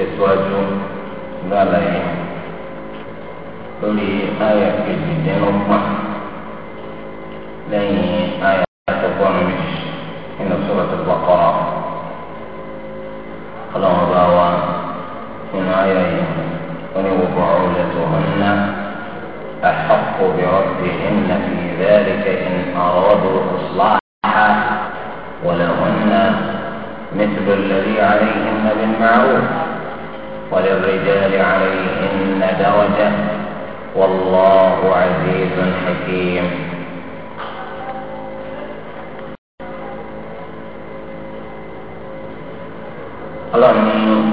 tẹ̀síwájú ní àlàyé lórí àyà kejìdínlọ́gbọ̀n lẹ́yìn àyà àtọ́gbọ́n méjì nínú sọ́rọ̀ tó gbà kọ́ra ọlọ́run bá wa nínú àyà yìí wọ́n ní gbogbo àwọn olùtò ọ̀nà أحق بربهن في ذلك إن أرادوا إصلاحا ولهن مثل الذي عليهن بالمعروف وللرجال عليهن درجة والله عزيز حكيم اللهم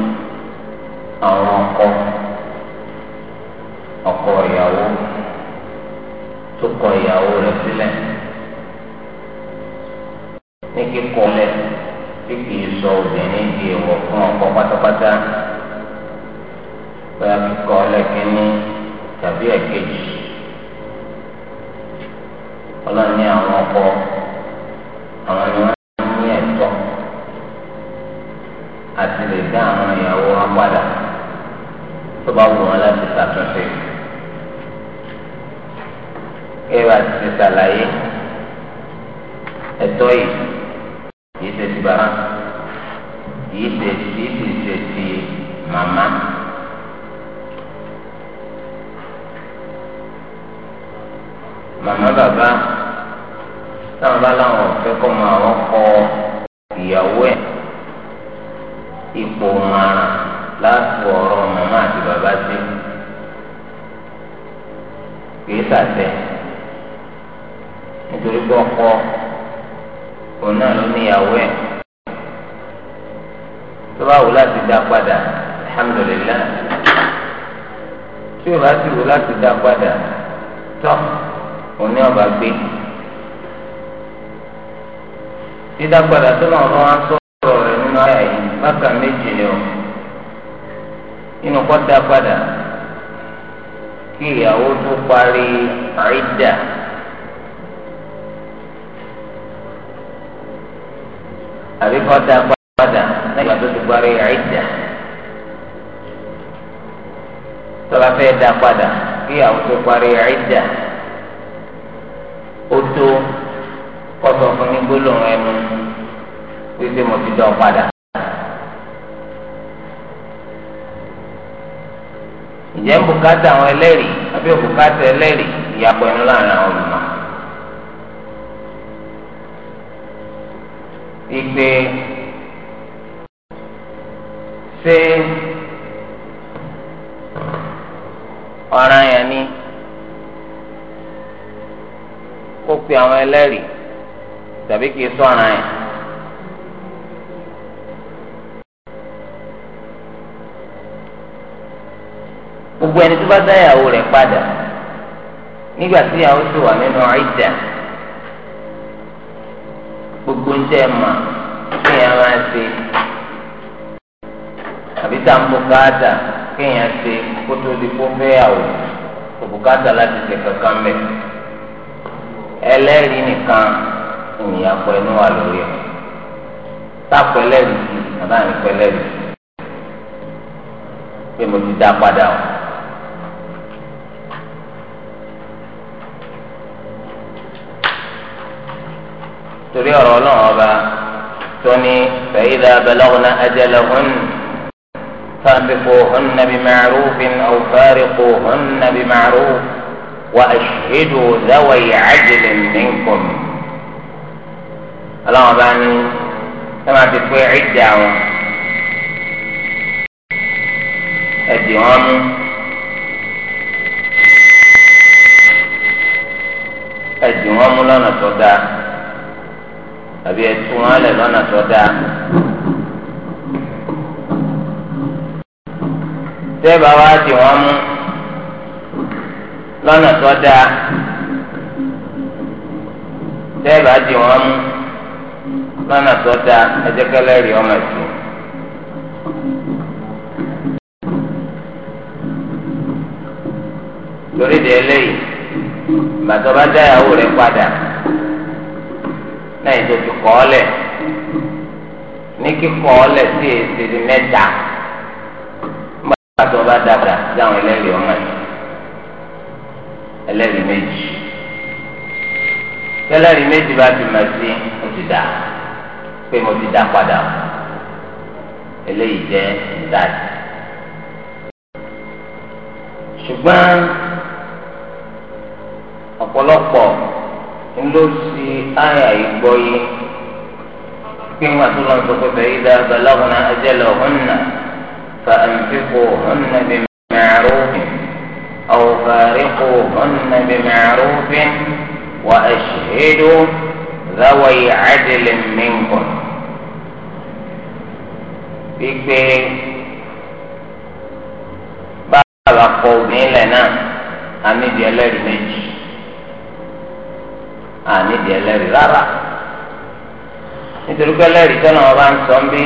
dídágbàdà tó náà wọn á sọ̀rọ̀ rẹ̀ nínú ayé yìí bákan méjì ni o inú kọ́ dá padà kí ìyàwó tó parí àìdá. àbí kọ́ dá padà nígbà tó ti parí àìdá. tọ́lá fẹ́ dá padà kí ìyàwó tó parí àìdá. dá ọ padà. ìjẹ́ ń bùkátà àwọn ẹlẹ́rìí àbí òbùkátà ẹlẹ́rìí ìyàpọ̀ ẹnu láàrin àwọn olùmọ̀. ìgbé ṣé ọ̀ràn yẹn ni kó pe àwọn ẹlẹ́rìí tàbí kì í sọ̀ràn yẹn. bá dáyàwó rẹ̀ padà nígbà tí ìyàwó sì wà nínú àìdá gbogbo ń tẹ́ ma kéèyàn máa ṣe àbí tá à ń bùkátà kéèyàn ṣe kó tó di kó fẹ́yàwó kò bùkátà láti ṣe kankan mẹ́ ẹlẹ́rìí nìkan ènìyàn pọ̀ ẹnu wà lórí ẹ̀ tá a pẹ́ lẹ́rìí àbáyé pẹ́ lẹ́rìí pé mo ti dá padà o. torí ọ̀rọ̀ ọlọ́run ọba tó ní fẹ̀yìdà balọ́gùnà بمعروف أو فارقوهن بمعروف وأشهدوا ذوي عدل منكم اللهم باني كما تكوي عدة الديوان الديوان لنا صدق àbí ẹtú wọn lẹ lọ́nà tó dáa. tẹ́ẹ̀bà wá dì wọ́n mú lọ́nà tó dáa tẹ́ẹ̀bà dì wọ́n mú lọ́nà tó dáa ẹ̀jẹ̀kẹ́lẹ́ rí ọmọ ẹ̀sìn. lórí de eléyìí bàtọ́ bá dá ìyàwó rẹ̀ padà. lẹ́yìn tó ti kọ́ ọ́lẹ̀ ní kíkọ́ ọ́lẹ̀ sí èsì di mẹ́ta nígbà tó bá dàgbà sí àwọn ẹlẹ́rìí ọmọ yìí ẹlẹ́rìí méjì tẹ́lẹ̀rìí méjì bá ti mà sí mo ti dà pé mo ti dà padà eléyìí jẹ́ ìdájì ṣùgbọ́n ọ̀pọ̀lọpọ̀. ló ṣe àyà ìgbọ́ yìí kí wọ́n tó lọ́n sọ́kọ́ bẹ̀rẹ̀ ìdá balaghna ajalahunna fa anfiquhunna bima'ruf aw fariquhunna bima'ruf wa ashhidu dhawi 'adlin minkum. wípé bá a bá kọ obìnrin lẹ̀ náà a nídìí ẹlẹ́rìí méjì. ànídìí ẹlẹ́rìí rárá nítorí pé ẹlẹ́rìí tọ́nà wọn bá ń sọ ń bí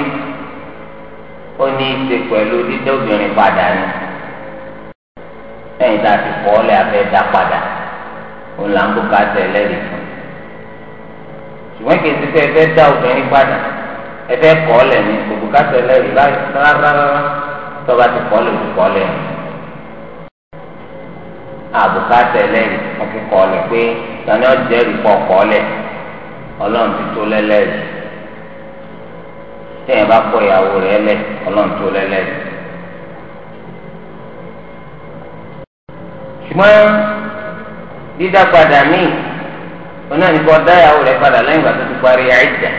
ó ní í ṣe pẹ̀lú dídé obìnrin padà ni lẹ́yìn tá a ti kọ́ ọ́lẹ́ abẹ́ dá padà ó là ń kó ká tẹ ẹlẹ́rìí fún ṣùgbọ́n kì í ti fẹ́ fẹ́ dá obìnrin padà ẹ fẹ́ kọ́ ọ́lẹ̀ ní gbogbo tẹ ẹlẹ́rìí rárá tọ́ba ti kọ́ ọ́lẹ̀ òkú kọ́ ọ́lẹ̀ àbùkátẹ̀ lẹ́yìn wọn fi kọ́ ọ́lẹ̀ pé tani ọjọ́ ẹ̀rí pọ̀ kọ́lẹ̀ ọlọ́run ti tó lẹ́lẹ́rì tẹ̀yìn bá kọ ìyàwó rẹ̀ lẹ̀ ọlọ́run tó lẹ́lẹ́rì. ṣùgbọ́n dídá padà míì oní àníkọ́ dá ìyàwó rẹ̀ padà lẹ́yìn ìgbà tó ti parí àìjà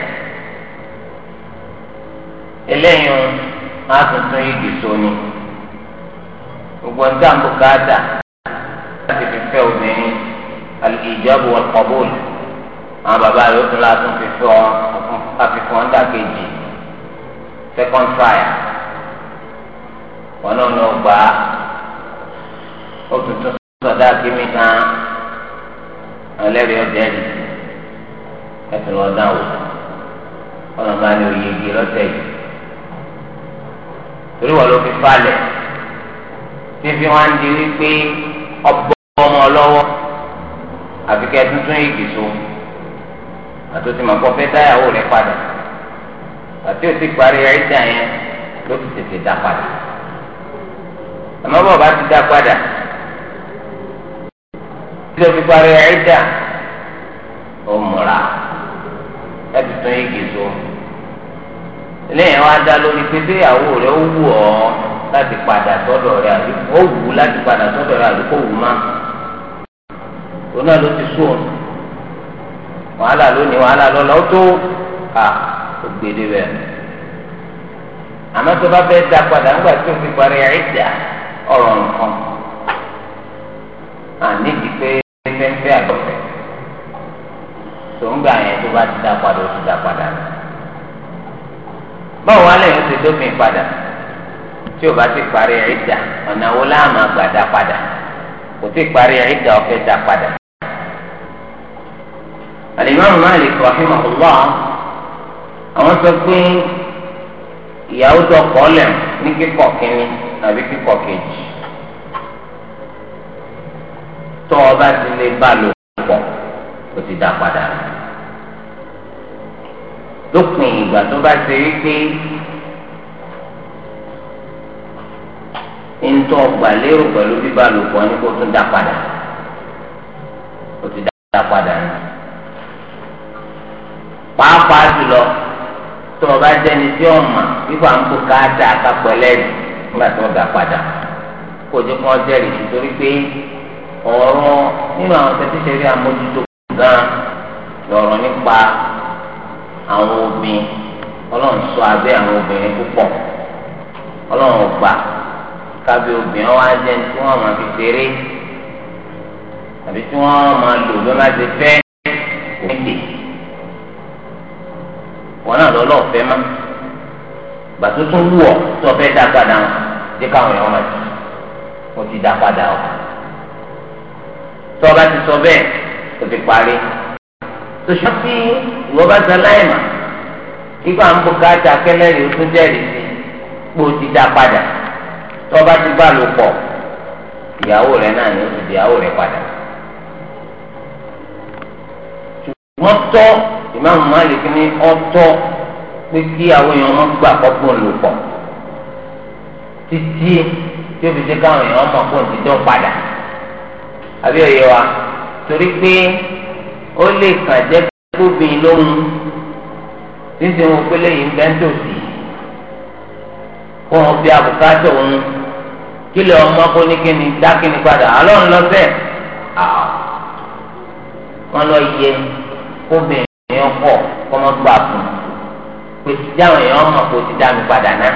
eléyìí á tuntun yìí kì í sóni gbogbo ń dààmú káàdà láti fi alìjábù wọn kọ̀bùn àwọn bàbá rẹ̀ ó tún láti fi fún ọ àfi fún ọ dàkejì second trial wọn náà ní ọgbà ó tún tún sọdá kíní kan ọlẹ́rìí ọ̀dẹ́ rí ẹ̀sìn lọ́dá wò ọ̀nà máa ní òye igi lọ́sẹ̀ yìí torí wọn ló fi falẹ̀ fífi wọn di wípé ọbọ ọmọ lọ́wọ́ àfi kẹ́ tuntun igi so àtúntì màá kọ́ fẹ́ dáyàwó rẹ̀ padà àti òsì parí ẹ̀ríjà yẹn ló ti tètè dá padà àmọ́ bàbá ti dá padà tí o fi parí ẹ̀ríjà ó múra ẹ̀tù tún igi so eléyìí wá dá lórí pé déyàwó rẹ̀ ó wù ọ́ láti padà sọ́dọ̀ rẹ̀ àti ó wù láti padà sọ́dọ̀ rẹ̀ àti wù máa òun náà ló ti sún òun wàhálà lónìí wàhálà lọ́la ó tó à ó gbèdé bẹ́ẹ̀ àmọ́ tó bá fẹ́ da padà nígbà tí o fi parí ẹ̀dá ọ̀rọ̀ nǹkan àníjì pé fẹ́fẹ́ àgbọ̀fẹ́ tó ń gbà yẹn tó bá ti da padà ó ti da padà báwo wá lẹ́yìn ti dópin padà tí o bá ti parí ẹ̀dá ọ̀nà wo láàmú àgbà da padà kò tí parí ẹ̀dá ọ̀fẹ́ da padà alimami malik rahimahullah àwọn sọ pé ìyàwó tó kọ́lẹ̀ ní kíkọ̀ kínní àbí kíkọ̀ kejì tó o bá ti lè bá lò pọ̀ o ti dá padà rẹ̀ lópin ìgbà tó bá ṣe wípé ntọ́ ọgbà lérò pẹ̀lú bíbá lò pọ̀ ní kó tún dá padà o pàápàá jùlọ tó o bá jẹni tí o mà wípé à ń kó káàtà àkàpọ̀lẹ́ rẹ̀ nígbà tí wọ́n dà padà kó o jẹ́ kó wọ́n jẹ́rìí nítorí pé ọ̀rọ̀ nínú àwọn tẹ́tíṣẹ́ rí àmójútó gan lọ̀rọ̀ nípa àwọn obìnrin ọlọ́run sọ abẹ́ àwọn obìnrin púpọ̀ ọlọ́run gbà kábíyé obìnrin wa jẹ́ tí wọ́n máa fi ṣeré àbí tí wọ́n máa lò lọ́la ti fẹ́ òkè wọn náà lọ lọ́ọ̀fẹ́ má gbà tó tún wù ọ́ tó o fẹ́ dá padà wọn dé káwọn èèyàn máa jù wọn ti dá padà wọn. tó o bá ti sọ bẹ́ẹ̀ o ti parí. tòṣù tí ìwọ bá san láì mà kíkọ́ à ń bọ̀ káàtà kẹ́lẹ́rì ó tún jẹ́rìí sí pé o ti dá padà tó o bá ti bá lò pọ̀ ìyàwó rẹ̀ náà ni o ti di ìyàwó rẹ̀ padà. wọ́n tọ́ ìmáàmù Malik ní ọ̀tọ̀ pé kí àwọn èèyàn wọn gbà kọ́kọ́ lò pọ̀ títí tí ó fi ṣe káwọn èèyàn mọ̀ fún ìdíjọ́ padà àbí òye wa torí pé ó lè kàn jẹ́ kóbìn lóhun níṣẹ́ wọn pé lẹ́yìn bẹ́ńtò sí kó wọn fi àbùkátà òun kí lè ọmọ kó ní kíni dá kíni padà alọ́ ńlọ bẹ́ẹ̀ wọn lọ yẹ kóbìnrin yẹn pọ̀ kọ́mọ́ gbà fún pé ti dáhùn èèyàn mọ̀ kó ti dá mi padà náà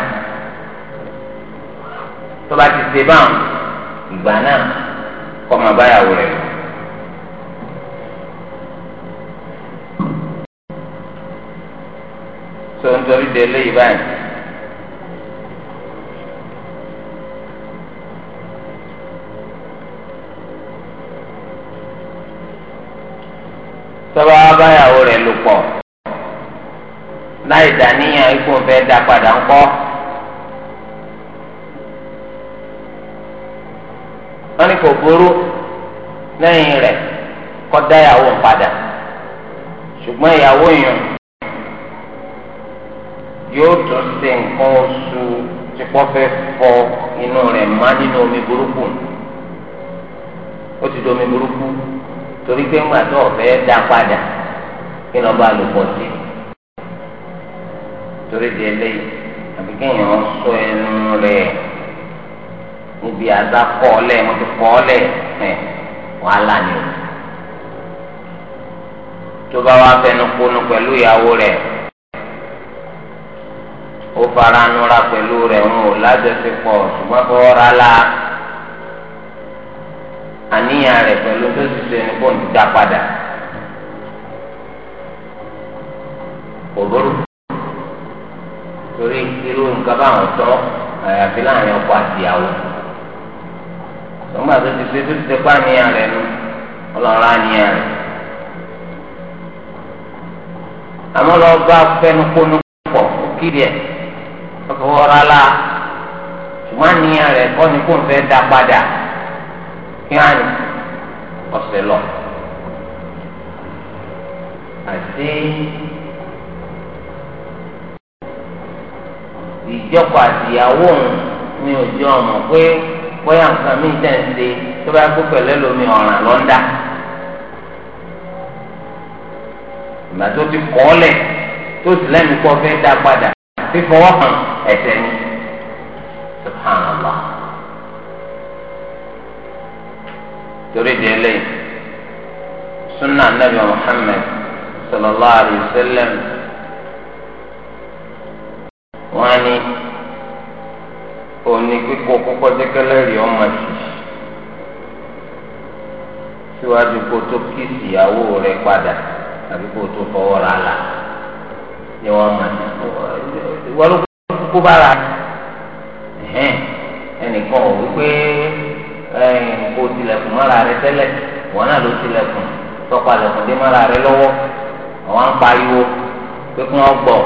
tó bá ti ṣe báwọn ìgbà náà kọ́mọ báyàwó rẹ̀ lọ. tó ń torí de lé ìbáyìí. tọ́ba ẹ̀ lò pọ̀ láì dàníyàn ikú fẹ́ dá padà ńkọ́. wọ́n ní kò burú lẹ́yìn rẹ̀ kọ́ dá ìyàwó padà ṣùgbọ́n ìyàwó yẹn yóò tún ṣe nǹkan oṣù tí fẹ́ fọ inú rẹ̀ má nínú omi burúkú ó ti di omi burúkú torí pé ńgbà tó ọ̀fẹ́ dá padà. kí lọ́ọ́ bá lò pọ̀ sí torí di eléyìí àbí kéèyàn sọ ẹnu rẹ̀ níbi àdá kọ́ọ̀lẹ̀ mo ti kọ́ọ̀lẹ̀ ẹ̀ wàhálà ni o tó bá wá fẹnu kunu pẹ̀lú ìyàwó rẹ̀ ó fara nura pẹ̀lú rẹ̀ ń wò lájọṣepọ̀ ṣùgbọ́n fọwọ́ ra la àníyàn rẹ̀ pẹ̀lú tó ti ṣe ní kò ní dá padà. òbóró torí irú nǹkan báwọn tọ́ àyàfi láàrin ọkọ àti ìyàwó sọgbà tó ti ṣe tó ti ṣe pàníyàn rẹ nu ọlọ́run àníyàn rẹ àmọ́ lọ bá fẹnukónú pọ̀ kíri ẹ̀ ọkọ̀ ọ̀rá ṣùgbọ́n àníyàn rẹ kọ́ ni kò ń fẹ́ dá padà kí á ní ọ̀sẹ̀ lọ àti. ìjọkọ àtìyàwó òun ni òjò ọmọ pé bóyá nǹkan mi tẹ̀ ń ṣe tó bá kó pẹ̀lú ẹlòmí ọ̀ràn lọ́ńdà. ìgbà tó ti kọ́ ọ́lẹ̀ tó sì lẹ́nu kọ́ fẹ́ dá padà fífọwọ́ hàn ẹ̀sẹ̀ torí di eléyìí sunna alayhi wa wọn á ní òní kíkọ kọ́kọ́ jẹ́kẹ́lẹ́ rí ọmọ sí síwájú kó tó kí ìyàwó rẹ padà àbí kó tó fọwọ́ rà á là ni wọ́n máa ní wọ́n ló kó bára ẹnìkan ò wípé kó tilẹ̀kùn mọ́ra rẹ tẹ́lẹ̀ wọn náà ló tilẹ̀kùn tọ́pọ̀ dé mọ́ra rẹ lọ́wọ́ àwọn ń pariwo pé kí wọ́n gbọ́.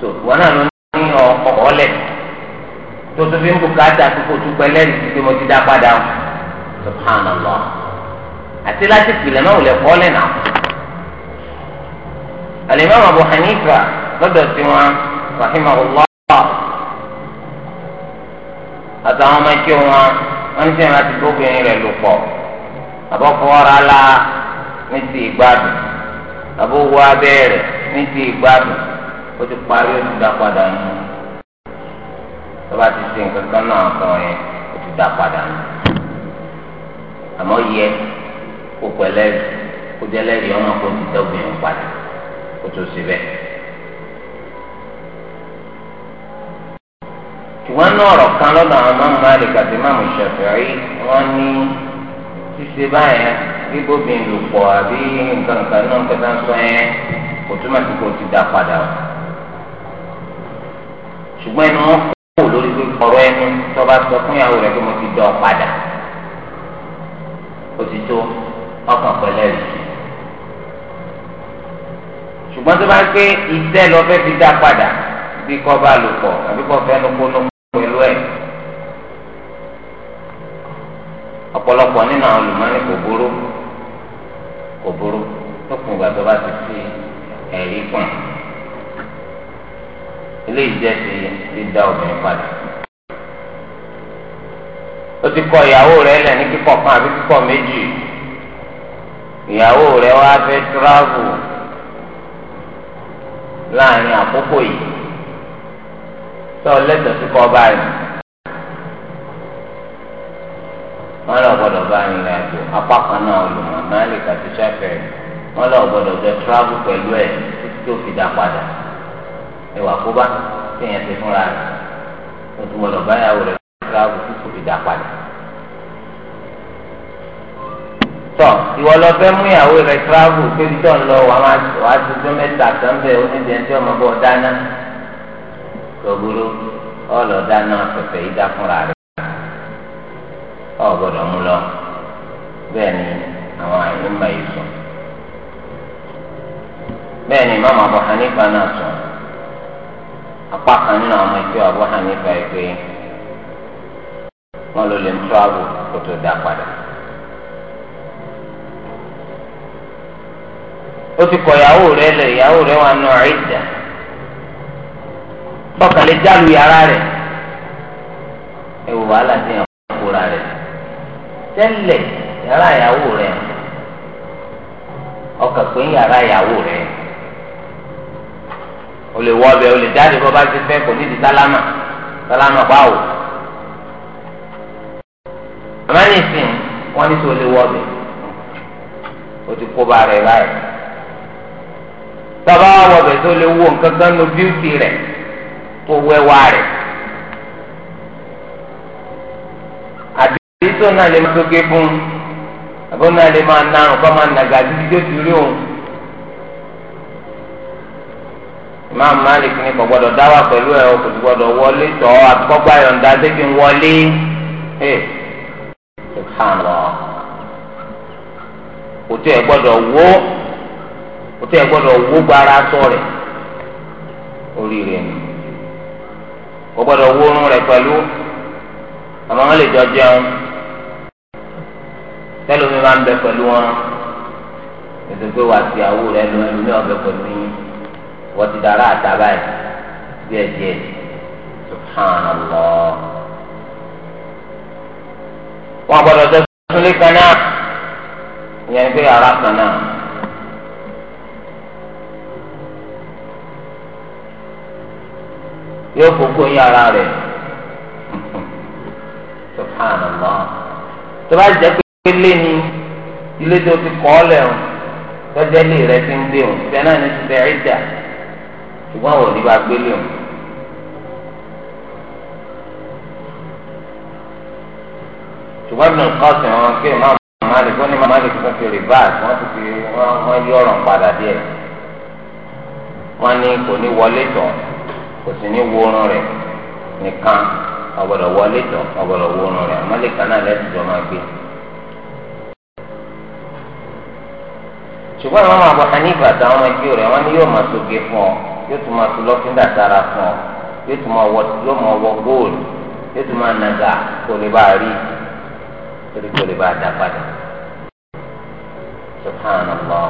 so wọn náà ló ní ọkọ̀ ọ̀lẹ̀ tó tó fi ń bùkátà kókó tó pẹ́ lẹ́yìn tí mo ti dá padà o na àti láti na náà náà alimam abu hanifa lọ́dọ̀ sí wọn rahimahullah àtàwọn ọmọ ẹkẹ wọn wọn ní sẹ́yìn láti gbóbìnrin rẹ̀ lò pọ̀ àbọ̀fọ́ra la ní ti ìgbádùn àbọ̀wọ́ abẹ́rẹ́ ní ti ìgbádùn. ó ti parí ó ti dá padà nù tó bá ti ṣe nǹkan kan náà kan yẹn ó ti dá padà nù àmọ́ yẹ kó pẹ̀lẹ́ kó jẹ́lẹ́rìí ọmọ kó ti dá obìnrin padà kó tó o bẹ́ẹ̀. ṣùgbọ́n náà ọ̀rọ̀ kan lọ́dọ̀ àwọn máa ń bá lè máa mú wọ́n ní ṣíṣe báyẹn lò pọ̀ àbí nǹkan kan náà sọ yẹn kò túmọ̀ ti dá padà o. ṣùgbọ́n ẹnu wọn kò lórí pé ọ̀rọ̀ ẹnu tó bá sọ fún ìyàwó rẹ̀ pé mo ti dán padà ó ti tó ọkàn pẹ̀lẹ́ rẹ̀ ṣùgbọ́n tó bá ń pé ìtẹ́ lọ fẹ́ fi dá padà bí kò bá lò pọ̀ àbí kò fẹ́ nukunu pẹ̀lú ẹ̀ ọ̀pọ̀lọpọ̀ nínú àwọn olùmọ́ni kò burú kò burú tó kùn gbàgbọ́ bá ti fi ẹ̀rí fún eléyìí jẹ́ ti dídá obìnrin padà. ó ti kọ ìyàwó rẹ lẹ ní kíkọ̀ kan àbí kíkọ̀ méjì ìyàwó rẹ̀ wá fẹ́ tíráàbù láàrin àkókò yìí tó lẹ́tọ̀ọ́ sí kọ́ báyìí wọ́n lọ gbọ́dọ̀ bá rìnrìn àjò apá náà olùmọ̀ máàlì kàti sáfẹ́ wọ́n lọ gbọ́dọ̀ jọ tíráàbù pẹ̀lú ẹ̀ ẹwà kóbá téèyàn ti fúnra rẹ̀ o tún gbọdọ̀ báyàwó rẹ̀ fúnra rẹ̀ kókò fi dà padà. tọ ìwọ lọ fẹ́ mú ìyàwó rẹ̀ travel pébi tó ń lọ wà á tuntun mẹ́ta tán bẹ́ẹ̀ ó ní ìdẹ́ntì ọmọ bọ́ dáná gbogbo ọlọ dáná pẹpẹ yìí fúnra rẹ̀ ọ gbọdọ̀ mú lọ bẹ́ẹ̀ ni àwọn àyè ń bá yìí sùn bẹ́ẹ̀ ni mama Abu Hanifa náà sùn. apá kan nínú àwọn ẹgbẹ́ Abu Hanifa ẹgbẹ́ wọn ló lè ń tó àwò kó tó dá padà. ó ti kọ ìyàwó rẹ̀ lẹ̀ ìyàwó rẹ̀ wà nù idda tọkàn lè yàrá wàhálà yàrá ìyàwó o lè wọ ọbẹ̀ o lè jáde bọ́ bá ti fẹ́ kò ní di sálámà sálámà báwò. àmọ́ nísìn wọ́n ní sọ o lè wọ ọbẹ̀ o ti kó ba rẹ̀ báyìí. tọ́ba wọ ọbẹ̀ tó lè wo nǹkan kan nu bíútì rẹ̀ kó wẹ́wà rẹ̀. àbí tó náà lè máa tó gé fún àbí ó náà lè máa narùn kó máa nàgà títí tó ti rí òun. Imam Malik ní kò gbọdọ̀ dáwà pẹ̀lú ẹ̀ o kò sì gbọdọ̀ wọlé tọ́ àtúkọ́gbà yọ̀ǹda débi wọlé ẹ̀ subhanallah kò tí ẹ gbọdọ̀ wó kò tí ẹ gbọdọ̀ wó gbára sọ rẹ̀ oríire ni kò gbọdọ̀ wó orun rẹ̀ pẹ̀lú àmọ́ wọn lè jọ jẹun tẹ́lómi máa ń bẹ pẹ̀lú wọn ètò pé wàá ti àwò rẹ̀ lọ ẹlòmíràn bẹ pẹ̀lú yín wọ́n ti dára àtà báyìí díẹ̀ díẹ̀ subhanallah. wọ́n gbọ́dọ̀ tẹ́ súnlé kan náà ìyẹn pé ara kan náà. yóò kókó yín ara rẹ̀ subhanallah. tó bá jẹ́ pé lé ní ilé tó ti kọ́ ọ́ lẹ̀ o tọ́jú ẹ̀ rẹ̀ ti ń dé o ìfẹ́ náà ní ti bẹ̀rẹ̀ ìjà ṣùgbọ́n àwọn òní bá gbélé o. ṣùgbọ́n Ibn Qasim wọn pé máa Malik ó ní máa Malik tó fi rìbáàsì wọ́n ti fi wọ́n yí ọ̀rọ̀ padà díẹ̀. wọ́n ní kò ní wọlé tọ̀ kò sì ní wórun rẹ̀ nìkan ọ̀gbọ̀dọ̀ wọlé tọ̀ ọ̀gbọ̀dọ̀ wórun rẹ̀ Malik kan náà lẹ́sìn jọ máa gbé. ṣùgbọ́n àwọn Abu Hanifa àtàwọn ọmọ ẹgbẹ́ rẹ̀ wọ́n ní yóò máa soge fún ọ. yóò tún máa fi lọ́fíńdà sára fún ọ yóò tún máa wọ yóò máa wọ góòlù yóò tún máa nàgà kó lè bá a rí a dá padà. subhanallah.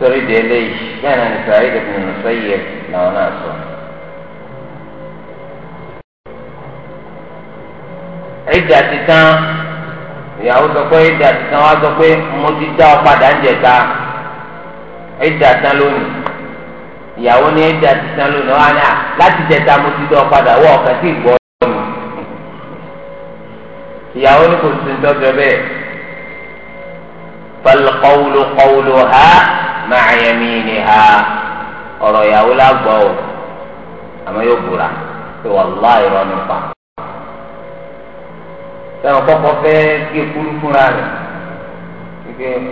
torí de eléyìí bẹ́ẹ̀ náà ní Sa'id làwọn náà sọ. ìyàwó sọ pé ìdí àtìtàn wa sọ pé mo ti dá ọ padà ń jẹta ìdí àtìtàn lónìí ìyàwó ní ìdí àtìtàn lónìí wọn á láti jẹta mo ti dá ọ padà wọ ọkàn sí ìgbọ́ ọ̀nà ìyàwó ní kò sí ntọ́jọ bẹ́ẹ̀ falqawlu qawluha ma'a yaminiha ọ̀rọ̀ ìyàwó lágbọ́ ọ àmọ́ yóò bùra pé wàláì rọ́ọ̀nù pa. táwọn kọ́kọ́ fẹ́ gé kúrú fúnra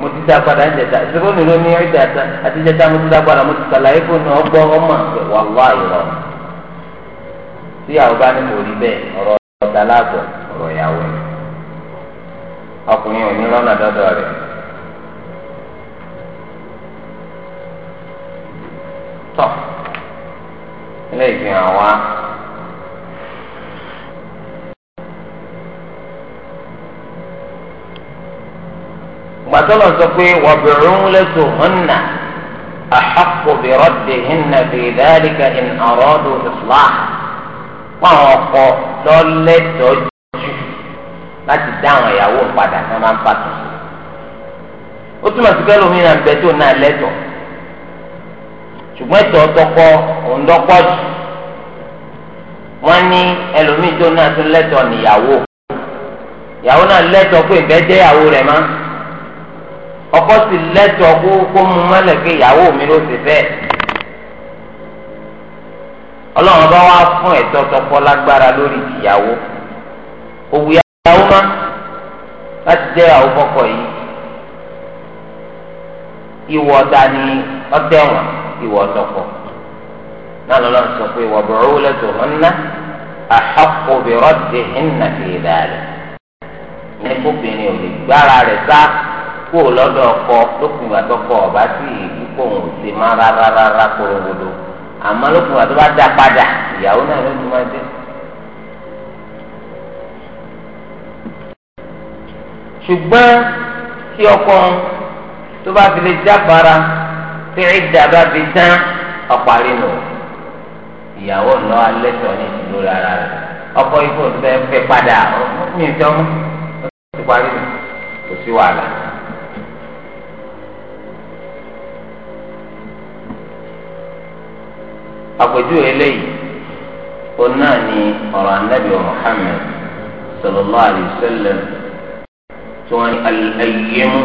mo ti padà ń jẹta ìṣòro nílò ní ìjàta àti mo mo ti fún ọgbọ ọmọ àgbẹ wà wá ìrọ tí àwọn bá ní rí ọdà wa. gbàtọ́lọ̀ sọ pé wàbẹ̀rún lẹ́tọ̀ hànà àhàkùbì rọ́dì hìnà ìn àrọ́dù ìfúlá fáwọn ọkọ lọ́lẹ́tọ̀ọ́jú láti dá àwọn ìyàwó padà ní máa ń pàtó. ó túmọ̀ sí pẹ́lú mi náà ń náà lẹ́tọ̀ọ́ ṣùgbọ́n ẹ̀tọ́ tọkọ òun wọ́n ní ẹlòmíì tó náà tún níyàwó ìyàwó náà pé ìyàwó rẹ̀ máa. ọkọ sì lẹ́tọ̀ọ́ kó kó mu mọ́lẹ̀ pé ìyàwó mi ló ti bẹ́ẹ̀ ọlọ́run bá wá fún ẹ̀tọ́ tọkọ lágbára lórí ìyàwó òwú ìyàwó má láti jẹ́ ìyàwó fọkọ yìí ìwọ ọ̀dà ni ìwọ náà lọ́la sọ pé kó o lọ́dọ̀ ọkọ lókun ìgbà tó kọ ọba sí ìkó òun ò ṣe má rárá rárá korongodo àmọ́ lókun ìgbà tó bá dá padà ìyàwó náà ló ti máa dé. ṣùgbọ́n tí ọkọ tó bá fi lè jábára tí ìdá bá fi tán ọ̀parí nù ìyàwó náà alẹ́ tọ́ ní ìdúró rárá rẹ̀ ọkọ ikú fẹ́ fẹ́ padà mí ìjọ́ mú ó ti parí nù kò sí wàhálà. àpèjúwe eléyìí òun náà ni ọ̀rọ̀ anábì Muhammad sallallahu alayhi wa sallam tí wọ́n ní al-ayyimu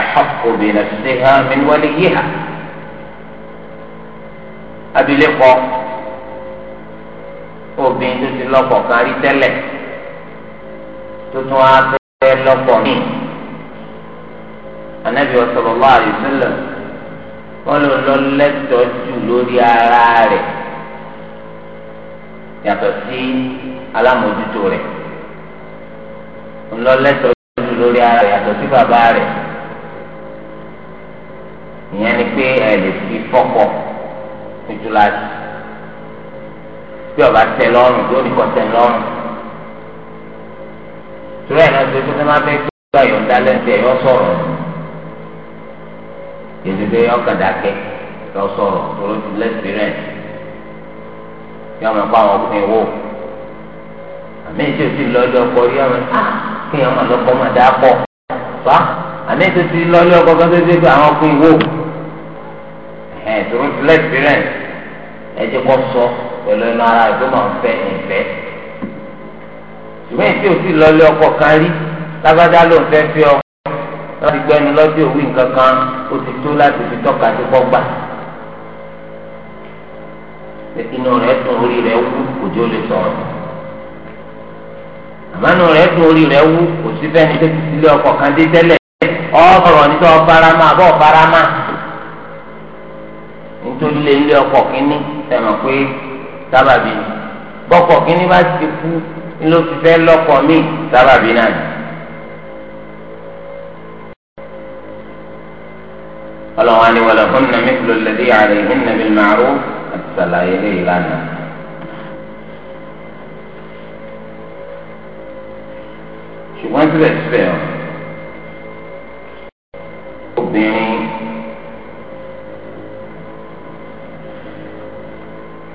ahaqqu bi nafsiha min waliyha abilékọ obìnrin tó ti lọ́kọ kan rí tẹ́lẹ̀ tó á fẹ́ lọ́kọ míì anábì sallallahu alayhi wa sallam wọn lò lọ lẹ́tọ̀ọ́ jù lórí ara rẹ̀ yàtọ̀ sí alámòjútó rẹ̀ lọ lẹ́tọ̀ọ́ jù lórí ara rẹ̀ yàtọ̀ sí bàbá rẹ̀ ìyẹn ni pé ẹ lè fi fọ́pọ̀ ojú láti bí ọba tẹ́ lọ́rùn tó ní kọ tẹ́ lọ́rùn torí ẹ̀ náà ṣe fún sẹ́máfẹ́ gbọ́ àyọ̀ǹda lẹ́sẹ̀ ẹ̀ yọ sọ̀rọ̀ yìí pé ọ̀kadàkẹ́ lọ sọ̀rọ̀ tóró ti lẹ́sìrẹ́ǹsì yọ ọmọ pa àwọn òfin wò àmì ètò ti lọ́jọ́ ọkọ yọ ọmọ ah, kí ọmọ lọ́kọ́ ọmọ dá pọ̀ fa àmì ètò ti lọ́jọ́ ọkọ kọ́ tó ti pé àwọn òfin wò ẹ̀ tóró ti lẹ́sìrẹ́ǹsì ẹ jẹ́ kó sọ pẹ̀lú ẹnu ara rẹ̀ tó máa ń fẹ́ ti lọ́jọ́ ọkọ kan lágbádá ló ń fẹ́ fi láti gbẹ́ni lọ́jọ́ òwì nǹkan kan ó ti tó láti fi tọ́ka tó kọ́ gbà. inú rẹ̀ dùn orí rẹ̀ wú òjò lè sọ̀rọ̀. àmánú rẹ̀ dùn orí rẹ̀ wú kò sí sílé ọkọ̀ kan dé tẹ́lẹ̀ ọ̀rọ̀ nítorí ọ̀barama àbọ̀ nítorí lè ọkọ̀ kínní kalau ni wọlé fún mi mílò lẹ́dí àrẹ ìhìn nàbí màrú àtàlàyé lè lánàá. ṣùgbọ́n síbẹ̀síbẹ̀ ọ́ obìnrin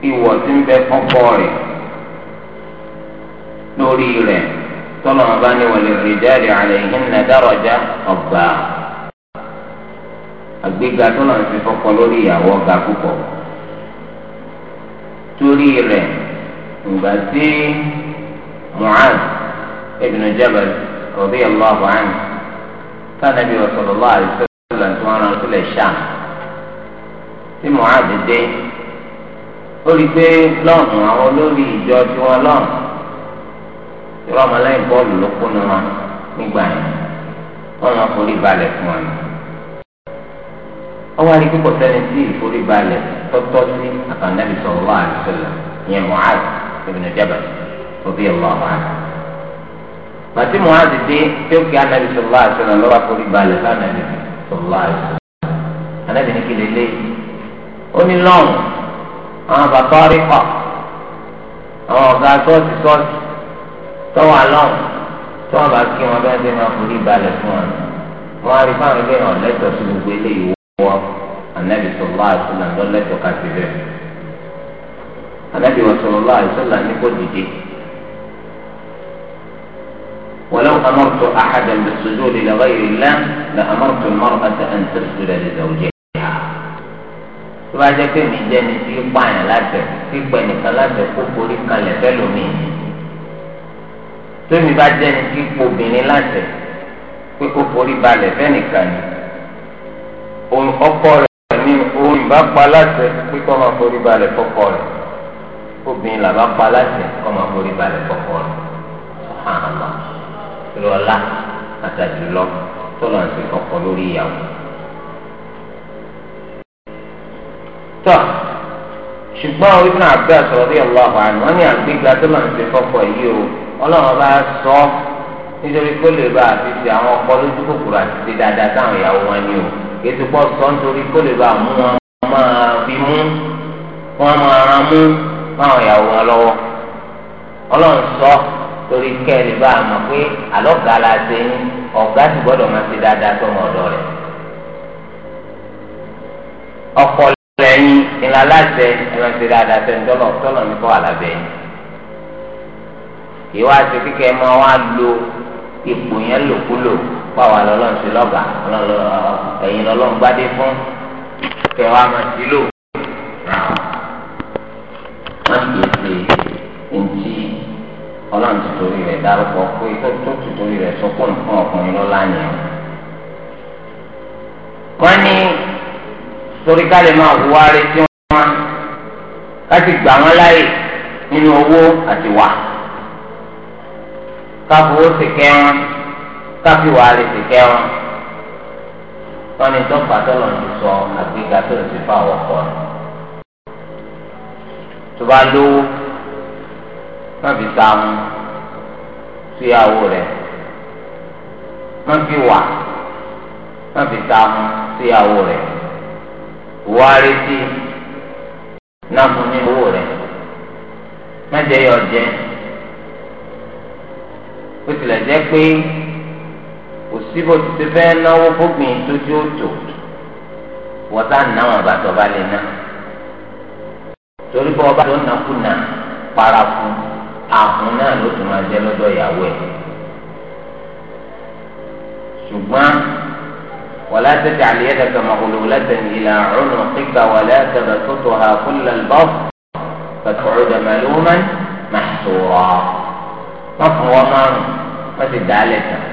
ìwọ̀ tí ń bẹ ọkọ rẹ̀ lórí rẹ̀ tọ́lọ́mọba ni wọlé rìjáde àrẹ ìhìn nàdárọ̀já ọgbà. àgbéga tó náà fi fọ́kọ lórí ìyàwó ga púpọ̀ torí rẹ̀ ìgbà tí Mu'adh ibn Jabal radiyallahu anhu sanabi wa sallallahu alaihi wasallam tí wọ́n rán sílẹ̀ Sham tí Mu'adh dé ó rí i pé lọ́ọ̀nù àwọn olórí ìjọ tí wọ́n lọ́ọ̀nù tí wọ́n bọ́ọ̀lù ló kún un wọn nígbà yẹn wọ́n máa forí balẹ̀ fún wọn ọwọ́ àti kíkọ̀ sẹ́ni tí ìforí balẹ̀ tọ́tọ́ sí àkànnábi sallallahu alaihi wasallam ìyẹn Mu'adh ibn Jabal radiyallahu anhu. màtí Mu'adh dé tí ó kí ànábi sallallahu alaihi wasallam lọ́wọ́ àforí balẹ̀ fánàbí sallallahu alaihi wasallam. ànábi ní kílè lé ó ní lọ́rùn àwọn bàbá rí pọ̀ àwọn ọ̀gá sọ́ọ̀sì sọ́ọ̀sì tọ́wọ́ àlọ́run tí wọ́n bá kí wọn bẹ́ẹ̀ sẹ́ni àforí balẹ̀ fún wọn. wọ́n á rí fáwọn ẹgbẹ́ wọn anabi sọlá àtúnà lọlẹtọ kàtìrẹ anabi sọlá àtúnà ní kò dìde ولو أمرت أحدا بالسجود لغير الله لأمرت المرأة أن تسجد لزوجها tó bá jẹ́ pé mi jẹ́ ni tí pààyàn lájẹ tí gbẹ̀nìkan lájẹ kó forí kalẹ̀ fẹ́lómi tómi bá jẹ́ ni tí pobìnrin lájẹ pé kó forí balẹ̀ fẹ́nìkan ni ọkọ rẹ̀ ní òun bá pa láṣẹ pé kọ́ máa forí balẹ̀ fọ́kọ rẹ̀ obìnrin là bá pa láṣẹ kọ́ máa forí balẹ̀ fọ́kọ rẹ̀ sọ̀hánàmà lọ́la àtàjù lọ tó lọ́n sí ọkọ lórí ìyàwó. tọ́ ṣùgbọ́n orí náà bẹ́ àtọ̀rọ̀ bí ọlọ́wọ́ àná wọ́n ní àgbéga tó lọ́n sí fọ́kọ yìí o ọlọ́run bá sọ nítorí kó lè bá àfi ti àwọn ọkọ lójú kòkòrò àti ti dáadáa táwọn ìyàwó wọn ní o kìí pọ̀ sọ nítorí kó lè bá mú wọn máa fi mú wọn máa ra mú máwọn ìyàwó wọn lọ́wọ́ ọlọ́run sọ torí kẹ́ ẹ lè bá a mọ̀ pé àlọ́gà la ṣe ń ọ̀gá sì gbọ́dọ̀ máa ṣe dáadáa sọmọ ọ̀dọ́ rẹ̀ ọkọ lẹ́yìn ìlànà láṣẹ ẹ̀rọ ṣe dáadáa sẹ́ni tọ́lọ̀ tọ́lọ̀ ní àlàbẹ̀ yìí ìwà àti kíkẹ́ máa wá lo ipò yẹn lòkulò pàwọn lọ́lọ́run sí lọ́gàá ẹ̀yin lọ́lọ́run gbádé fún kẹwàá máa ti lò. wọ́n ti ṣe ntí ọlọ́run ti torí rẹ̀ dárúkọ pé tó tó ti torí rẹ̀ sọ pé nǹkan ọkùnrin lọ́la yẹn. wọ́n ní torí ká máa hùwà rẹ̀ tí wọ́n ká ti gbà wọ́n láyè nínú owó àti wà ká fowó sì káfí wàá lè ti kẹ́ wọn wọn ni dọ́gba tọ́lọ̀ ti sọ àgbéga tó ti fa àwọn ọkọ rẹ̀ tó bá lówó má fi sàmù síyàwó rẹ̀ má fi wà má fi sàmù síyàwó rẹ̀ wàá retí náà fún ní owó rẹ̀ má jẹ́ yọ jẹ́ ó tilẹ̀ jẹ́ pé kò sí bó ti ti fẹ́ náwó fóbìn tójú òtò wọ́tá náwọn àbàtọ̀ bá lè ná torí bọ́ ọba tó nàkúnà paraku àhùn náà ló tún máa jẹ́ lọ́dọ̀ ìyàwó ẹ̀ ṣùgbọ́n wàlá tẹ̀tẹ̀ àlìyẹ́dẹ̀ kama olùwòlẹ́tẹ̀ ìlà ọ̀rùn kíkà wàlá tẹ̀tẹ̀ tó tó ha kúlẹ̀ lọ́ pẹ̀tùrù dàmẹ́lúmẹ́ màṣúwọ́ wọ́n fún wọn márùn-ún wọ́n ti dálẹ̀ tán.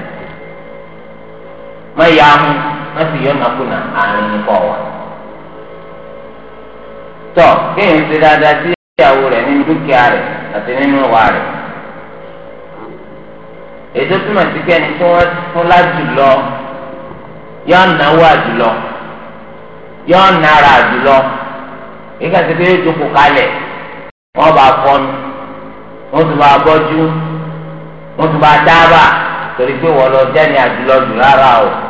má yà áhùn má sì na kụ na arịn ọ̀wà. tọ́ kéèyàn ṣe dada sí ìyàwó rẹ̀ nínú dúkìá rẹ̀ àti nínú ìwà rẹ̀. ètò túmọ̀ sí kẹ́ni tí wọ́n fún yọ àjùlọ yọ àjùlọ kalẹ̀ wọ́n bá fọ́nù wọ́n tún bá bọ́jú wọ́n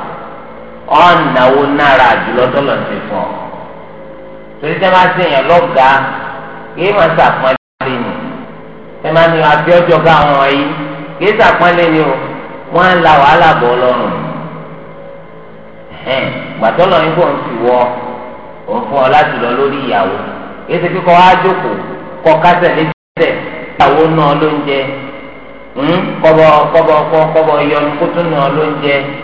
ọ̀nàwó náírà jùlọ tọ́lọ̀ ti fọ̀. torí máa ṣe èèyàn lọ́gàá kìí máa ṣàpọ́nlé ni tẹ́ máa ní abíọ́jọ́ ká wọn yìí kìí ṣàpọ́nlé ni o wọ́n á la wàhálà bọ̀ lọ́rùn. gbàtọ́lọ̀ yín kò ń fi wọ òun fún ọ lori lórí ìyàwó ṣe kíkọ́ á jókòó kásẹ̀ lẹ́sẹ̀ ìyàwó náà ló ń jẹ hmm? kọ́bọ̀ kọ́bọ̀ kọ́bọ̀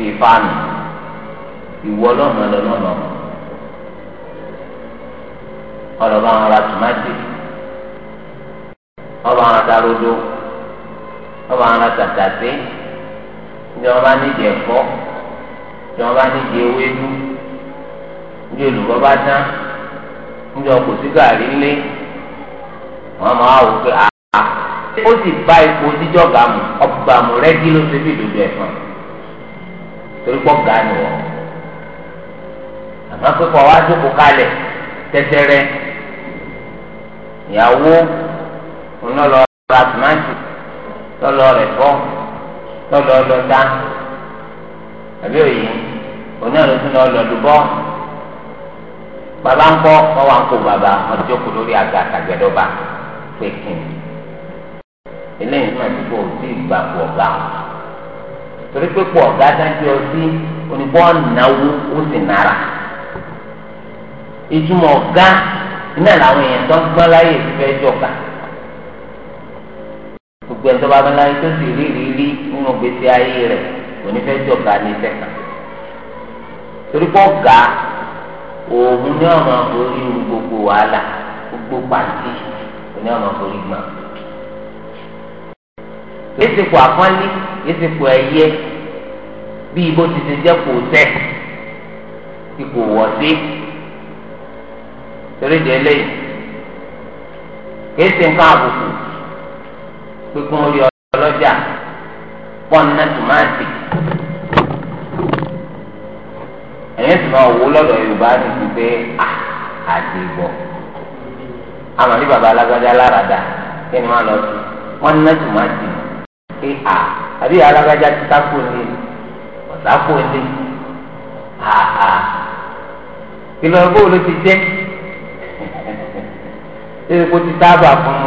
bíi fáànù ìwọ ọlọ́mọ lọ́nà ọ̀rọ̀ bá wọn ra tòmátì ọba wọn ra rodo ọba wọn ra tàtàtì ní wọn bá nídìí ẹ̀fọ́ ní wọn bá nídìí ewédú ní olùkọ́ bá tán ní wọn kò sí gàrí ńlé wọn máa wò pé àá ah, ah. ó sì bá ipò tíjọba mu ọba mu rẹ́gí ló ṣe bí ìdodo ẹ̀fọn torí pọ̀ ga ni wọ́n àmọ́ pípọ̀ wá jókòó kalẹ̀ tẹ́tẹ́rẹ́ ìyàwó ńlọ́lọ́ ra tòmátì lọ́lọ́ rẹ̀ fọ́ lọ́lọ́ lọ́ta àbí òye onáà ló tún lọ lọ́dúbọ́ bàbá ń kọ́ ọwọ́ àǹkó bàbá ọjọ́ kò lórí àga àtàgbẹ̀dọ́ba pé kìnnì eléyìí náà ti kó o sí ìgbà pọ̀ ga torí pé pọ̀ ọ̀gá dájú ọtí onígbọ́ náwó ó sì nára ìtumọ̀ ọ̀gá iná làwọn èèyàn tó ń gbọ́n láyè fẹ́ jọ̀gà gbogbo ẹ̀ tó bá gbọ́n láyè tó sì rí rírí nínú gbèsè ayé rẹ̀ òní fẹ́ jọ̀gà ní ìfẹ́ kan torí pé ọ̀gá òun ní ọ̀nà orí gbogbo wàhálà gbogbo pàtí òní ọ̀nà orí gbọ̀n èsìkò àpọ́nlé èsìkò ẹ̀yẹ bí ibo ti ti jẹ́ kò tẹ̀ tí kò wọ̀ sí torí de eléyìí kèsì nǹkan àbùkù gbígbón orí ọlọ́jà pọ́nná tòmátì ẹ̀yìn sì máa wò lọ́dọ̀ Yorùbá ti fi pé àdìgbò àmọ́ ní baba alágbádá aláradà kí ni wọ́n lọ sí pọ́nná tòmátì. pé àbí alágbájá ti sáko ní ọ̀sáko bó ló ti jẹ́ ṣé kó ti sábà fún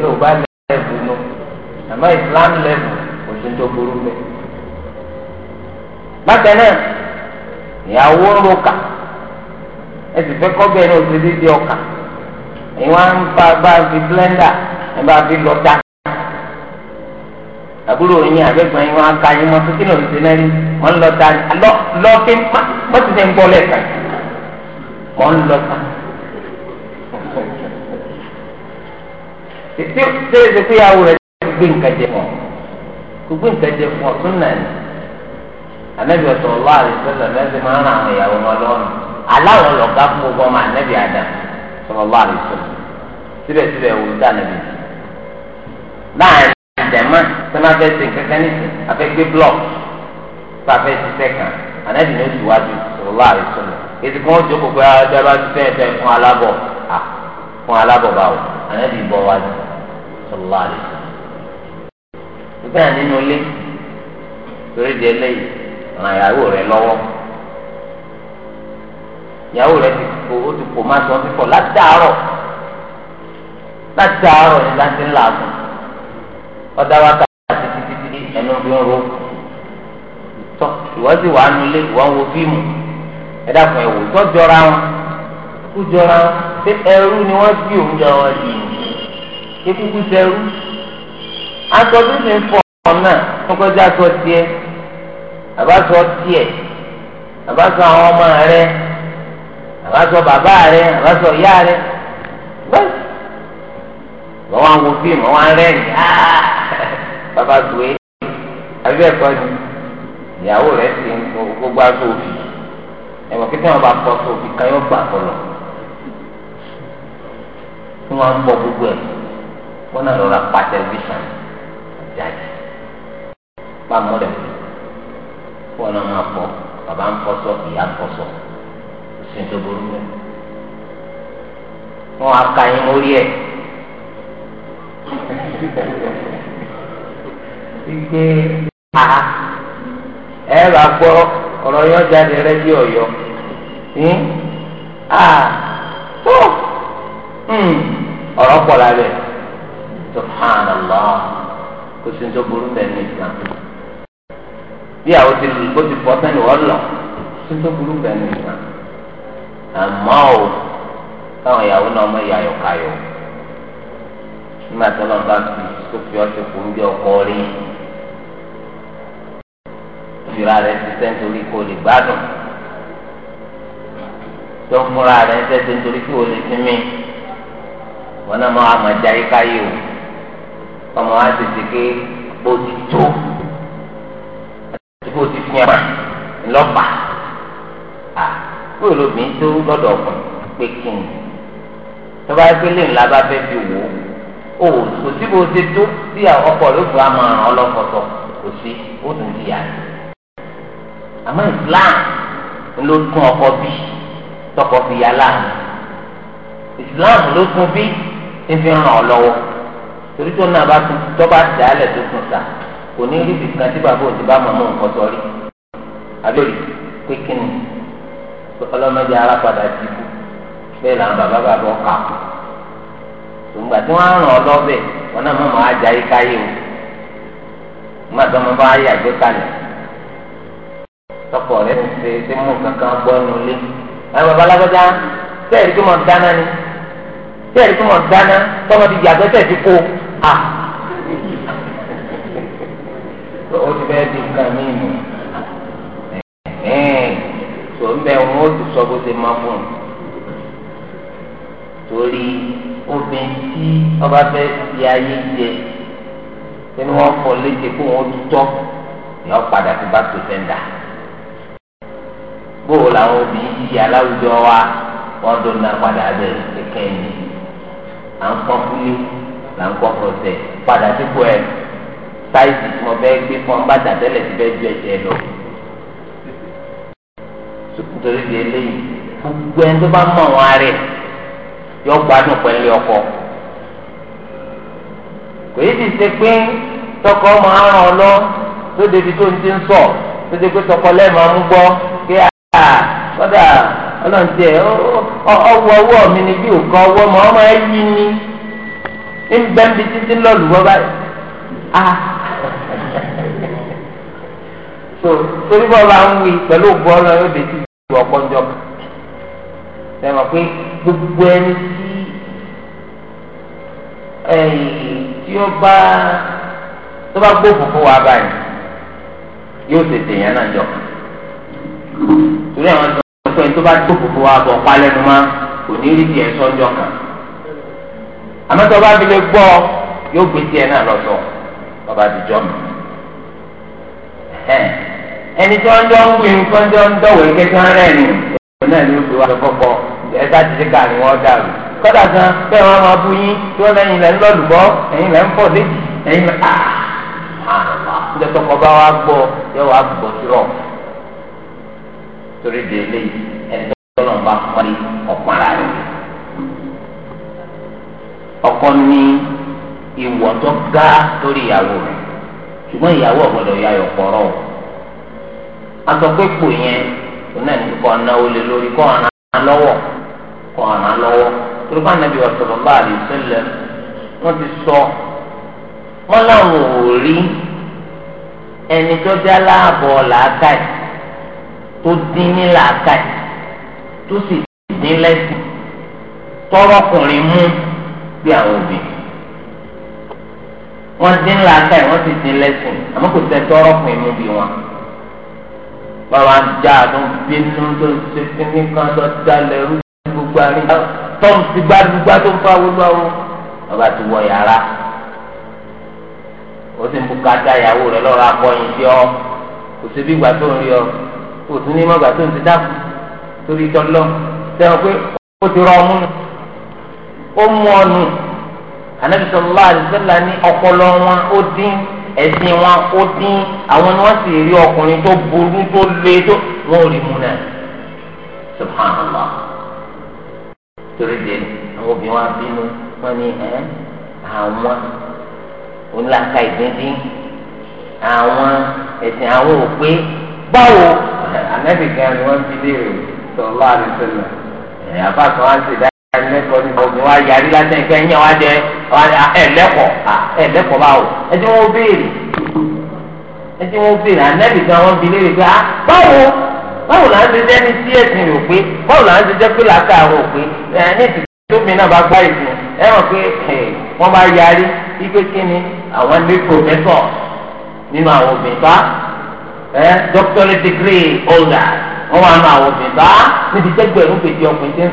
yóò bá Islam lẹ́ẹ̀bù kò tó burú bẹ́ẹ̀. bákan náà ìyàwó ń ro kà ẹ sì fẹ́ kọ́ bẹ́ẹ̀ ní fi blender. ẹ bá fi lọ dá àbúrò yín àbẹ́gbọ̀n yín wọn aka yín mọ́ sókè lọ́ọ́ ṣe náà rí mọ́ ń lọ dá lọ lọ fi mọ́ ti ṣe ń gbọ́ lẹ́ẹ̀kan mọ́ ń lọ dá. títí ṣe é ṣe pé ìyàwó rẹ̀ gbé nǹkan jẹ fún ọ gbogbo nǹkan jẹ fún ọ tún nà ní anabi ọsọ ọlọ àlùsọlọ mẹsẹ máa ń ràn àwọn ìyàwó wọn lọ́rùn aláwọ lọgá fún gbogbo ọmọ anabi àdá sọlọ ọlọ àlùsọlọ síbẹ̀síbẹ̀ wò ó dá láàrin ìdẹ̀mọ́ tó máa fẹ́ ṣe kankan nísìn afẹ́ gbé blọọk tó a fẹ́ ṣiṣẹ́ kan ànábì ní oṣù wájú sọlá àìsùnà èsì kan ó jókòó pé ajá ah, bá ti fẹ́ẹ́ fẹ́ fún alábọ̀ à fún alábọ̀ báwo ànábì bọ̀ wájú sọlá àìsùnà. ìgbà nínú ilé torí di eléyìí ràn ìyàwó rẹ lọ́wọ́ ìyàwó rẹ ti kó o ti kó má sọ fífọ̀ látàárọ̀ látàárọ̀ ni láti ń làágùn. ọ̀dà wa ká títí títí ẹnu bí ń ro tọ́ ìwọ́sí wàá nulẹ̀ wọ́n wo fíìmù ẹ dákun ẹ̀ wò jọra wọn kú jọra wọn pé ẹrú ni wọ́n bí òun jọ wọn yìí kíkúkú sẹ́rú aṣọ tó ti ń fọ ọ̀hún náà wọ́n kọjá aṣọ abasọ àbáṣọ àbáṣọ àwọn ọmọ rẹ àbáṣọ bàbá rẹ àbáṣọ ìyá wọ́n wá ń wo fíìmù wọ́n wá ń rẹ́ẹ̀nì ah! bàbá tuwé àbí bẹ́ẹ̀ ni ìyàwó rẹ̀ ti ń gbogbo aṣọ òfì ẹ̀wọ̀n kí táwọn bá kọ́ aṣọ òfì kan yóò gbà kọlọ̀ tí wọ́n á ń bọ̀ gbogbo ẹ̀ wọ́n náà lọ́ra pa tẹlifíṣàn jáde pàmò rẹ̀ wọ́n náà máa pọ̀ bàbá ń fọ́sọ ìyá ń fọ́sọ sí ní wọ́n á ka yín mórí ẹ̀. Ike a ẹ bá gbọ́ ọ̀rọ̀ yọ jáde rẹ́díò yọ. A tó hmm. ọ̀rọ̀ pọ̀ lábẹ́ subhanallah kò sí ní tó burú bẹ́ẹ̀ ní ìsìlám. Bí àwọn ti lò ó ti bọ́ sẹ́ni wọ́n lọ kò sí ní tó burú bẹ́ẹ̀ ní ìsìlám. Àmọ́ o káwọn ìyàwó náà mọ ìyá ayọ̀kayọ̀ nígbà tó lọ bá fi tó fi ọ́ ṣepò ń bí ọkọ rí ìfira rẹ̀ ti sẹ́ nítorí kò lè gbádùn tó ń fúnra rẹ̀ ń sẹ́sẹ́ nítorí kò lè sinmi wọn náà máa mọ̀ jẹ́ ayíkáyé o ọmọ wa ti ti ké bó ti tó àti bó ti fi hàn ńlọ́pàá kúrò lóbi tó lọ́dọ̀ ọkùnrin pé kí n tó gbélé ńlá bá fẹ́ fi wò ó. o kò sí bó ṣe tó bí ọkọ rẹ fún amọ ọlọpọtọ kò sí ó dùn sí yàrá àmọ́ Islam ló tún ọkọ bí tọkọ fi yà láàmú Islam ló tún bí ń fi ràn ọ́ lọ́wọ́ torí tó náà bá tún tó bá tẹ alẹ tó tún ta kò ní rí bìkan tí bàbá òtí bá màmú nǹkan sọrí àbẹ̀rẹ̀ pé kí ni ọlọ́mọdé arápadà bẹ́ẹ̀ làwọn ìgbà tí wọ́n á ràn ọ́ lọ́bẹ̀ wọn náà mọ̀ máa jà yíká yé o ìgbà tí wọ́n bá yà gbé kalẹ̀ tọkọ rẹ ti ti mú kankan gbọ́ nu lé àwọn babalágbádá sẹ́ẹ̀rì tó mọ̀ dáná ni sẹ́ẹ̀rì tó mọ̀ dáná tọ́mọ ti yàgbẹ́ sẹ́ẹ̀ ti kó a o ti bẹ́ẹ̀ di nǹkan mí nù tó ń bẹ wọn ó ti sọ bó ti máa fún un torí. obìnrin tí ọba fẹ́ fi ayé jẹ sínú wọn fọ léde kó wọn dúdọ́ padà tó bá tó sẹ́ńdà. bóò làwọn obìnrin yí aláwùjọ wa wọn dún náà padà bẹ kékeré ni à ń là ń padà sípò ẹ̀ sáìsì tí wọ́n fẹ́ gbé fún lọ. di eléyìí yọ gbádùn pẹ̀lú ọkọ kò yí ti ṣe pé tọkọ máa ń ràn ọ lọ tó débi tó ń ti ń sọ tó débi tọkọ lẹ́ẹ̀mọ́ ń gbọ́ kí á kọ́dà ọlọ́run tiẹ̀ ọwọ́ ọwọ́ mi ni bí òkà ọwọ́ mọ́ ọmọ ẹ yí ni ń bẹ́ẹ̀ bí títí lọ́lù wọ́n báyìí ah. so torí bọ́ọ̀ bá ń wí pẹ̀lú ògbọ́n náà yóò dé ti ìlú ọ̀pọ̀ ńjọba sẹ́wọ̀n pé gbogbo ẹni tí tí ó bá tó bá gbófò fún wa báyìí yóò tètè yẹn náà jọ torí àwọn sọ pé tó bá gbófò fún wa bọ̀ pálẹ́nu má kò ní rí tiẹ̀ sọ́jọ́ kan àmọ́ tó bá fi lè gbọ́ yóò gbé tiẹ̀ náà lọ sọ bàbá àtijọ́ mi ẹni tí wọ́n jọ ń gbìn kí wọ́n ń dọ̀wọ́ ẹgbẹ́ tí wọ́n rẹ̀ nù ìgbẹ́ náà ló fi wá lọ́kọ́kọ́ ẹ̀ka ti ṣe gàrí wọn dàrú kọ́dà gan bẹ́ẹ̀ wọ́n máa bú yín tí wọ́n lẹ́yìn lẹ́ ń lọ́lùbọ́ ẹ̀yìn lẹ́ ń pọ̀ léjì ẹ̀yìn lẹ́ ǹjẹ́ tọkọ bá wa gbọ́ yẹ wàá gbọ́ sírọ̀ torí de ilé ẹni tó lọ́n bá pọ́n ọ̀pọ̀n ara rẹ̀ ọkọ ní ìwọ̀ tó ga lórí ìyàwó rẹ̀ ṣùgbọ́n ìyàwó ọ̀gbọ́dọ̀ ya ọ̀pọ̀rọ̀ o atọ́pẹ́pọ̀ yẹn òun náà ní kọ́ náwó lé lórí kọ́ ọ̀ràn lọ́wọ́ kọ́ àrán lọ́wọ́ torí bá nàbí ọ̀sọ̀rọ̀ bá àlè sẹ́lẹ̀ wọ́n ti sọ wọ́n láwọn ò rí ẹni tó dá láàbọ̀ làákàì tó dín ní làákàì tó sì dín lẹ́sìn tọ́rọkùnrin mú bí àwọn òbí wọ́n dín làákàì wọ́n sì dín lẹ́sìn àmọ́ kò sẹ́ tọ́rọkùnrin mú bí wọn bàbá já àdó bínú tó ṣe kíní kan tó dá lẹ́rú gbogbo àárín tọ́m ti gbá dùgbà tó ń fa wọlé àwọn bàbá ti wọ yàrá ó sì ń bu kata ìyàwó rẹ lọ́rọ̀ akọyìn sí ọ kò sí bí ìgbà tó ń rí ọ kò sí ní mọ́ ìgbà tó ń ti dáàbò torí tọ́lọ́ sẹ́wọ́n pé ó ti rọ ọmú nù ó mú ọ nù Ànábì sallallahu ní ọpọlọ wọn ó dín ẹ̀sìn wọn ó dín àwọn ni wọ́n sì rí ọkùnrin tó burú tó le tó wọ́n ò rí mú náà subhanallah torí de àwọn obìnrin wa bínú wọn ni ẹ àwọn onílàkà ìdíndín àwọn ẹ̀sìn àwọn òpé báwo ànábì kan ni wọ́n fi léèrè sọ̀rọ̀ àdìsẹ́lẹ̀ ẹ̀ abáàkọ́ wa ń ṣe dáadáa lẹ́kọ̀ọ́ nípa obìnrin wa yarí látẹ̀ ìfẹ́ yẹn wá jẹ ẹ̀ lẹ́kọ̀ọ́ ẹ̀ lẹ́kọ̀ọ́ báwo ẹ ti wọ́n béèrè ẹ ti wọ́n béèrè ànábì kan wọ́n fi léèrè pé báwo. báwo là ń ṣe jẹ́ ní sí ẹ̀sìn rò pé báwo là ń ṣe jẹ́ pé làákà rò pé ẹ̀ ní ìsìnkú tó mi náà bá gbá ìsìn ẹ̀ hàn pé wọ́n bá yarí àwọn nínú àwọn bá ẹ̀ doctorate degree holder wọ́n nù àwọn bá níbi pèsè ọkùnrin tí ń ẹ̀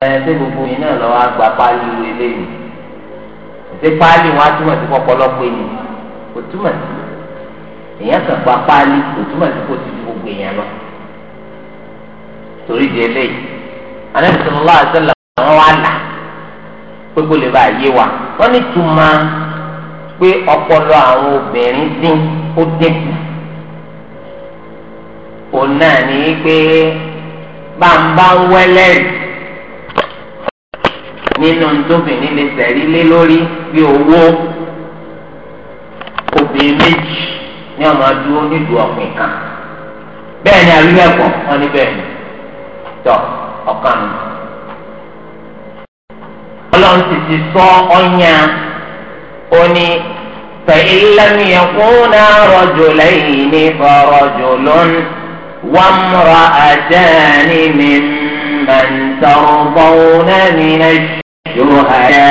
ṣé gbogbo yìí náà lọ́wọ́ àgbà pálí pálí èèyàn kan pa páálí òtúmọ̀ sí kò ti di gbogbo èèyàn lọ. torí di eléyìí anabi sallallahu alaihi wa là pé kó lè bá yé wa wọ́n ní tuma pé ọpọlọ àwọn obìnrin dín ó dín kù òun náà ní pé bàbá ń wẹ́lẹ́ nínú tóbìnrin lè sẹ̀rí lé lórí bí owó obìnrin méjì ní ọmọ adúró nídùú ọ̀pìn kan bẹ́ẹ̀ ni àríwá ẹ̀kọ́ wọn ní bẹ́ẹ̀ ni tọ ọ̀kan nù. ọlọ́run sì ti sọ ọ̀yàn òní fẹ̀yìnlẹ́mì ẹ̀kún náà rọ̀jò lẹ́yìn ní fọ̀rọ̀jò lónìí wọ́n mọ̀ra àjẹ́ni mi mẹ́ntàrúbọ̀nà nínú ṣùhàdá.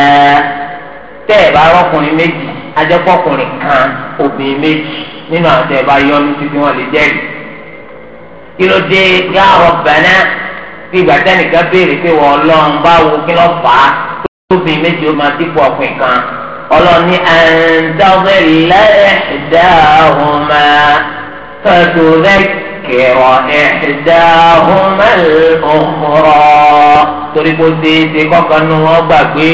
tẹ́ ẹ̀ bá rọ́kùnrin méjì ajẹ́kọ̀ọ́kùnrin kan obìnrin méjì nínú àwọn tẹ ẹ bá yọ ní títí wọn lè jẹ́rìí kí ló dé yá Rabbana bí ìgbà tẹnìkan béèrè pé wọn Ọlọ́run báwo kí ló fà á tóbi méjì ó máa dípò ọkùnrin kan Ọlọ́run ní àǹdáwé lẹ́ẹ̀dáhùnmá fẹ́tùrẹ́ kẹrọ ẹ̀ẹ́dáhùnmá ọ̀húnrọ̀ torí kó ṣeé ṣe kọ́kọ́ nu wọn gbàgbé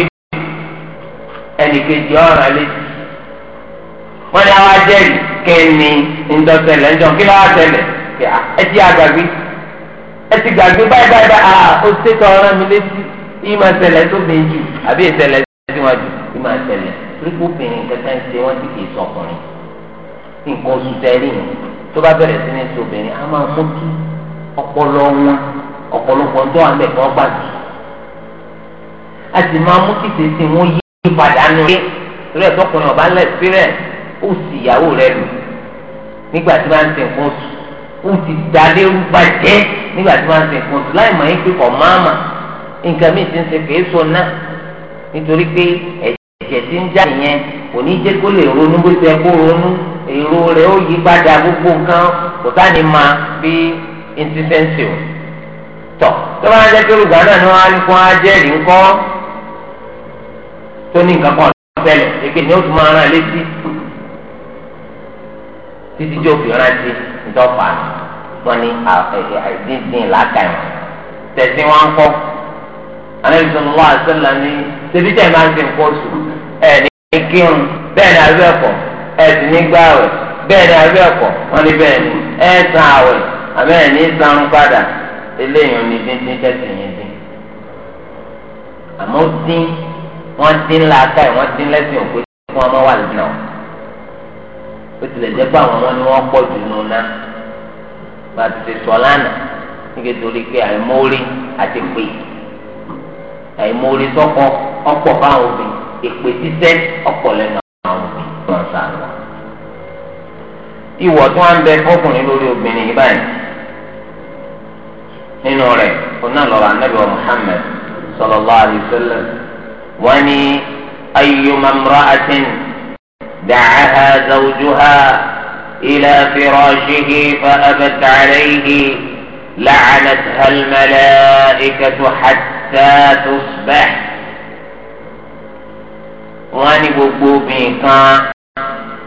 ẹnìkejì ọ̀ràn létí. wọ́n ní àwọn ajẹ́rìí kẹ́ni ńdọ́sẹ̀lẹ̀ ńjọ kí ah, ẹ ti àgbàgbé ẹ ti gbàgbé báyìí báyìí báyìí àà ah, ó ṣe tọ́ ọ̀rọ̀ mi létí ìmọ̀ ṣẹlẹ̀ tó bẹ̀ jù àbí ìṣẹ̀lẹ̀ tí wọ́n jù ìmọ̀ ṣẹlẹ̀ kẹta ń ṣe wọ́n ti kì í sọkùnrin nǹkan oṣù tẹ́lẹ̀ yìí tó bá bẹ̀rẹ̀ sí ní obìnrin máa mú kí ọpọlọ wọn ó sì ìyàwó rẹ̀ lù nígbà tí wọ́n ti nǹkan oṣù ó ti dalérú bàjẹ́ nígbà tí wọ́n ti nǹkan oṣù láì mọ̀ yín pé kọ̀ máàmà nǹkan míì ti ń ṣe kìí so náà nítorí pé ẹ̀jẹ̀ ti ń já nìyẹn kò ní jẹ́ kó lè ronú bó ṣe kó ronú èrò rẹ̀ ó yí padà gbogbo nǹkan kò sáà ní máa bí intifẹ́ǹsì o tọ̀ tó bá ń jẹ́ kérúgbà náà ni wọ́n á ní kó á jẹ́rìí ńkọ́ tó ní nǹkan kan tẹ́lẹ̀ èké ni ó tún máa rán létí títí tí o fi rántí ìjọba wọn ni àìdíndín làákàyè tẹ̀sí wọn ń kọ́ anabi sọlọ wa sẹlẹ ni tẹbi tẹ máa ń ṣe nǹkan oṣù ẹ ní kírun bẹ́ẹ̀ ni àbẹ ẹkọ ẹ sì ní gbá àwẹ̀ bẹ́ẹ̀ ni àbẹ ẹkọ wọn ni bẹ́ẹ̀ ni ẹ san àwẹ̀ àbẹ ẹ ní san padà eléyìí ni díndín tẹsí yẹn dín àmọ́ dín wọn dín làákàyè wọn dín lẹ́sìn òkú tí wọn wà lẹ́nu ó tilẹ̀ jẹ́ pé àwọn wọn ni wọ́n pọ̀ jù nù ná bá a ti ṣe sọ lánàá nígbà torí pé àìmọ́ọ́rí àti pè àìmọ́ọ́rí sọ́kọ ọ̀pọ̀ báwọn òbí èpè títẹ́ ọ̀pọ̀ lẹ́nu àwọn òbí wọn sàánù. ìwọ̀ tí wọ́n ń bẹ fọkùnrin lórí obìnrin yìí báyìí nínú rẹ̀ oná lọ́rọ̀ anábì wa Muhammad sallallahu alaihi wọ́n ní ayyuma imra'atin. دعاها زوجها إلى فراشه فأبت عليه لعنتها الملائكة حتى تصبح wọ́n ní gbogbo obìnrin kan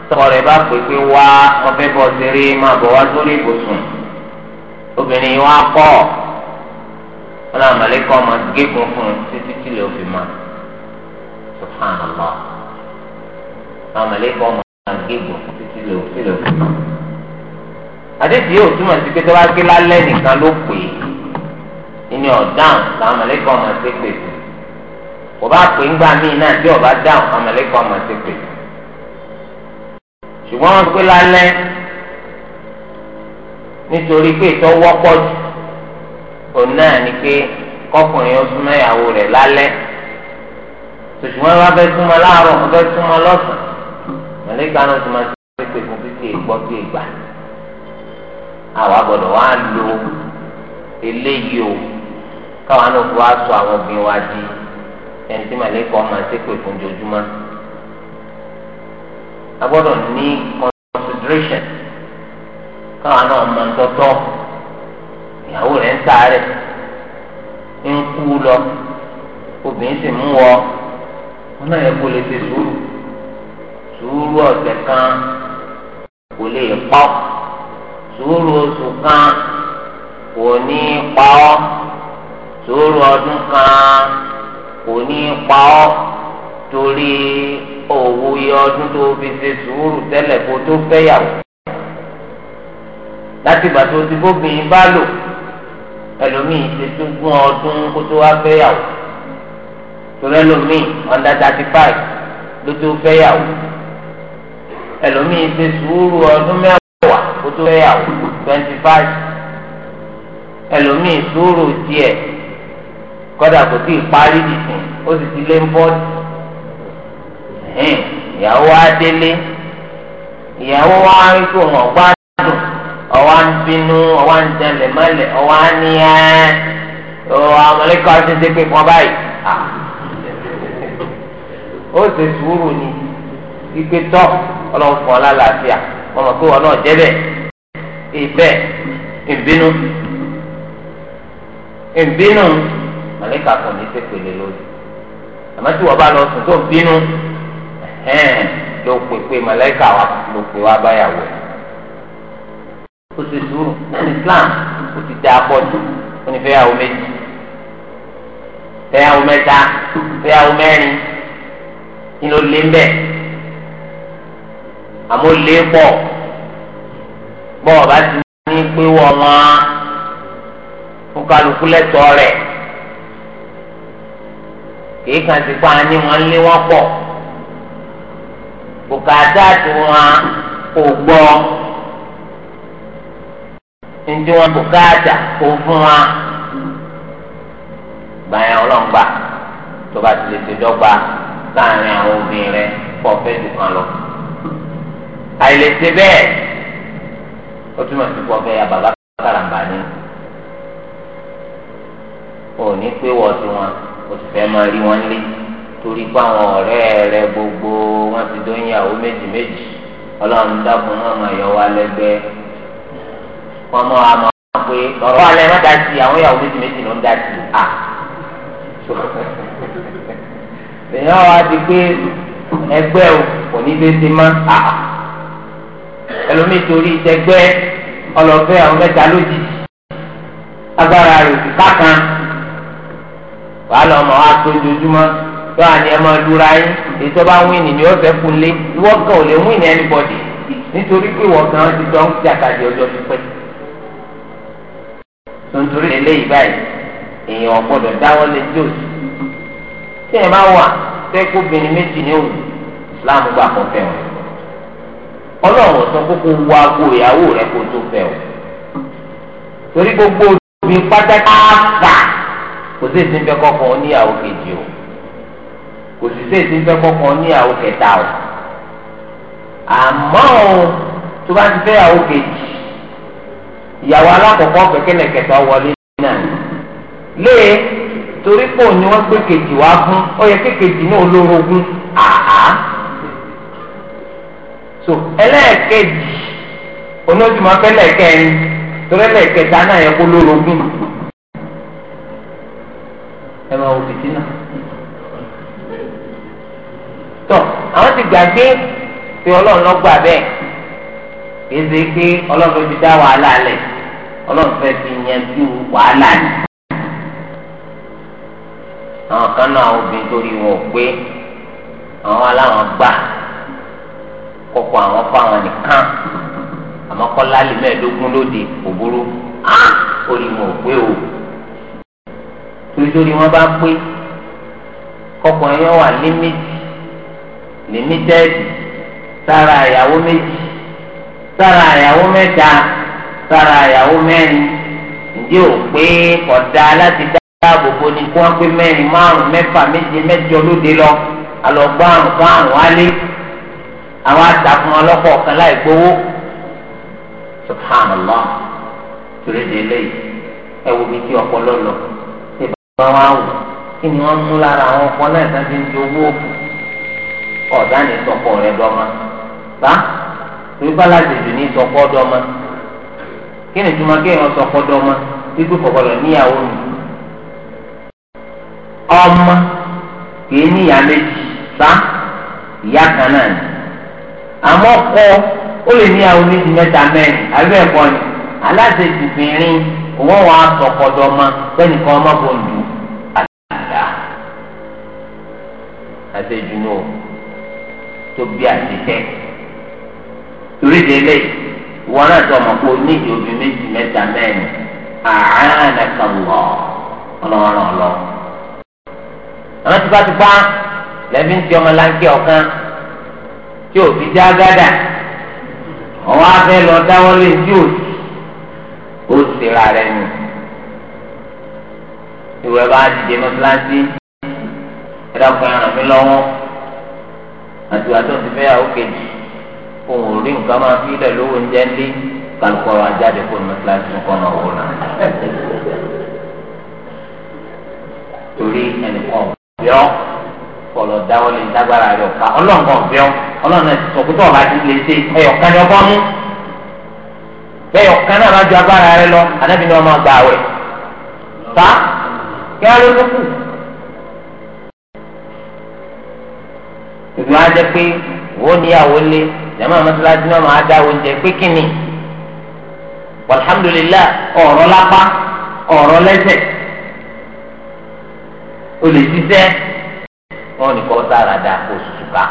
tọkọ rẹ̀ bá pè pé wá ọfẹ bọ seré máa bọ̀ wá sórí ibùsùn obìnrin wa kọ̀ wọn làwọn mọlẹkọ ọmọ gégùn fún un títí tí lè fi máa subhanallah. àwọn mẹlẹkọ ọmọ náà gégùn títí lè òfin lè fún un. àdéhùn yóò túmọ̀ sí pé tó bá gé lálẹ́ nìkan ló pè é ìní ọ̀dáhùn làwọn mẹlẹkọ ọmọ ṣe pè fún kò bá pè ń gbà míì náà tí ọba dáhùn àwọn mẹlẹkọ ọmọ ṣe pè fún. ṣùgbọ́n wọ́n pé lálẹ́ nítorí pé ìtọ́ wọ́pọ̀ jù òun náà ni pé kọkùnrin ó súnmọ́ ìyàwó rẹ̀ lálẹ́ tòṣùwọ́n wá fẹ́ súnmọ́ láàárọ̀ wọ́n fẹ́ súnmọ́ lọ́sàn-án mọ̀lẹ́gbà náà ti máa ti pèsè fún títí ìgbọ́ lo eléyìí o káwa náà fi wá sọ àwọn obìnrin wa di ẹni tí mọ̀lẹ́gbà ọmọ ti pè fún ojoojúmọ́ a gbọ́dọ̀ ní consideration káwa náà mọ ntọ́tọ́ ìyàwó rẹ̀ ń sáré ń kú sùúrù ọ̀sẹ̀ kan kò lè pọ̀ sùúrù oṣù kan kò ní pa ọ́ sùúrù ọdún kan kò ní pa ọ́ torí òwúyẹ ọdún tó fi ṣe sùúrù tẹ́lẹ̀ kó tó fẹ́yàwó láti ìgbà tó ti bóbìnrin bá lò ẹlòmíì ti tún gún ọdún kó tó wá fẹ́yàwó torí ẹlòmíì under thirty five ló tó fẹ́yàwó ẹlòmíì ṣe sùúrù ọdún mẹ́wàá kó tó fẹ́yàwó twenty five ẹlòmíì sùúrù tiẹ̀ kọ́dà kò tí ì parí nìsín ó sì ti lé ń bọ́ ìyàwó wa délé ìyàwó wa ń tó hàn gbádùn ọwọ́ ń bínú ọwọ́ ń jẹlẹ̀ mọ́lẹ̀ ọwọ́ á ní ẹ́ ọwọ́ amọ̀lẹ́kọ̀ ṣe ṣe pé pọ́n báyìí ah. ó ṣe sùúrù ni ìgbé tọ́ ọlọ́run fún ọ lálàáfíà ọmọ pé wọn náà jẹ́ bẹ́ẹ̀ ìbẹ́ ìbínú ìbínú màlíkà kò ní ṣe pèlè lórí àmọ́ tí wọ́n bá lọ sùn tó bínú ẹ̀hẹ́n ló pè pé màlíkà wa ló pè wá báyàwó ẹ̀ ó ti sùúrù ní Islam ó ti dá pọ̀ jù ó ní fẹ́yàwó méjì fẹ́yàwó mẹ́ta fẹ́yàwó mẹ́rin kí ló lé ń bẹ́ẹ̀ àmọ́ lé pọ̀ bọ́ ọba ti ní pé wọ́n wọn fún kálukú lẹ́tọ̀ọ́ rẹ̀ kìí kan ti pa ni wọ́n lé wọ́n pọ̀ bùkátà tí wọ́n kò gbọ́ ndí wọn bùkátà kò fún wa gbàyà ọlọ́ngbà tó bá ti lè ṣe láàrin àwọn obìnrin pọ̀ fẹ́ dùn lọ àìlèsè bẹ́ẹ̀ ó túmọ̀ sí pọ̀ bẹ́ẹ̀ bàbá kàràǹbà ni ò ní pé wọ́n ti wọn o ti fẹ́ máa rí wọn lé torí pé àwọn ọ̀rẹ́ rẹ gbogbo wọn ti dó ìyàwó méjì méjì ọlọ́run dákun wọn máa yọ wá lẹ́gbẹ́ wọn mọ àmọ́ pé ọ̀rọ̀ alẹ́ má dá sí àwọn ìyàwó méjì méjì ló ń dá sí à èèyàn wá di pé ẹgbẹ́ ò ní lè ṣe má àà ẹlòmíì torí ìtẹgbẹ́ ọlọ́fẹ́ àwọn mẹ́ta lójijì agbára rẹ̀ ti kákan wàá lọ ọmọ wa tó ojoojúmọ́ tó àní ẹ máa lura yín èyí tó bá wíìnì ni ó fẹ́ kú lé ìwọ kan ò lè wíìnì ẹnibọ̀dì nítorí pé ìwọ kan ti tọ́ ń ti àkàdé ọjọ́ pípẹ́ tontorí eléyìí báyìí èèyàn gbọ́dọ̀ dáwọ́ lé jòsì tí ẹ bá wà fẹ́ kó obìnrin méjì ní òòlù Islam gbà kọfẹ wọn ọlọ́run sọ pé kó wo aago ìyàwó rẹ kó tó fẹ́ o torí gbogbo òbí pátákáfà kò sí èsì ń fẹ́ kọ́kọ́ oníyàwó kejì o kò sì sí èsì ń fẹ́ kọ́kọ́ oníyàwó kẹta o àmọ́ o tó bá ti fẹ́ ìyàwó kejì ìyàwó alákọ̀ọ́kọ́ pẹ̀kẹ́lẹ̀ kẹta wọlé náà lé torí pò ní wọ́n gbé kejì wá fún ó yẹ kékejì náà olórogún àá. tó ẹlẹ́ẹ̀kejì onójúmọ́ fẹ́lẹ̀ kẹrin torí ẹlẹ́ẹ̀kẹta náà yẹ kó lórogún ẹ máa wò fìdí náà. tó àwọn ti gbàgbé pé ọlọ́run lọ gbà bẹ́ẹ̀ kìí ṣe pé ọlọ́run ló ala dá wàhálà lẹ̀ ọlọ́run fẹ́ fi yanjú wàhálà ni. àwọn kan náà obìnrin torí wọn ò kọ́kọ́ àwọn fáwọn nìkan àmọ́ kọ́lá lè mẹ́ẹ̀ẹ́dógún lóde òbúrú á orí wọn ò pé o torítorí wọn bá pé kọ́kọ́ yẹn wà límítì límítẹ́ẹ̀dì sára ìyàwó méjì sára ìyàwó mẹ́ta sára ìyàwó mẹ́rin ǹjẹ́ ò pé ọ̀dà láti dáàbò bo ni kí wọ́n pé mẹ́rin márùn-ún mẹ́fà méje mẹ́jọ lóde lọ alọ́gbọ́n àrùn fún àrùn wálé àwọn àtàkùn ọlọ́pọ̀ kan láì gbowó subhanallah torí délé ẹ wo bí kí ọpọlọ lọ ṣe bá wọn wò kí ni wọn mú lára àwọn ọkọ náà ìtàn ti ń di owó òkú ọ̀dà ní sọpọ̀ rẹ dọ́mọ bá torí bá láti dùn ní sọpọ̀ dọ́mọ kí ni ìtumọ̀ kéèyàn sọpọ̀ dọ́mọ ikú kọ̀kọ̀lọ̀ níyàwó mi ọmọ kìí níyàá méjì sá ìyá kan náà ni àmọ́ kọ ó lè ní àwọn oníṣìí mẹ́ta mẹ́rin àbí ẹ̀kọ́ ni aláṣẹ ìdìbìnrin òun wà á sọ̀kọ̀dọ̀ ọmọ bẹ́ẹ̀ nìkan ọmọ bò lù àlàdà àti ìdùnnú tó bí àtìkẹ́ torí délé ìwọ náà tó ọmọ kó ní ìdòbí méjì mẹ́ta mẹ́rin àánà kan lọ ọlọ́run lọ. àwọn tipátipá lẹ́bí ń ti ọmọ láńkẹ́ ọ̀kan tí òbí já gádà ọwọ́ afẹ́ lọ dáwọ́lé tí òsì ó sì ra rẹ̀ nù. ìwé bá dìde mọ́tíláṣí ẹ̀dàkùn ẹ̀ràn mi lọ́wọ́ àti wàá tó ti fẹ́ yàwó kejì òun ò rí nǹkan máa fi ilẹ̀ lówó oúnjẹ ńlé kálukọ̀rọ̀ ajáde kó mọ́tíláṣí nǹkan náà wò náà. torí ẹnìkan ò ọ́ kọlọ dáwọ́ lè dágbára rẹ ọ̀ka ọlọ́ọ̀kan ọ̀fẹ́ ọ ọlọ́ọ̀ náà ti sọ pé tọ́ọ̀ bá ti lè ṣe ẹyọ̀ká ni ọgbọ́n mú bẹ́ẹ̀ ọ̀ka náà má ju agbára rẹ lọ anábì ni wọ́n máa gbà wẹ̀ fa kí á ló lókù. ìgbìmọ̀ á jẹ́ pé wọ́n níyàwó lé jàmọ́ àmọ́sálásí náà máa dá oúnjẹ pé kí ni alhamdulillah ọ̀rọ̀ lápá ọ̀rọ̀ lẹ́sẹ̀ olè ṣiṣẹ́ wọn ní kọ́ sára dá kó tutù ká.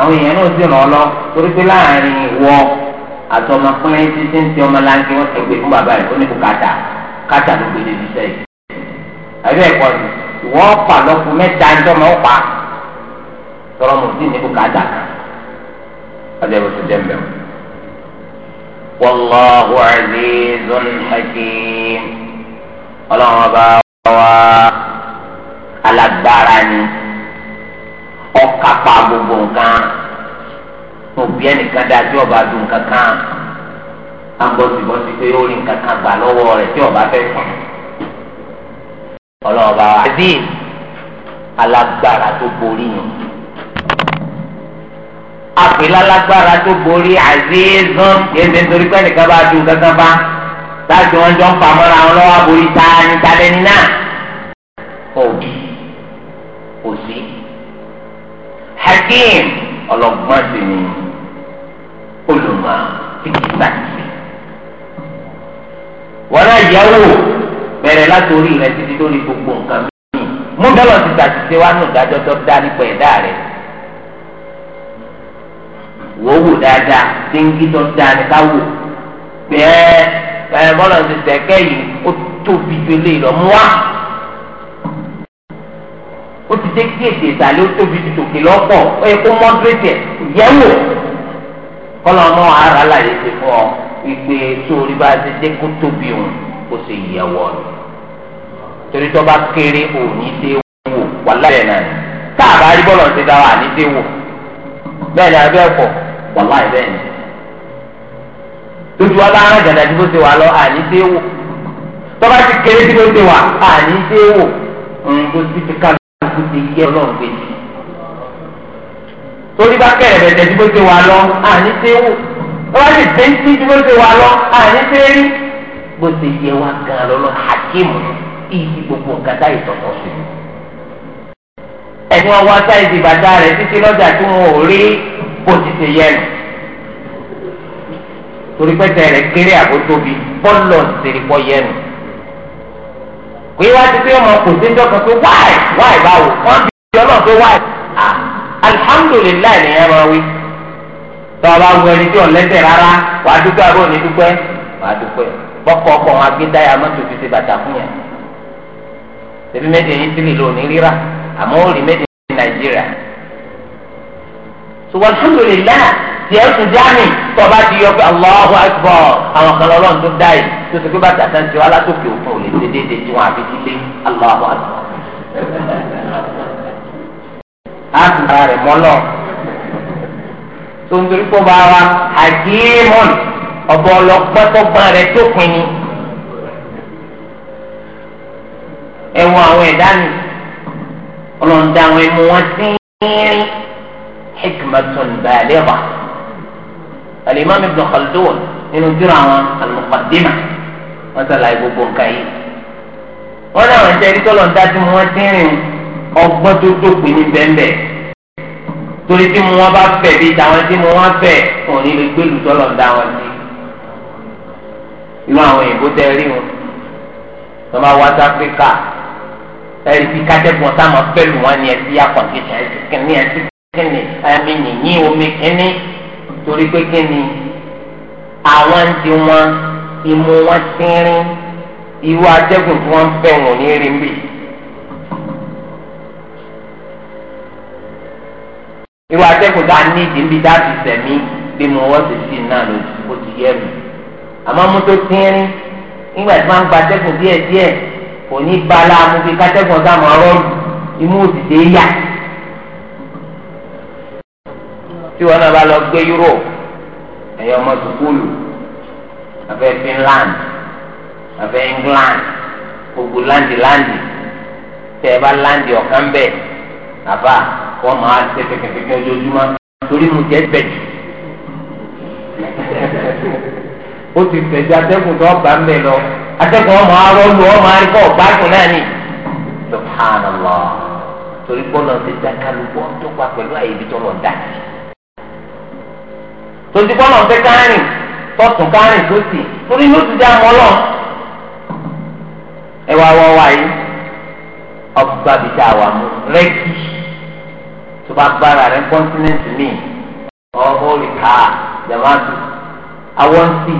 àwọn èèyàn náà sì ràn ọ́ lọ torí pé láàrin wọ àtọmọ pínlẹ títí ń ti ọmọ láńkì wọn tẹgbẹ fún bàbá rẹ ó ní kó kàtà kàtà ló gbé débi sẹ́yìn. àbẹ ẹ̀kọ́ ni wọ́n pa lọ́kùn mẹ́ta ń tọ́mọ ó tọrọ mọ̀ sí ní kàtà kan. ọjọ́ ìbùsùn jẹ́ mbẹ́wò. wallahu azizun hakim ọlọ́run ọba wa alágbára ni ọkàpá gbogbo nǹkan òbí ẹnìkan dáa tí ọba dùn kankan agbọ́sibọ́sí pé ó rí nǹkankan gbà lọ́wọ́ rẹ̀ tí ọba fẹ́ sùn ọlọ́run ọba wa àbí alágbára tó borí yẹn àpèlè alágbára tó borí àzízán yẹn ti ń pé ẹnìkan bá dùn kankan bá táàjù wọn jọ ń fa mọ́ra wọn lọ́wọ́ aborí ta ni talẹ́ni náà òbí òsì hakeem ọlọ́gbọ́n sì ni olùmọ̀ tìkítàkì wọn náà yẹwò bẹ̀rẹ̀ láti orí rẹ títí lórí gbogbo nǹkan mìíràn mú dọ́lọ̀ ti tàṣìṣe wá nù dájọ́ tó dá nípa ẹ̀dá rẹ̀ wò ó wò dáadáa tí ń kí tó dá ní ká wò bẹ́ẹ̀ ẹ bọ́lá ti tẹ̀kẹ́ yìí ó tóbi ju eléyìí lọ mú wa ó ti dé kí èdè ìsàlẹ̀ ó tóbi ju tòkè lọ́pọ̀ ó yẹ kó mọ́dúrétì ẹ̀ yẹ̀wò kọ́lọ́ ọmọ ara láyé ti fọ́ ìpè sórí bá ti dé kó tóbi òun kó sì yẹ̀wò rẹ̀ torí tó bá kéré òní dé wò wà láyé náà tá a bọ́lá ti dá wa àní dé wò bẹ́ẹ̀ ni abẹ́ ẹ̀kọ́ wà láyé bẹ́ẹ̀ ni lójú wa bá rán jàdá tí bó ṣe wà lọ àní ṣe é wò tọ́ba ti kéré tí bó ṣe wà àní ṣe é wò nǹkó ti ti ká lóko ti yẹ ọlọ́run gbé jù torí bá kẹ̀rẹ̀ bẹ̀tẹ̀ tí bó ṣe wà lọ àní ṣe é wò tọ́ba ti dé sí tí bó ṣe wà lọ àní ṣe é rí bó ṣe yẹ wa gan lọ́lọ́ hakimu ìdí gbogbo gàdá ìtọ̀tọ̀ sí i ẹni wọn wá sáyẹ̀dì bàtà rẹ̀ títí lọ́jà tí wọn ò rí bó ti ṣe yẹ nù torí pẹ́tẹ́ rẹ̀ kéré àbótóbi bọ́ọ̀lù ọ̀sẹ̀rẹ̀pọ̀ yẹnu. pé wá ti pé ọmọ kò sí dọ́kan pé wáì wáì báwo wọ́n bí ọlọ́run pé wáì ah, alihamudulilayi ni ẹ máa wí. tó o bá wọ ẹni tí ò lẹ́sẹ̀ rárá wàá dúpẹ́ àbúrò ní dúpẹ́ wàá dúpẹ́ bọ́kọ̀ ọkọ̀ wọn agbé dáyà mọ́tò fi ṣe bàtà fún yẹn. ṣebí méje yìí sílẹ̀ lónìí rírà àmọ́ ó rí méje ní nàìjíríà. sùwọ́n alhamdulilayi tiẹ̀ tún jáàmì tọ́ba ti yọ pé Allahu Akbar àwọn kan lọ́lọ́run tó dá yìí tó ti pé bàtà tán ti wá látòkè òkun ò lè ṣe déédéé tí wọ́n àfi dílé Allahu Akbar. a tún bá rẹ̀ mọ́lọ̀ tó ń torí kó bá wa àdéhùn ọ̀bọ ọlọ́pẹ́tọ́gbọ́n rẹ̀ tó pin ni. àwọn ẹ̀dá ni ọlọ́ọ̀dà àwọn ẹmu wọn sí rí hikmatun baligha alimami ibn khaldun nínú tírà àwọn al-muqaddima wọn sàlàyé gbogbo nǹkan yìí wọn ní àwọn ìṣẹ́rí tọ́lọ̀ ń dá sí wọn tí ń rìn ọgbọ́n tó dópin ní bẹ́ẹ̀ torí tí mo wọn bá fẹ́ bí táwọn tí mo wọn fẹ́ wọn ní lè gbé lùtọ́lọ̀ ń dá wọn sí irú àwọn òyìnbó tẹ rí wọn tó bá wá sí áfíríkà ẹ̀rí tí kátẹ́gùn táwọn fẹ́ lù wọn ni ẹ̀ sí akọ̀ǹkẹ́sì ẹ̀ sí kìnìún ẹ̀ sí kìnìún ẹ̀ mi nìyí omi kìnìún torí pé kí ni àwọn ti wọn imú wọn tínrín irú atẹ́gùn tí wọ́n ń fẹ́ wọn ní rí mbì. irú atẹ́gùn tá a ní ìdí mbì dá ti sẹ̀mí bí mo wọ́n ti sí náà ló ó ti yẹ mi. àmọ́ mú tó tínrín nígbà tí wọ́n gba atẹ́gùn díẹ̀díẹ̀ kò ní bá a láàmú bí kátẹ́gùn ọ̀dà máa imú òsì dé yà. tí wọn náà bá lọ gbé Europe ẹ̀yọ́ ọmọ sukulu abẹ́ Finland abẹ́ England gbogbo láǹdì Landi tẹ ẹ bá láǹdì ọ̀kan bẹ́ẹ̀ àbá wọn máa ṣe pẹ̀kẹ̀pẹ̀kẹ̀ ojoojúmọ́ torí mo jẹ́ bẹ̀ jù ó ti fẹ̀jọ atẹ́kùn tó ọgbà ń bẹ̀ lọ atẹ́kùn ọmọ arọ́lù ọmọ arikọ́ ọ̀gbádùn náà ni subhanallah torí gbọ́dọ̀ ti dá kálukú ọ̀dọ́gba pẹ̀lú àyè ibi tó lọ dá sí i tonti kọ́ náà fẹ́ kárìn tọ́tún kárìn tó sì torí ní oṣù tí a mọ́ lọ. ẹ wá wọ́n wá yìí ọgbà bíi tá a wà mú rẹ́gì tó bá gbára rẹ̀ kọ́ńtínẹ́ǹtì míì ọ̀hún ó lè ká jamaatu àwọn sì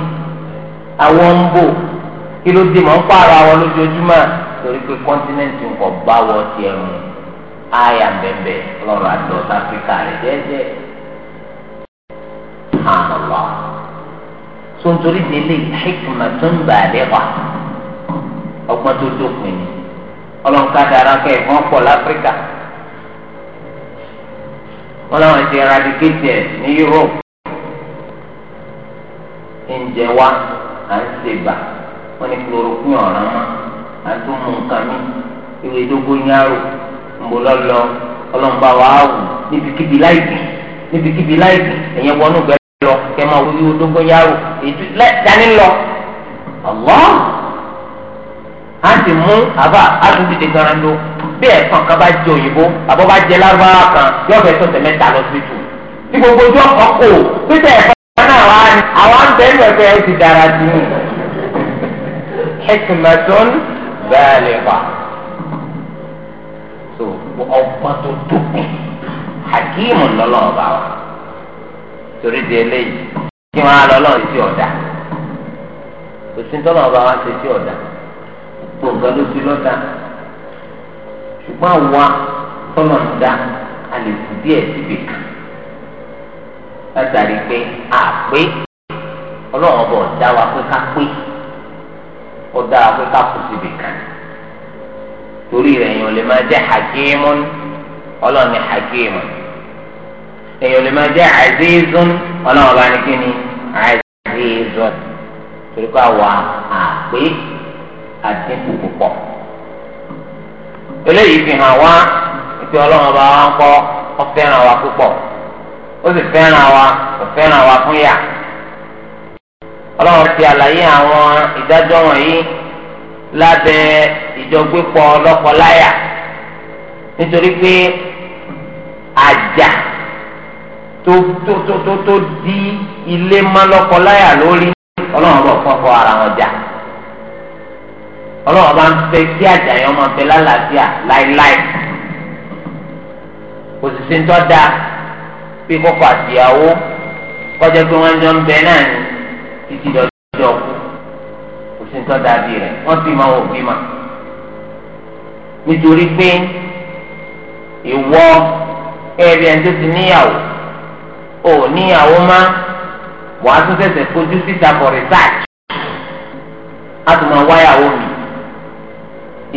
àwọn ń bò kí ló dé mọ̀ ń pààrọ̀ àwọn lójoojúmọ́ torí pé kọ́ńtínẹ́ǹtì ń kọ̀ bá wọ́n tiẹ̀ mú àyà bẹ́ẹ̀ bẹ́ẹ̀ lọ́rọ̀ àti ọ̀tá áfíríkà rẹ̀ jẹ́jẹ́ subhanallah sontori délé hikma tó ń bà dé wa ọgbọ́n tó dópin ni ọlọ́nkà dára kẹ́ ẹ̀gbọ́n pọ̀ láfíríkà wọn làwọn ti eradicate ẹ̀ ní Europe oúnjẹ wa à ń ṣe bà wọn ni chloroquine ọ̀ràn mọ́ à ń tún mú nǹkan mi lọ kẹ máa wúwo yóò dógún yàrá ètò lẹ dání lọ ọlọ á ti mú àbá àtúndìdì ganan lọ bẹ́ẹ̀ kàn ká bá jẹ òyìnbó àbọ bá jẹ lárúbáwá kan yóò bẹ tọ̀sẹ̀ mẹ́ta lọ sí tù tí gbogbo ojú ọkọ kò pété ẹ̀fọ́ náà wá ní àwọn àǹtẹ̀lẹ̀ ẹ̀fẹ́ ẹ̀ ti dára sí i hekimẹtọn bẹ́ẹ̀ lè wà so ọgbọ́n tó dókun hakimu lọ́lọ́ọ̀bá wa. torí di eléyìí kí wọn á lọ lọ́run sí ọ̀dà òsíntọ́lọ́ ọba wá ṣe sí ọ̀dà gbogbo ló sí lọ́dà ṣùgbọ́n àwa tọ́lọ̀ a lè fi díẹ̀ síbi kan látàrí pé àpé ọlọ́run wa pé ká pé wa pé ká síbi kan torí rẹ̀ yẹn èèyàn lè máa jẹ́ àzízún ọlọ́run bá ní ni àzízún torí pé àwa àpé àdínkù púpọ̀ eléyìí fi hàn wá ìpè ọlọ́run bá wá ń kọ́ ọ fẹ́ràn wa púpọ̀ ó sì fẹ́ràn wa fẹ́ràn wa fún yà ọlọ́run ti àlàyé àwọn ìdájọ́ wọ̀nyí lábẹ́ ìjọgbépọ̀ nítorí pé àjà. tó tó tó tó tó di ilé mọ́lọ́kọ láyà lórí ọlọ́run bọ̀ fọ́ fọ́ ara wọn jà ọlọ́run bá ń fẹ́ kí àjàyàn ọmọ fẹ́ lálàáfíà láéláé kò sì sí ń tọ́ da pé kọ́kọ́ àtìyàwó kọjá pé wọ́n jọ ń bẹ náà ní títí dọ́jọ́ kú kò sí ń tọ́ da bí rẹ̀ wọ́n fi máa wò bí nítorí pé ìwọ ẹ̀rí ẹ̀ ń tó ti níyàwó o níyàwó má wàá tún ṣẹ̀ṣẹ̀ fojú síta for research a tún máa wáyàwó mi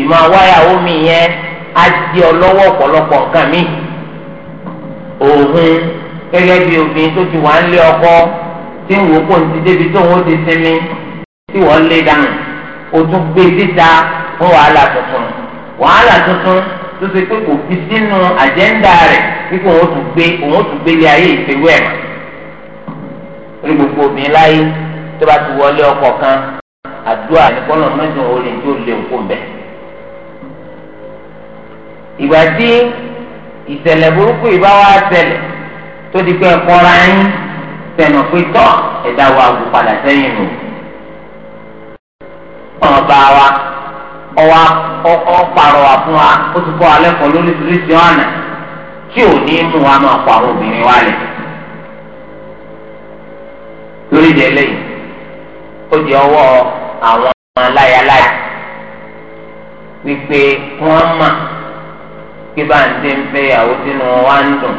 ìmọ̀ wáyàwó mi yẹn á di ọlọ́wọ́ ọ̀pọ̀lọpọ̀ nǹkan mi òhun gẹ́gẹ́ bí obìnrin tó ti wà ń lé ọkọ tí ń wò kó ti débi tó ń wò ti sinmi tí wọ́n lé dànù o tún gbé síta fún wàhálà tuntun wàhálà tuntun tó ṣe pé kò fi sínú àjẹ́ńdà rẹ̀ kíkó òun tún gbé òun tún gbé lé ayé ìfẹ́wé ẹ̀ orí gbogbo obìnrin láyé tó bá ti wọlé ọkọ kan àdúrà nìkọ́nà mẹ́jọ orí tó lè kó bẹ̀. ìgbà tí ìṣẹ̀lẹ̀ burúkú ìbá wa ṣẹlẹ̀ tó di pé ẹ̀kọ́ra yín tẹ̀nà pé tọ́ ẹ̀dá wa wò padà sẹ́yìn nù. ọ̀nà bá wa. ọwọ́ ọ̀pàrọ̀wà fún wa ó ti kọ́ alẹ́ kọ́ lóríṣiríṣi ọ̀nà tí ò ní mú wa máa kọ́ àwọn obìnrin wa lẹ̀. lórí ìdí eléyìí ó di ọwọ́ àwọn aláyaláyà wípé wọ́n mà kí bá ń dé ń fẹ́ ìyàwó sínú wọn wá ń dùn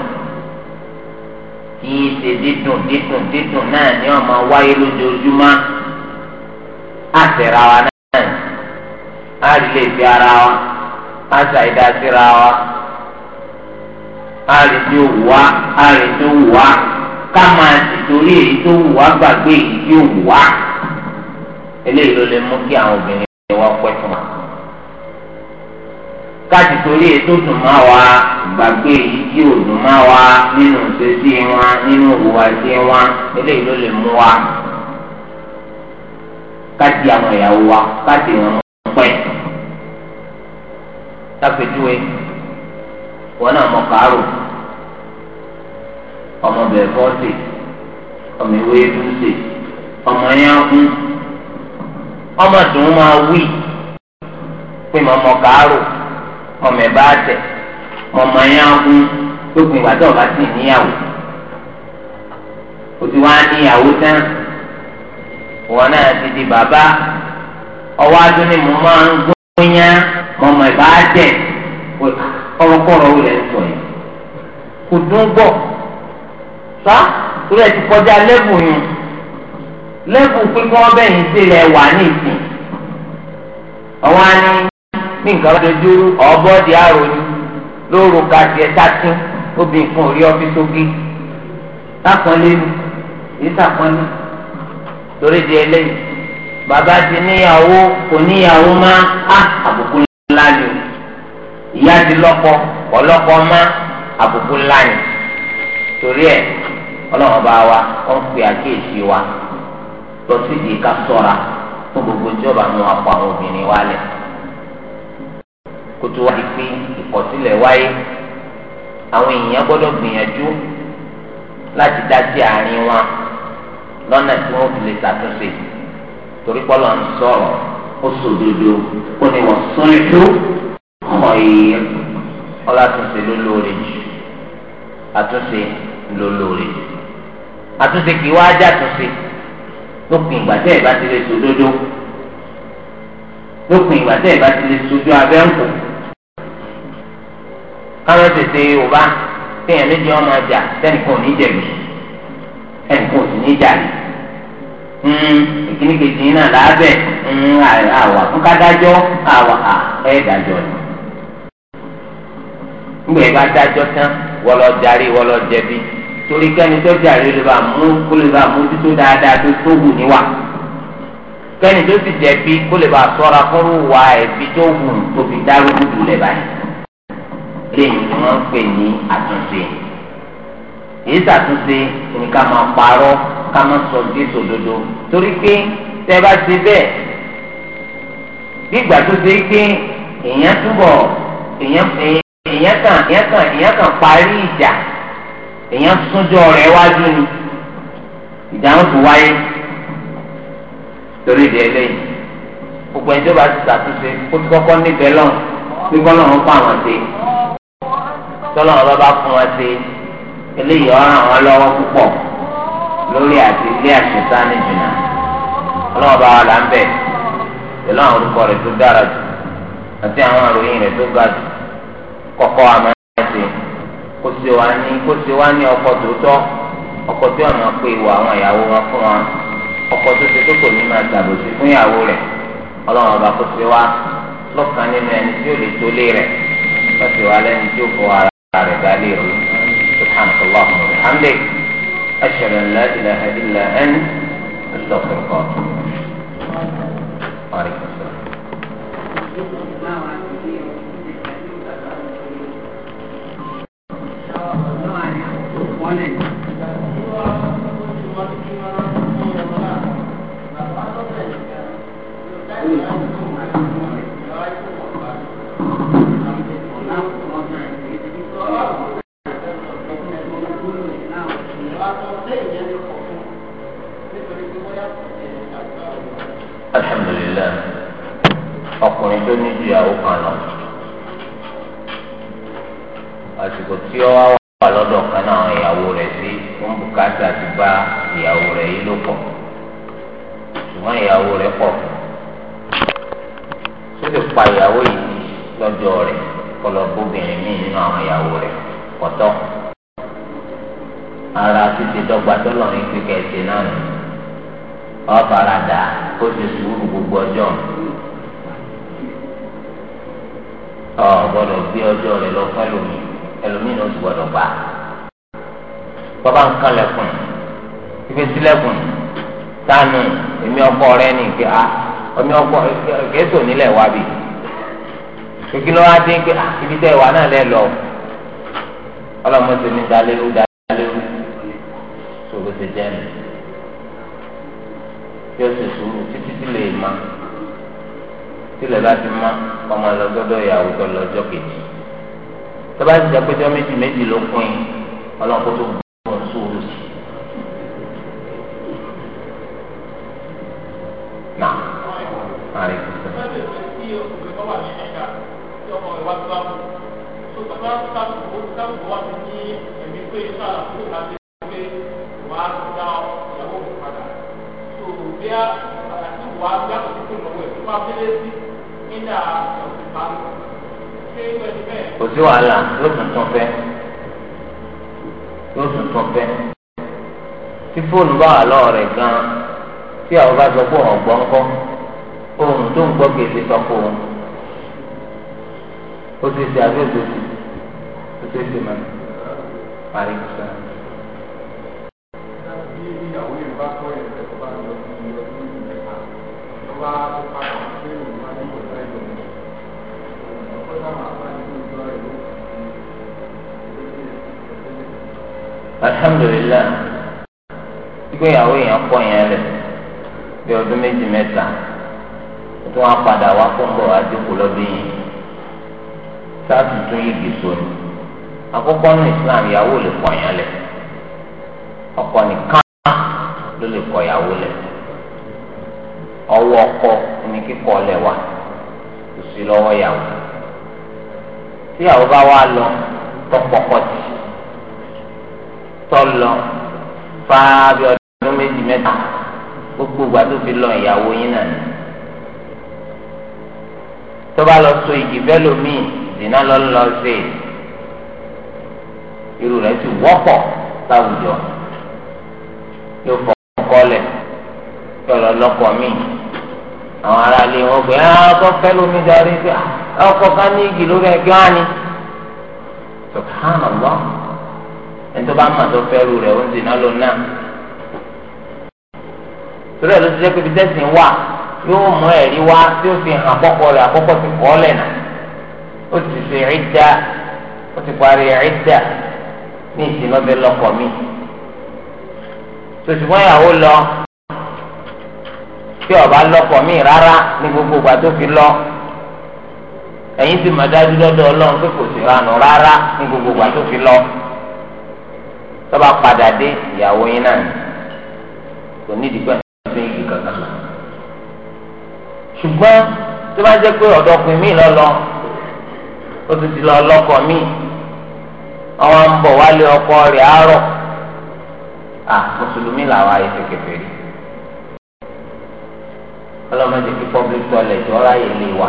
kì í ṣe dídùn dídùn dídùn náà ni ọmọ wáyé lójoojúmọ́ àtẹ̀ra wa náà. á lè fi ara wa á ṣàìdá síra wa á rí tí ó wù wá á rí tí ó wù wá ká máa sì torí èyí tó wù wá gbàgbé èyí tí ó wù wá eléyìí ló lè mú kí àwọn obìnrin wọn pẹ́ fún wa káàtì torí ètò dùn má wa gbàgbé èyí tí ò dùn má wa nínú ìṣesí wọn nínú ìhùwàsí wọn eléyìí ló lè mú wa káàtì àwọn ìyàwó wa káàtì wọn pẹ́ tápẹ́júwe wọn náà mọ kàárò ọmọ bẹ̀rẹ̀ fọ́ọ̀sì ọmọ ìwé ẹ̀dúnṣe ọmọ yẹn ń ọmọ dùn máa wí pé mọ̀mọ́ kàárò ọmọ ẹ̀ bá ọmọ yẹn ń lópin ìgbà tó o bá sì níyàwó o ti wá níyàwó tán wọn náà ti di bàbá. ọwọ́ adé ni mo máa ń gbóyá mo mọ̀ ìbá dẹ̀ kọ́rọ́kọ́rọ́ wulẹ̀ ń sọ yìí kò dún gbọ́ sá torí ẹ ti kọjá lẹ́bù yẹn lẹ́bù sí ilẹ̀ wà ní ìsìn ọwọ́ ní nǹkan bá dojú ọ̀bọ́dì àròyìn lóru ka tiẹ̀ obì nǹkan ò rí bàbá ti níyàwó kò níyàwó má á ah, àbùkù ńlá ìyá ti lọ́kọ ọlọ́kọ má àbùkù ńlá torí ẹ ọlọ́run bá wa ó ń pè àkíyèsí wa lọ sí ìdí ká sọ́ra fún gbogbo tí wa lẹ̀ kótó wa di pé ìkọ̀sílẹ̀ wáyé àwọn èèyàn gbìyànjú láti dá sí àárín wọn tí fi lè torí pọ́lọ̀ ń sọ̀rọ̀ ó sòdodo ó ní wọ́n sọ́lẹ́tò kọ̀ yìí ọlá àtúnṣe ló lóore jù àtúnṣe ló lóore jù àtúnṣe kì í wá ajá àtúnṣe lópin ìgbà tẹ́ ẹ̀ bá ti lè sòdodo lópin ìgbà tẹ́ ẹ̀ bá ti lè sojú abẹ́ ń kù káwọn tètè yorùbá téèyàn méjì ọmọ ọjà tẹnìkan ò ní jẹ̀bi ẹnìkan ò sì ní jàre. Hmm, ìkíní kejì yín náà lábẹ́ hmm, àwà fún kádájọ́ àwà ẹ̀ ni. nígbà bá dájọ́ tán jarí wọlọ́ jẹbi torí kẹ́ni tó jarí lè bá mú kó lè bá mójútó dáadáa tó tó wù níwà kẹ́ni tó sì ni wọ́n ń pè ní àtúnṣe ká má sọ dé sòdodo torí pé tẹ́ bá ṣe bẹ́ẹ̀ gbígbà tó ṣe pé èèyàn túbọ̀ èèyàn èèyàn kàn èèyàn kàn èèyàn kàn parí ìjà èèyàn súnjọ rẹ̀ wájú ni ìdáhùn tó wáyé torí ìdí ẹlẹ́yìn gbogbo ẹni tó bá ti ṣàtúnṣe kó tó kọ́kọ́ níbẹ̀ lọ́n gbígbọ́ náà ń pa àwọn ṣe tọ́lọ́ ọ̀rọ̀ bá fún wọn ṣe eléyìí ọ̀ràn wọn lọ́wọ́ púpọ̀. lórí àti ilé àṣetá ní jìnnà ọlọ́wọ́ bá là ń bẹ̀ pẹ̀lú àwọn orúkọ rẹ̀ tó dára ga jù àmọ́ kó ṣe wá ní kó ṣe wá ní tòótọ́ tí ọ̀nà pé ìwà àwọn ìyàwó wọn fún wọn tó ṣe tó kò ní máa ọba kó ṣe wá lọ́kàn nínú ẹni tí lè tó lé rẹ̀ lọ́sẹ̀ wá lẹ́ni tí fọ ara rẹ̀ dálé rẹ̀ subhanahu أشهد أن لا إله إلا أنت أستغفرك الله وعليكم السلام Thank you. ọkùnrin tó ní ìyàwó kan lọ àsìkò tí ó wá wà lọ́dọ̀ kan náà àwọn ìyàwó rẹ̀ sí ó ń bùkátà ti bá ìyàwó rẹ̀ yìí lò ṣùgbọ́n ìyàwó rẹ̀ pọ̀ tó lè ìyàwó yìí lọ́jọ́ rẹ̀ kọlọ nínú àwọn ìyàwó ara títí dọ́gba tó lọ ní pípẹ́ náà gbogbo ọjọ́ ọ gbọ́dọ̀ gbé ọjọ́ rẹ lọ fún ẹlòmíì ẹlòmíì náà ti gbọ́dọ̀ gbà. bàbá ń kalẹ̀kùn ibi sílẹ̀kùn tánù èmi ọkọ rẹ ní ìgbé a ọkọ nílẹ̀ wá ah, ibi náà lẹ lọ. mi. tílẹ̀ bá ti mọ́ ọmọ lọ́gọ́dọ̀ ìyàwó tó lọ́jọ́ kejì tó bá ti dàgbẹ́jọ́ méjì méjì ló pín ọlọ́kó tó gbọ́ sóòrò sí. nà kò sí wàhálà yóò tún tún fẹ́ yóò tún tún fẹ́ tí fóònù bá wà lọ́wọ́ rẹ̀ gan-an tí àwọn bá sọ pé òun gbọ́ ńkọ́ ohun tó ń gbọ́ kì í ṣe sọ fún òun ó ti ṣe àbí òjò sí ó ti ṣe mọ́ parí sọ. Thank you. alhamdulilayi ìgbéyàwó èèyàn pọ̀ yẹn lẹ̀ bí ọdún méjì mẹ́ta tó wọn padà wá kó ń bọ̀ àdínkù lọ́dún yìí sáàtù tún yìí gèso ni àkọ́kọ́ ní Islam ìyàwó lè pọ̀ yẹn lẹ̀ ọkọ nìkan ló lè kọ ìyàwó lẹ̀ ọwọ́ ọkọ ní kíkọ lẹ̀ wá kò sí lọ́wọ́ ìyàwó tí ìyàwó bá wá lọ tọpọkọ tì tọ́lọ fáábí ọdún méjì mẹ́ta gbogbo ìgbà tó fi lọ ìyàwó yín náà ni. tó bá lọ so igi bẹ́lòmíì dènà lọ lọ sí i irú rẹ̀ ti wọ́pọ̀ láwùjọ yóò fọ kọ́lẹ̀ yọ̀lọ̀ lọ́kọ̀ mi àwọn aráalé wọn gbé ah, ọkọ̀ fẹ́lómi darí pé ah, ká ní igi lórí ẹgbẹ́ wani subhanallah ẹni tó bá mà tó fẹ́rù rẹ̀ ó ń dènà lọ náà torí ẹ̀ ló ti jẹ́ pé ibi tẹ́sìn wà yóò mú ẹ̀rí wá tí ó fi hàn àkọ́kọ́ rẹ̀ àkọ́kọ́ ti kọ́ lẹ̀ nà ó ti ṣe ẹ̀dá ó ti parí ẹ̀dá ní ìsìnlọ́bẹ̀ lọ́kọ̀ mi tòṣùgbọ́n ìyàwó lọ tí ọba lọ́kọ̀ mi rárá ní gbogbo ìgbà tó fi lọ ẹ̀yin sì mà dájú lọ́dọ̀ ọlọ́run pé kò sí ranù rárá ní gbogbo ìgbà tó fi lọ tọ́ba padà dé ìyàwó yín náà ni kò nídìí pẹ́ fún igi kankan lọ. ṣùgbọ́n tó bá jẹ́ pé ọ̀dọ́kùnrin mi lọ́lọ́ ó ti ti lọ lọ́kọ mi ọwọ́ ń bọ̀ wálé ọkọ rẹ̀ àárọ̀ à mùsùlùmí làwọn ayé ti kẹfẹ́ rí ọlọ́mọdé fi public toilet ọ̀rá yìí lè wà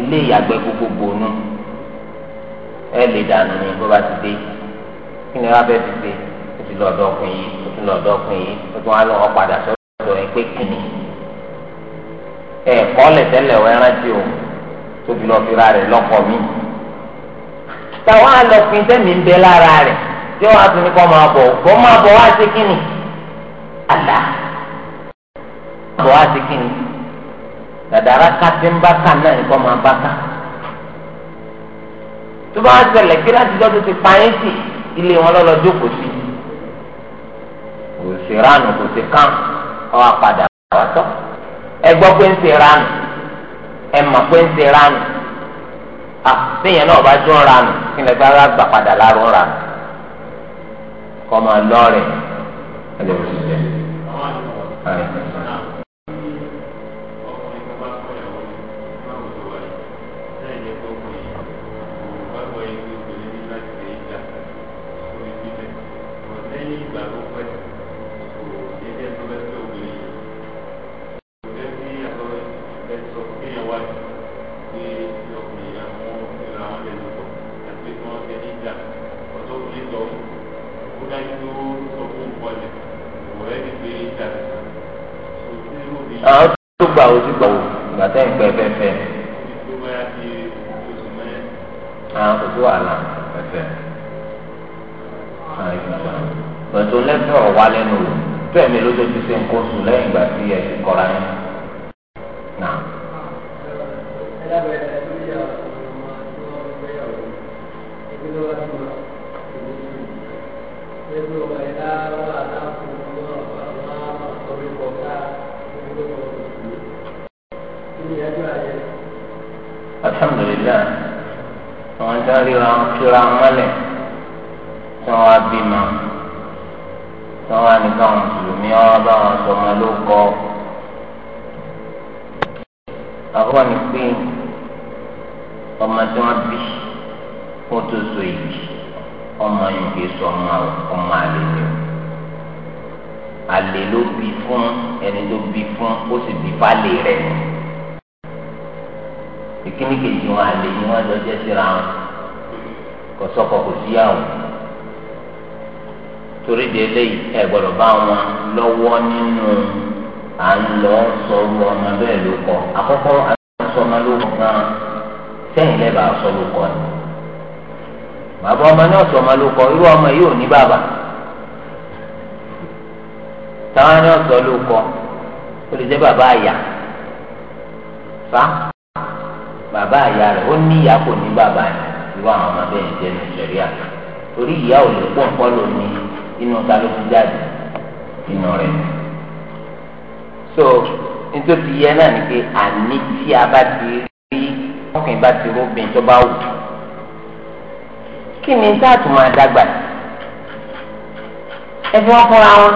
ilé ìyàgbẹ́ gbogbogbò nù ẹ lè dànù ní bó bá ti dé kí ni abẹ́ ti gbé o ti lọ ọ̀dọ̀ yìí o ti lọ ọ̀dọ̀ yìí o ti wá lọ ọ̀padà sọ́dọ̀ ẹ pé kí ni rántí o ra rẹ lọkọ mi. táwọn alọ́pin tẹ́mi ń lára rẹ̀ tí wọ́n á tún ní kọ́ bọ̀ kọ́ máa bọ̀ wá sí kí ni àlá bọ̀ wá sí kí ni dàdàrà kàtí ń bá kà náà ní kọ́ máa bá kà. tó bá ń tó ti pa yín ilé wọn lọ́lọ́ jókòó sí kò sí ránù kò sí kán ọ apàdà wà tọ́ ẹ gbọ́ pé ń ṣe ránù ẹ mọ̀ pé ń ṣe ránù àtẹ̀yìn náà bá dún ránù kí lè gbára gbà padà lárún ránù kọ́ máa lọ́ọ̀rẹ̀ ẹ lè fi ṣe. gbà ojú gbà àwọn lọ́wọ́ nínú à ń lọ sọ̀rọ̀ ọmọ bẹ́ẹ̀ ló kọ́ àkọ́kọ́ àtúnṣọmọ ló kàn sẹ́yìn lẹ́bàá aṣọ ló kọ́ ni bàbá ọmọ náà sọmọ ló kọ́ irú ọmọ yìí ò ní bàbá táwọn náà sọ ló kọ́ ó lè jẹ́ bàbá àyà fa bàbá àyà rẹ̀ ó ní ìyá kò ní bàbá yẹn irú àwọn ọmọ bẹ́ẹ̀ jẹ́ nàìjíríà torí ìyá ò lè pọ̀ ń lónìí inú ta ló fi jáde. inú re so nítorí náà ni pé àní a bá ti rí ọkùnrin bá ti róbìn tó bá wù kí ni táàtù máa dàgbà ẹ fi wọn fúnra wọn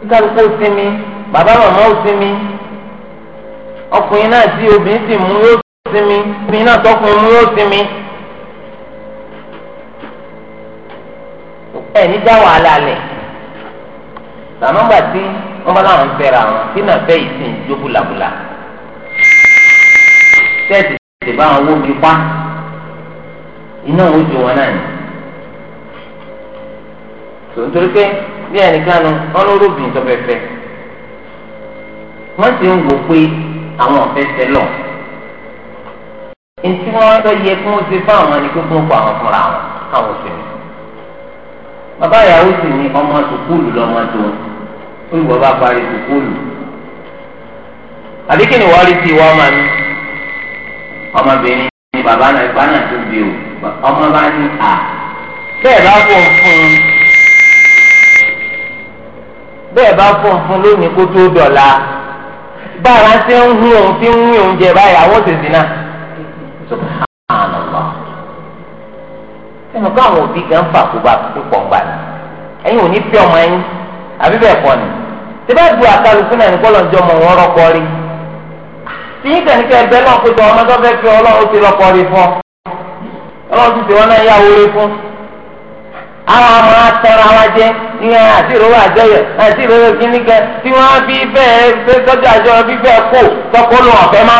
kíkálukú ó sinmi bàbá màmá ó sinmi ọkùnrin náà tí obìnrin sì mú yóò sinmi obìnrin náà tọkùnrin mú yóò sinmi. ẹ ní dá wàhálà sàmọ́ gbà tí wọ́n bá láwọn fẹ́ra wọn tí náà fẹ́ yìí sì ń jó búlabúla tẹ́ẹ̀sì tètè bá wọn wó mi pa iná wọn jó wọn náà ni tòǹtòrí pé bí ẹnìkan nu wọn ló rúbìn tó fẹ́ fẹ́ wọ́n ti ń wò pé àwọn ọ̀fẹ́ fẹ́ lọ ntí wọn fẹ́ yẹ kí wọ́n ṣe fáwọn ni kí wọ́n kọ àwọn fúnra wọn káwọn ò sèmi bàbá ìyàwó sì ní ọmọ sùkúlù lọ́mọ tó ń wọ́n bá parí sùkúlù. àdékè ni wọ́n rí sí ìwọ ọmọ mi ọmọbìnrin ni bàbá náà ìgbà náà tó bí o ọmọ bá ní à bẹ́ẹ̀ bá fún un fún un bẹ́ẹ̀ bá fún un fún lónìí kó tó dọ̀la báwa ṣe ń hún òun fi ń hún oúnjẹ báyà wọ́n ti náà. subhanallah sínú kí àwọn òbí gan fà kó bá púpọ̀ ńgbà ni ẹ̀yin ò ní fẹ́ ọmọ yín àbí bẹ́ẹ̀ kọ́ ni tí bá du àkàlùkù náà ní kọ́lọ̀ ǹjọ́ mọ wọn rọ́pò rí tí yín kàn ní kẹ́ bẹ́ẹ̀ náà pété ọmọ tó fẹ́ fi ọlọ́run ti rọ́pò rí fún ọlọ́run ti tèwọ́n náà yáwó rí fún àwọn ọmọ atẹ́ra wa jẹ́ ìyẹn àti ìrora àjọyọ̀ àti ìrora kíníkẹ́ tí wọ́n bí bẹ́ẹ̀ bẹ́ẹ̀ tọ́jú àjọyọ̀ bí bẹ́ẹ̀ kó tọ́kọ́ ló ọ̀fẹ́ má.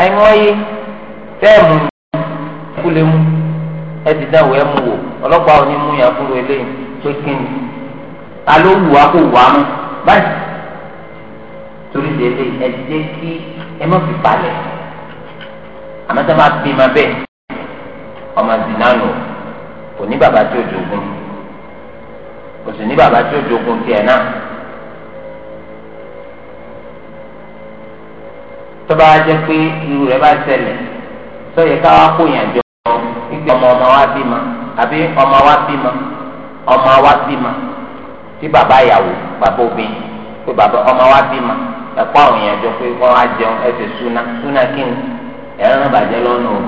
àìmọye fẹ́ẹ̀ mú kú mú ẹ ti dáwọ ẹ mú wò ọlọ́pàá ò ní mú yàn fúru eléyìí pé kí ni ta ló wù wá kó wà mú báyìí torí de eléyìí ẹ jẹ́ kí ẹ má fi balẹ̀ àmọ́ tá a máa bí ma bẹ́ẹ̀ ọmọ zinanu kò ní bàbá tí ó jogún kò sì ní bàbá tí ó jogún tiẹ̀ náà. tọ́ba jẹ́ pé irú rẹ̀ bá ṣẹlẹ̀ sọ yẹ ká wá kó yàn jọ pé ọmọ ọmọ wa bímọ àbí ọmọ wa bímọ ọmọ wa bímọ tí bàbá yàwó bàbá obìnrin pé bàbá ọmọ wa bímọ ẹ̀kọ́ àwọn èèyàn jọ pé wọ́n á jẹun ẹsẹ̀ súná súná kí ni ẹ̀rọ bàjẹ́ lọ́nà o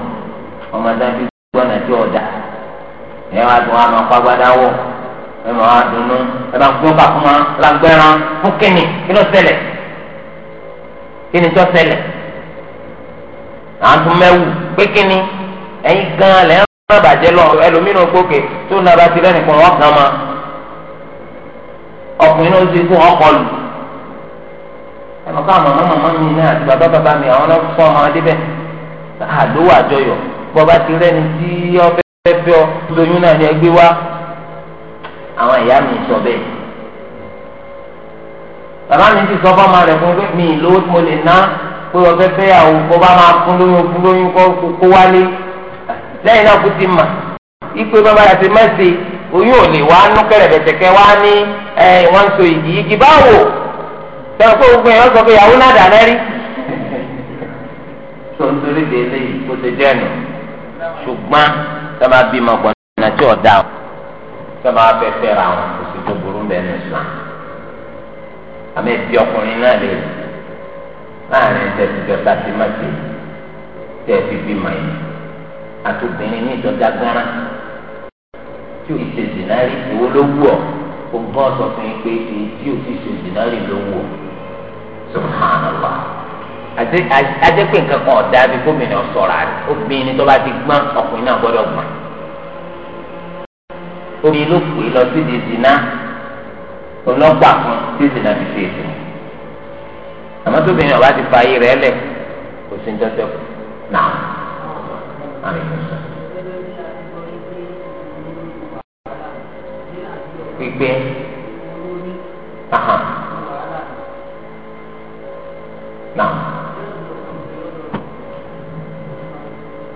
ọmọ sáà fi gbọ́nà tí ò dá ẹ̀ wá dùn àwọn akpagbádá wọ̀ ẹ̀ máa dùnú ẹ̀ máa gbọ́ bàkúmá lágbẹ́ràn fún kíni kí ló ṣẹlẹ̀ kíni tó ṣẹlẹ̀ à ń tún mẹ́wù pé kíni ẹ̀yin gan lẹ́ má bàjẹ́ lọ ẹlòmínú gbókè tó ń nàbà ti lẹ́nu kan ọ̀kan ma ọkùnrin náà ti fún ọkọ lù ẹnu ká màmá màmá mi náà àti bàbá bàbá mi àwọn náà fọ́ ọmọ adébẹ̀ àdówó àjọyọ̀ bọ́ba ti lẹ́nu tí ọbẹ̀ fẹ́ ọ lóyún náà ni ẹ gbé wá àwọn ìyá mi sọ bẹ́ẹ̀ bàbá mi ti sọ fọ́ọ̀mù rẹ̀ fún mi lówó tí mo lè ná pé ọbẹ̀ fẹ́ yàwó bọ́ba máa fún lóyún fún lóyún kó wálé lẹ́yìn náà kú ti mà ikú bàbá yàtí mẹ́sì oyún ò lè wá nú kẹrẹ̀bẹ̀tẹ̀kẹ́ wá ní ẹ wọ́n so ìdí igi báwo sọ pé gbogbo yẹn sọ pé yàwó náà dà lẹ́rí. tó ń torí de eléyìí kó ṣe jẹ́ nù ṣùgbọ́n tá a máa bí ma gbọ́n náà tí ò dá o tá a máa fẹ́ fẹ́ ra tó burú bẹ́ẹ̀ ní Islam àmì ìbí ọkùnrin náà lè láàrin tẹ̀síjọ́ tá a ti má ṣe tẹ̀ fi bí ma yìí àti obìnrin ní ìjọba gbọ́nrán tí òun ṣe zìnárì ìwọ ló wù ọ́ òǹkọ́ sọ fún yín pé èyí tí òun ti ṣe zìnárì ló wù ọ́ subhanallah adékè nǹkan kan ọ̀dà bíi gómìnà sọ̀rọ̀ àrẹ obìnrin tó bá ti gbọ́n ọkùnrin náà gbọ́dọ̀ gbọ́n obìnrin ló pè lọ sí di zina ọlọ́gbà fún tí zina fi ṣe ètò àmọ́ tóbìnrin ọba ti fa ayé rẹ̀ lẹ̀ kò sí ní tọ́jọ́ náà àmì mùsà. pípé ahàn náà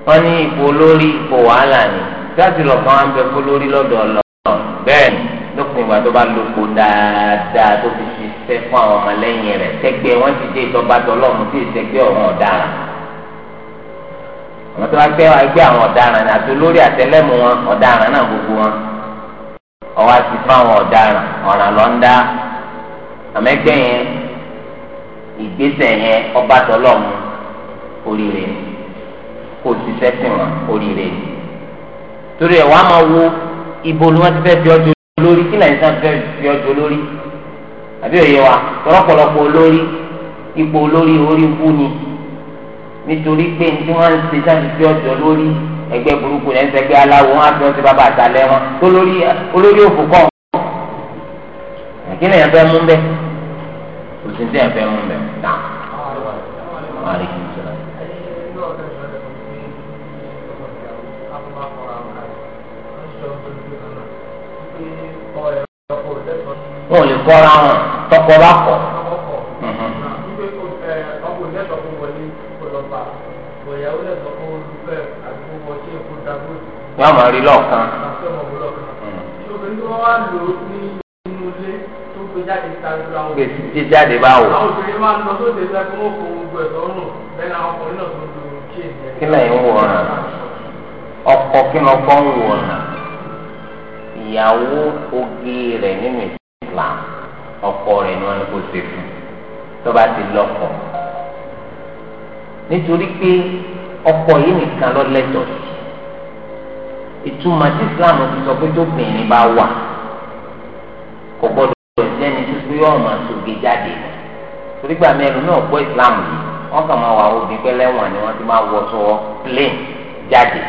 wọ́n ní ipò lórí ipò wàhálà ni jáde lọ́kàn á ń bẹ fún lórí lọ́dọ̀ ọlọ́run bẹ́ẹ̀ ni lópin ìgbà tó bá lóko dáadáa tó fi ṣiṣẹ́ fún àwọn ọmọlẹ́yìn rẹ̀ tẹ́gbẹ́ wọ́n ti dé ìtọ́ba tọ́lọ́mù tí ìṣẹ́gbẹ́ ọ̀hún ọ̀daràn. àwọn tó wá gbé wa gbé àwọn ọ̀daràn àti olórí àtẹlẹ́mù wọn ọ̀daràn náà gbogbo wọn ọwọ́ ti fún àwọn lọ dá àmẹ́gbẹ́ yẹn ìgbésẹ̀ yẹn ọba tọlọ́mù oríire kò sí sẹ́sìn wọn oríire torí ẹ̀ ibo ni wọ́n ti fẹ́ fi ọjọ́ lórí kí nàìjíríà fẹ́ fi ọjọ́ lórí àbí òye wa tọ́lọ́pọ̀lọpọ̀ olórí ipò olórí orí nítorí pé ní wọ́n ń ṣe sáà fi ọjọ́ lórí ẹgbẹ́ burúkú yẹn sẹ́gbẹ́ aláwo wọn á fi ọtí bàbá àtàlẹ́ wọn tó lórí olórí òfò kọ́ kí lèyàn fẹ́ mú bẹ́ẹ̀ kò sí ní ẹ̀fẹ́ mú bẹ́ẹ̀ tà wọ́n á rí wọn ò lè kọ́ra wọn tọkọ bá kọ̀. yóò máa rí lọ́ọ̀kan. gbèsè jáde báwo. kí lẹ́yìn ń wòran ọkọ kí ni ọkọ ń wòran ìyàwó oge rẹ̀ nínú Islam ọkọ rẹ̀ ni wọ́n kó ṣe fún tó bá ti lọ́kọ nítorí pé ọkọ yìí nìkan ló lẹ́tọ̀ọ́ sí ìtumọ̀ tí islam ti sọ pé tóbìnrin bá wà kò gbọdọ̀ sẹ́ni tó pé yóò máa sògè jáde torí gbà mẹ́rin náà gbọ́ islam yìí wọ́n kàn máa wà obìnrin pé lẹ́wọ̀n ni wọ́n ti máa wọ sọ plane jáde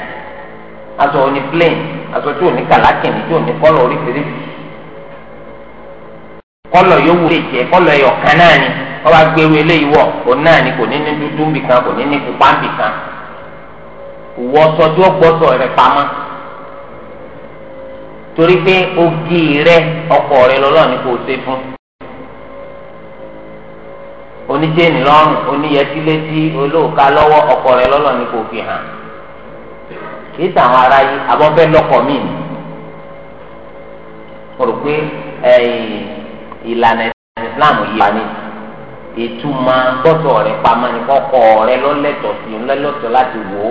aṣọ òní plane aṣọ tí ò ní kàlákìnì tí ò ní kọ́lọ̀ oríṣiríṣi kọ́lọ̀ yóò wù lè jẹ́ kọ́lọ̀ ẹ̀yọ̀ kan náà ni wọ́n bá gbé ewu eléyìí wọ̀ òun náà ni kò ní ní dúdú nbìkan kò ní ní pupa nbìkan wọ́sọ tí ó gbọ́sọ rẹ̀ pamọ́ torí pé ogi rẹ ọkọ rẹ lọlọ́run ni kò ṣe fún oníjẹ́ni lọ́rùn oníyẹtílétí olóòka lọ́wọ́ ọkọ rẹ lọlọ́run ni kò fi hàn kìí sàwọn ará yìí abọ́fẹ́ lọ́kọ̀ mí ni mo rò pé ìlànà Islam yìí wà ní ìtumọ̀ gbọ́tọ̀ rẹ pamọ́ ní kọ́kọ́ rẹ lọ́lẹ́tọ̀ sí ńlọ́lẹ́tọ̀ láti wò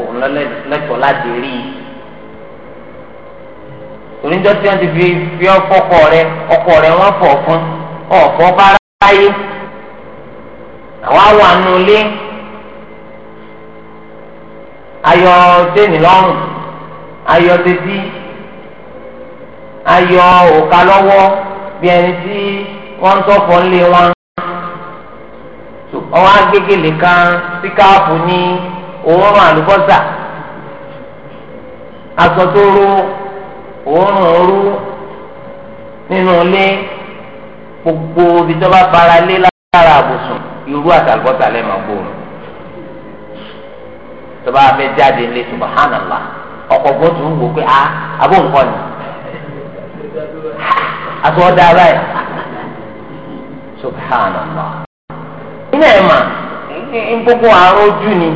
ó láti rí i oníjọ́ tí wọ́n ti fi fi ọkọ rẹ ọkọ rẹ wọ́n fọ̀ fún ọ̀fọ́ bá ráyé àwọn àwọn àánú ilé ayọ̀ déènì lọ́rùn ayọ̀ tètè ayọ̀ òkà lọ́wọ́ bí ẹni tí wọ́n ń tọ́fọ̀ ńlẹ̀ wọn ọwọ́ agégèlè kan síkáàfù ní òórùn àlùbọ́sà aṣọ tó rú. òórùn òru nínú ilé gbogbo ibi tó fara lára àbùsùn irú àtàlùbọ́tà lẹ́ẹ̀mọ́ gbòòrùn tó bá jáde ilé subhanallah ọkọ̀ gbọ́n tó ń wò pé a ah, abó nǹkan ni àti wọ́n dá ara ẹ̀ subhanallah ẹ̀ mà ń gbogbo ojú ni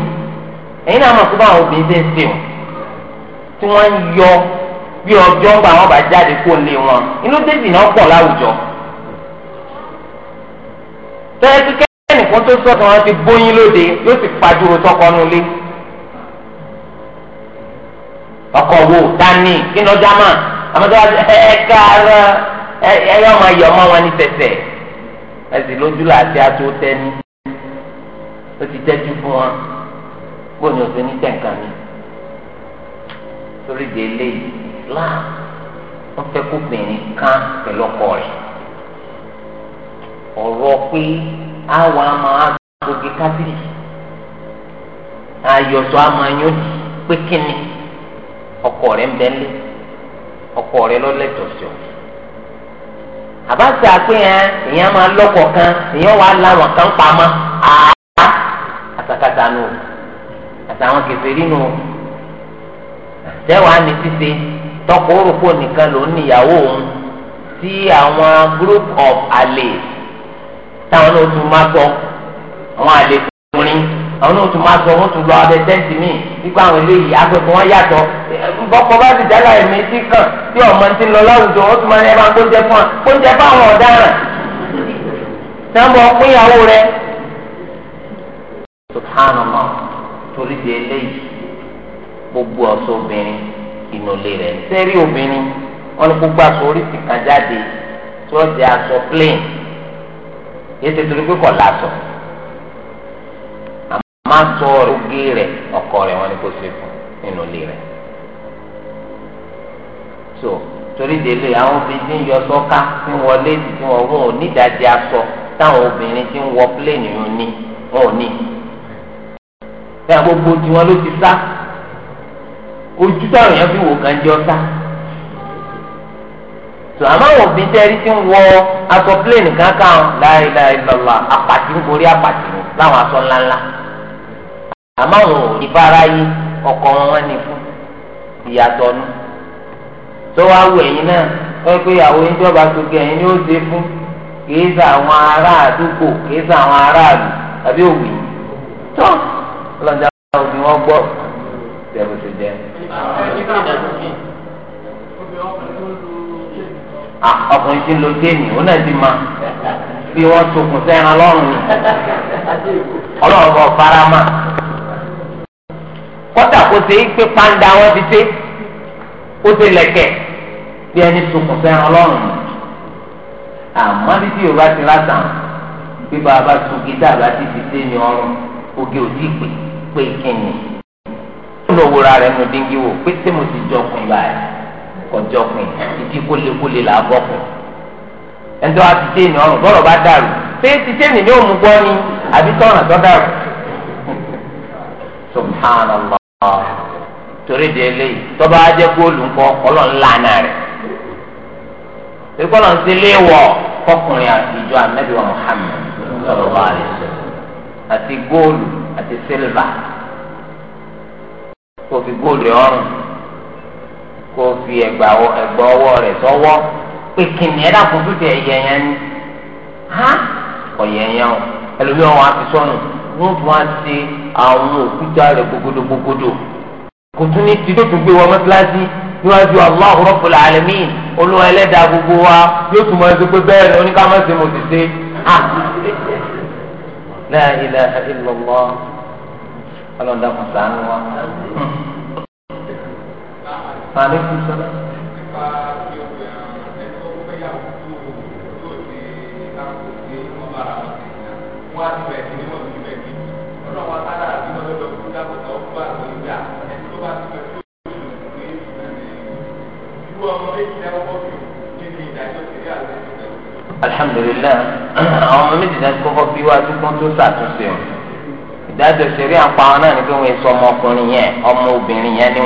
ẹ̀yin náà mọ̀ tó bá àwọn obìnrin tẹ̀ ń sèwọ̀n tí wọ́n ń yọ. bí ọjọ́ gba wọn bá jáde kó lé wọn inú tẹ́sí náà pọ̀ láwùjọ. tẹ́sí kẹ́hìn kan tó sọ̀tọ̀ wọn ti bóyin lóde yóò sì pàdúró tọkọ nulẹ̀. ọkọ wo dání kí ni ọjà máa àmọ́tọ́ ẹ̀ka ara ẹ̀yọ́ máa yọ ọmọ wọn ní tẹ̀tẹ̀ ẹ̀sìn lójú làásì àti ọtẹ́ni ó ti tẹ́jú fún wọn gbọ́dọ̀ tó ní tẹ̀ǹkan mi torí de eléyìí. Islam wọ́n fẹ́ kóbìnrin kan pẹ̀lú ọkọ rẹ̀ ọrọ pé àwa máa gbogbo kábìrì ayọ̀tọ̀ amáyọ̀ pé kíni ọkọ rẹ̀ ń bẹ́lẹ̀ ọkọ rẹ̀ lọ́lẹ́tọ̀ àbáṣe àpé yẹn èèyàn máa lọ́kọ̀ kan èèyàn wàá láwọn kan pamọ́ àá àtàkàtà nù àtàwọn tọkọ òrùkọ nìkan ló ń si òun tí àwọn group of àlè táwọn náà tún máa gbọ́ àwọn àlè kùnrin àwọn náà tún máa wọn tún lọ abẹ tẹ́ǹtì míì wípé àwọn eléyìí agbẹ̀fọ́ wọn yàtọ̀ Bọkọ bá ti dára ẹ̀mí sí kàn tí ọmọ ti lọ láwùjọ ó tún máa ní ẹ máa gbóúnjẹ fún wa gbóúnjẹ fún àwọn rẹ inú ilé rẹ̀ ń sẹ́rí obìnrin wọn ní gbogbo aṣọ oríṣi kan jáde tí wọ́n jẹ́ aṣọ plain yìí ti torí pé kọ̀ láṣọ àmọ́ aṣọ oge rẹ̀ ọkọ rẹ̀ wọn ní kó ṣe fún inú ilé rẹ̀ so torí délé àwọn obìnrin yọ sọ́ká tí wọ́n lé tí wọ́n wọ́n ò nídàájí aṣọ táwọn obìnrin ti ń wọ pléènì yìí ní wọn ò ní. Bẹ́ẹ̀ gbogbo tiwọn ló ti sá ojú táwọn èèyàn fi wò kàn jẹ́ ọ̀tá tò àmọ́ àwọn òbí tẹ́rí ti ń wọ aṣọ pléènì kankan láì láì lọ́la àpàtì ń gorí àpàtì ní láwọn aṣọ ńláńlá àmọ́ àwọn òbí bára yé ọkọ̀ wọn wọ́n ní fún ìyàtọ̀ nù tó wá wù ẹ̀yìn náà wọ́n pé ìyàwó yín jọba sókè ẹ̀yìn ni ó ṣe fún kìí sọ àwọn ará àdúgbò kìí sọ àwọn aráàlú tàbí òwì tó lọ́jà òbí wọn gbọ́ bẹ́ẹ̀ bó ṣe jẹ́ Ah, ọkùnrin tí ń lo téèmì ó náà ti ma bí wọ́n sokùn sẹ́ran lọ́rùn ni ọlọ́run bọ̀ farama kọ́tà kò sí pé pàǹdà wọn ti ṣe ó ti lẹ̀kẹ̀ bí ẹni sokùn sẹ́ran lọ́rùn ni àmọ́ bí tí yorùbá ti lásán bí bàbá sùn kí dàbá ti fi téèmì ọrùn oge òdì pé pé kìnnìún náà wúra rẹ̀ nù díngí wò pé tí mo ti jọkùn báyìí kọjọkùn ìdí kólékólé là á bọ̀kùn ẹnitọ́ a ti tẹ́ni ọrùn bọ́rọ̀ bá dàrú pé ti tẹ́ni ní òun gbọ́ ni àbí tọ́ràn tó dàrú. subhanallah torí di eléyìí tọ́ba ajẹ́ góòlù ńkọ ọlọ́run lánà rẹ̀ ìkọlọ̀ ń sílé wọ̀ fọkùnrin àti ìjọ anabi wa muhammed sọlọ́wọ́ àti góòlù àti sílvà kó fi góòlù ọrùn kó fi ẹ̀gbà ọwọ́ rẹ̀ sọ́wọ́ pé kìnìún ẹ̀dá kò tó tẹ̀ ẹ̀yẹ yẹn ni ha ọ̀yẹ̀ yẹn o ẹlòmíràn wọn á fi sọnù wọn tún á ṣe àwọn òkúta rẹ̀ gbogbodò gbogbodò kò tún ní ti tó tún gbé wọn mọ́tíláṣí níwájú Allahu Rabbul Alamin olúwa ẹlẹ́dàá gbogbo wa yóò tún máa ń pé bẹ́ẹ̀ ni oníkàmọ́sí mo ti ṣe. La ilaha illallah ọlọ́dà kò sànù wa. Fàlẹ́ kù sọ́lá. Alhamdulillah àwọn ọmọ méjì náà kọ́kọ́ bí wá tó kán tó ṣàtúnṣe o. ìdájọ́ seri àpá náà ni pé wọ́n sọ ọmọkùnrin yẹn ọmọ obìnrin yẹn ni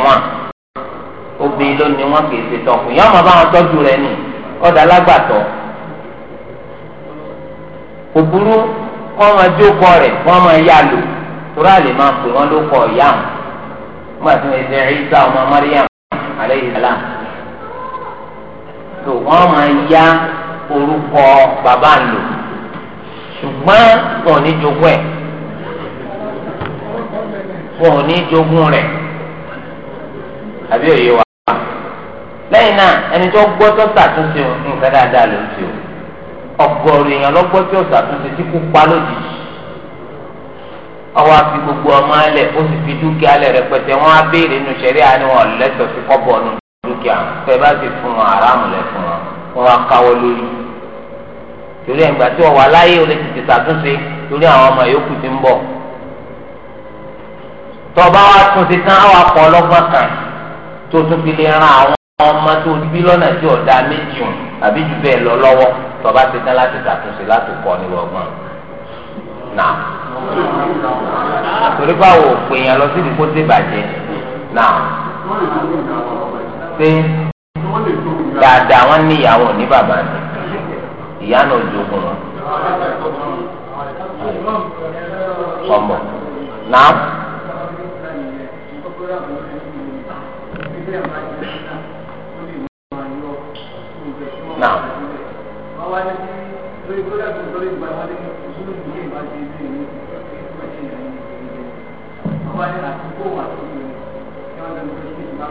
ni wọn kì í ṣe tọkùn bá wọn ni ọ̀dà alágbàtọ́ kò burú kọ́ máa jókòó rẹ̀ kọ́ yá lò máa pè ló wọn nígbà tí ṣe ọmọ Mariam alayhi salam tó máa yá orúkọ bàbá lò ṣùgbọ́n wọn ò ní jogún rẹ̀ àbí òye wa. lẹ́yìn náà ẹni tó gbọ́ tó ṣàtúnṣe nǹkan dáadáa ló ń ṣe o ọ̀gọ̀ọ̀rọ̀ èèyàn lọ́gbọ́ tí ó tí pa gbogbo ọmọ alẹ̀ ó sì fi dúkìá alẹ̀ rẹpẹtẹ wọn á béèrè nínú lẹ́tọ̀ọ́ sí kọ́bọ̀ nù dúkìá tẹ bá sì fún wọn aráàmù lẹ fún wọn wọn á lórí torí tọba wa tún ti tán àwọn akọ ọlọ́gbọ́n kan tó tún fi lè ran àwọn ọmọ tó bí lọ́nà tí ọ̀dà méjì hùn àbí jù bẹ́ẹ̀ lọ lọ́wọ́ tọba ti tán láti ṣàtúnṣe láti kọ́ ní ọgbọ́n náà torí pé àwọn òpè yẹn lọ sí ìdíkó tè bàjẹ́ náà pé dáadáa wọn ní ìyàwó ní bàbá ni ìyá náà jogun wọn ọmọ náà.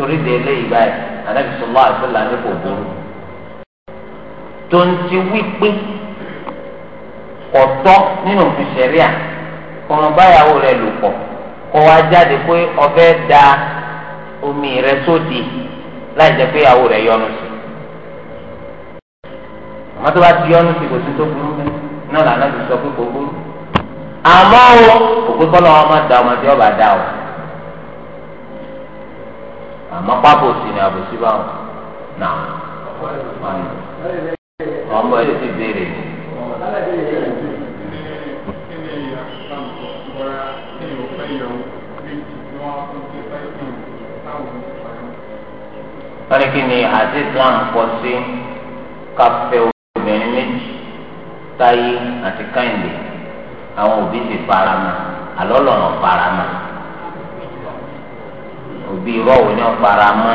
torí de eléyìí báyìí anabi sọlá àṣẹlá ní kò burú tó ń ti wí pé ọ̀tọ̀ nínú òfin ṣẹ̀ríà ọmọ báyàwó rẹ̀ lò pọ̀ kó wá jáde pé ọbẹ̀ da omi rẹ̀ sóde láì jẹ́ pé ìyàwó rẹ̀ yọnu sí àmọ́ bá ti yọnu sí kò sí tó burú bẹ́ẹ̀ náà lànà ti sọ pé kò burú àmọ́ o kò pé kọ́ lọ́wọ́ máa da ọmọdé ọba da o àmọ́ pápòsì ni àbòsí bá wọn nà ọmọ yìí ti béèrè ni. wọ́n ní kí ni àti Islam pọ̀ sí káfẹ́ obìnrin méjì táyé àti káyìndé àwọn òbí ti fara mọ́ àlọ́ lọ́nà fara mọ́. òbí rọ́ọ̀wù ní ọ̀pára mọ́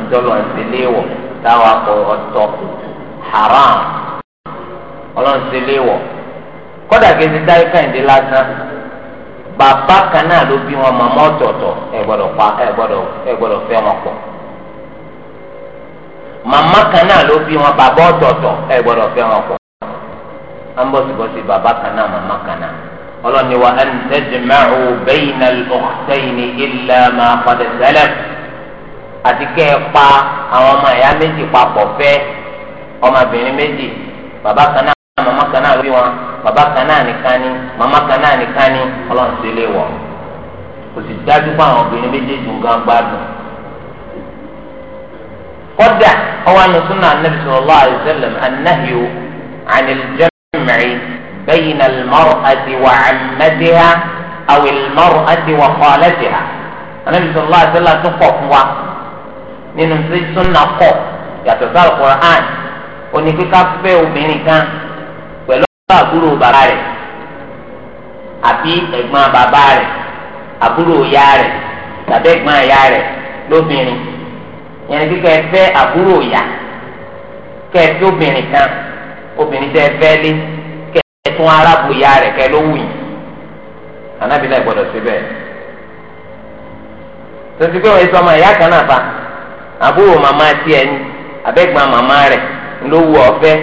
ìjọlọ̀ ìsìléwọ̀ táwa kọ haram ọlọ́run ìsìléwọ̀ kọ́dà kejì táyé lásán bàbá kan náà ló bí wọn màmá ọ̀tọ̀ọ̀tọ̀ ẹ pa fẹ́ wọn pọ̀ màmá kan náà ló bí wọn bàbá ọlọ́ni wa an tajma'u bayna al-ukhtayni illa ma qad salaf àti kẹ́ ẹ pa àwọn ọmọ ẹ̀yà méjì papọ̀ fẹ́ ọmọbìnrin méjì bàbá kan náà màmá kan náà lórí wọn bàbá kan náà nìkan ni màmá kan náà nìkan ni ọlọ́run ti lé wọ̀ kò sì dájú pé àwọn obìnrin méjèèjì ń gan gbádùn. kódà ọwọ́ àná súnà anábìsọ̀rọ̀ lọ́wọ́ àdìsẹ́lẹ̀m anáhìó ànìlẹ́jẹ́mẹ̀rin. بين المرأة وعمتها أو المرأة وخالتها النبي صلى الله عليه وسلم تقف و nínú tí súnà kọ yàtọ̀ sí alukur'an oní kíkà fẹ́ obìnrin kan pẹ̀lú àbúrò bàbá rẹ̀ àbí ẹ̀gbọ́n bàbá rẹ̀ àbúrò ìyá rẹ̀ tàbí ẹ̀gbọ́n ìyá rẹ̀ lóbìnrin yẹn ni kíkà fẹ́ àbúrò ìyá kẹ́ẹ̀fẹ́ obìnrin kan obìnrin tẹ́ fẹ́ lé. ẹtún arábù ya rẹ kẹ ló wù yìí anabi náà gbọ́dọ̀ sí bẹ́ẹ̀ pé wọn sọ ọmọ ìyá kan náà fa àbúrò màmá tiẹ̀ ni abẹ́gbọ́n màmá rẹ̀ ló wù ọ̀fẹ́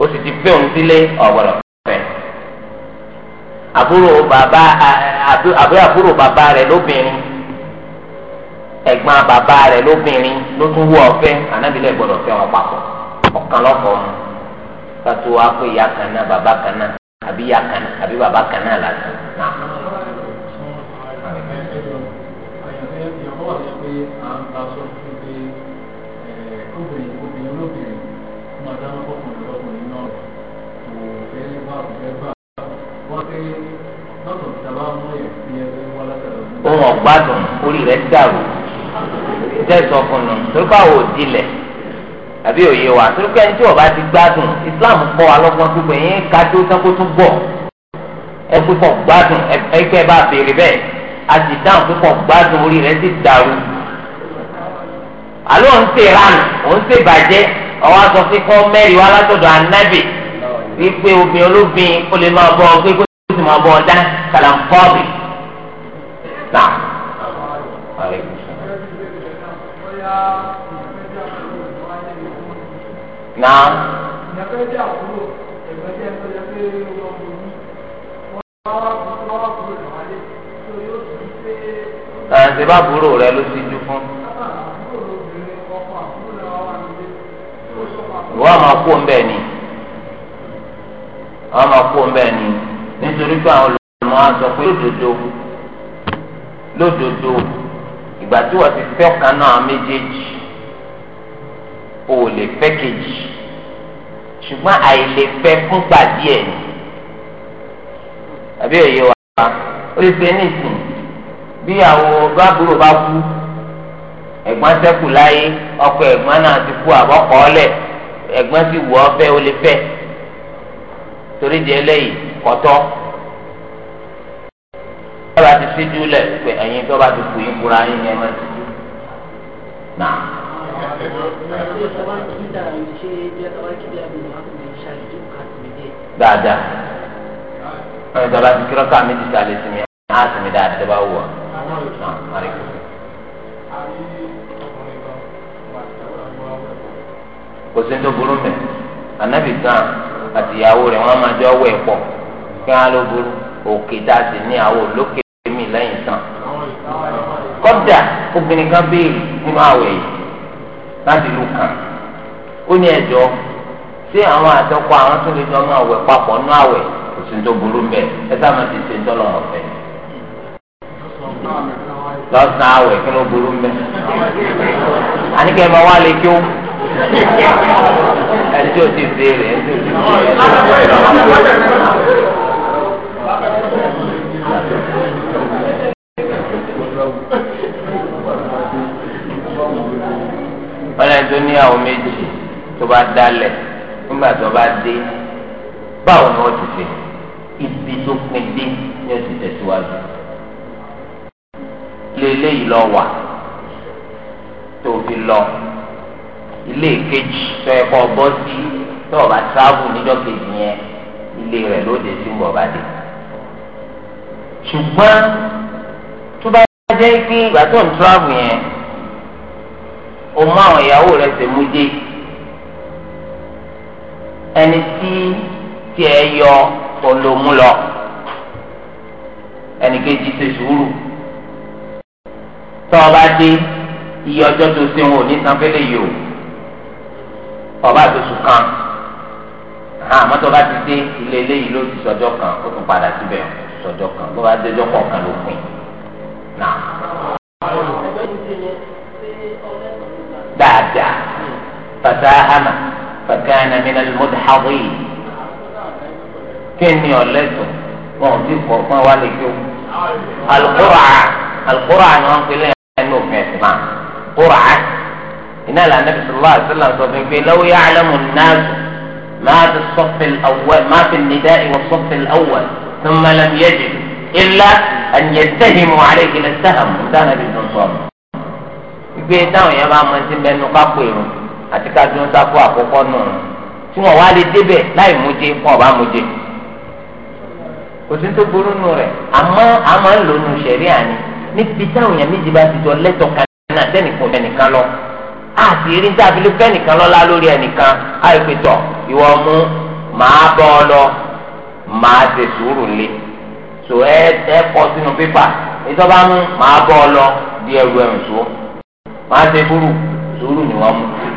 ó sì ti fẹ́ òun sílé ọ̀gbọ̀dọ̀ fẹ́ àbúrò bàbá àbí àbúrò bàbá rẹ̀ lóbìnrin ẹ̀gbọ́n bàbá rẹ̀ lóbìnrin ló tún wù ọ̀fẹ́ anabi náà wọn kátó wá pé ìyá kan náà bàbá kan náà àbí ìyá kan náà àbí bàbá kan náà làtọ̀ náà. ohun ọgbádùn orí rẹ dàrú tẹsán fún un torí báwo dilẹ àbí òye wa torí pé ẹni tí ọba ti gbádùn Islam kọ́ wa lọ́gbọ́n pípé yín ká tó sánkó tún bọ̀ ẹ púpọ̀ gbádùn ẹ kẹ́ bá béèrè bẹ́ẹ̀ a sì dáhùn púpọ̀ gbádùn orí rẹ sì dàrú àlọ́ ń ṣe ránù ò ń ṣe bàjẹ́ ọwọ́ aṣọ kíkọ́ mẹ́rin wá látọ̀dọ̀ anábì wípé obìnrin olóbìn ó lè máa bọ ọgbẹ́ kó sì máa bọ ọdá kàlàǹkọ́ọ̀bì náà náà. àǹtí bá burú rẹ ló ti ju fún. ìwọ àmọ́ kó ń bẹ́ẹ̀ ni àwọn máa kó ń bẹ́ẹ̀ ni nítorí pé àwọn olùmọ̀ á sọ pé lódodo lódodo ìgbà tí wọ́n ti fẹ́ kan méjèèjì o ò lè fẹ́ kejì ṣùgbọ́n àìlè fẹ́ fúngbà díẹ̀ ni àbí òye wa ó lè fẹ́ nísìn bí àwọn bábúrò bá kú ẹ̀gbọ́n ṣẹ́kù láyé ọkọ ẹ̀gbọ́n náà ti kú àbọ̀kọ́ ọ̀lẹ̀ ẹ̀gbọ́n sì wù ọ́ fẹ́ o lè fẹ́ torí di eléyìí kọ́tọ́ ọba ti ṣíjú lẹ̀ pé ẹ̀yin tó bá ti kù yín kura yín ni máa ti kú náà dáadáa ọ̀rọ̀ ìjọba ti kírọ́ káà méjì sálẹ̀ sí mi á sì mi dáadáa bá wù ọ́. kò sí tó burú mẹ́ ànábì kan àtìyàwó rẹ̀ wọ́n máa jọ wẹ̀ pọ̀ kí wọ́n á ló burú òkè tá a sì ní àwọn olókè mi lẹ́yìn tán. kọ́dà obìnrin kan béèrè nínú àwẹ̀ yìí. láti ìlú kan ó ní ẹjọ́ tí àwọn àtọkọ àwọn tó lè jọ máa wẹ̀ papọ̀ nú àwẹ̀ kò sí tó burú mbẹ ẹ sáà máa ti ṣe ń tọ́lọ̀ ọ̀fẹ́ lọ́sàn-án àwẹ̀ kí ló burú mbẹ àníkẹ́ máa wá lè kí ó ẹni tí ó ti béèrè ẹni tí ó ti tó níyàwó méjì tó bá dálẹ̀ nígbà tó bá dé báwo ni wọ́n ti ṣe ibi tó pin dé ni ó ti tẹ̀síwájú. ilé eléyìí lọ wà tó fi lọ ilé kejì tó ẹ kọ́ bọ́ sí tó o bá tíráàbù níjọ́ kejì yẹn ilé rẹ̀ lóde tí mo bá dé. ṣùgbọ́n tó bá jẹ́ pé ìgbà tó ń tíráàbù yẹn o mú àwọn ìyàwó rẹ ṣe mú dé ẹni tí tiẹ̀ yọ olómú lọ ẹnì kejì ṣe sùúrù tọ́ ọ bá dé iye ọjọ́ tó ṣe wọn ò ní san fẹ́lẹ̀ yìí o ọba àtòsù kan àmọ́ tó bá ti dé ilé eléyìí ló ti sọjọ́ kan ó tún padà síbẹ̀ sọjọ́ kan bó bá déjọ́ kọ̀ọ̀kan ló pin náà. فساهم فكان من المدحضين كني وليت ما وجيب وما والي القرعة القرعة نوان في الله أنه في السماء قرعة إن لا النبي صلى الله عليه وسلم صلى في لو يعلم الناس ما في الصف الأول ما في النداء والصف الأول ثم لم يجد إلا أن يتهموا عليه لاتهموا كان بالنصاب في تاو يا ما من سبب àti kájú ń sáfù àkọ́kọ́ nù tí wọ́n wá lè débẹ̀ láì mújẹ fún ọba mújẹ kò sí tó burú nù rẹ̀ àmọ́ àmọ́ ń lò nù sẹ̀rí àní níbi táwọn èèyàn méjì bá ti jọ lẹ́tọ̀ọ́ kan náà sẹ́nìkan ẹnìkan lọ àti eré tí abilé fẹ́nìkan lọ́la lórí ẹnìkan àìpẹ̀tọ̀ ìwọ mú màá bọ́ ọ lọ màá ṣe sùúrù lé so ẹ ẹ kọ sínú pépà ìjọba mú màá bọ́ ọ lọ di ẹrù ẹrù sùn màá ṣe búrú sùúrù ni wọ́n mú.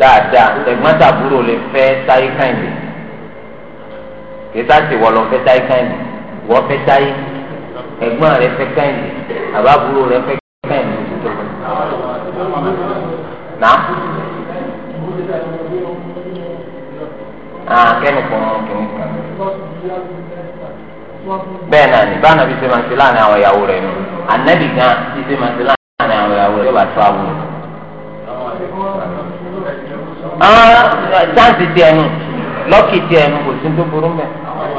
dáadáa tẹ̀gbọ́n-tàbúrò lè fẹ́ táyé káyìndé kìtà sì wọ lọ fẹ́ táyé káyìndé wọ fẹ́ táyé ẹ̀gbọ́n rẹ fẹ́ káyìndé àbábúrò rẹ fẹ́ káyìndé nà. Ah, kẹ́ni kan kìíní kan bẹ́ẹ̀ náà ní bá nàbí ṣe máa ń ṣe láàrin àwọn ìyàwó rẹ̀ nù ànábì gan ṣe láàrin àwọn ìyàwó rẹ̀ yóò bá tó àwọn. àwọn dáǹsì ti ẹnu lọ́kì ti ẹnu kò sí tó burú mẹ́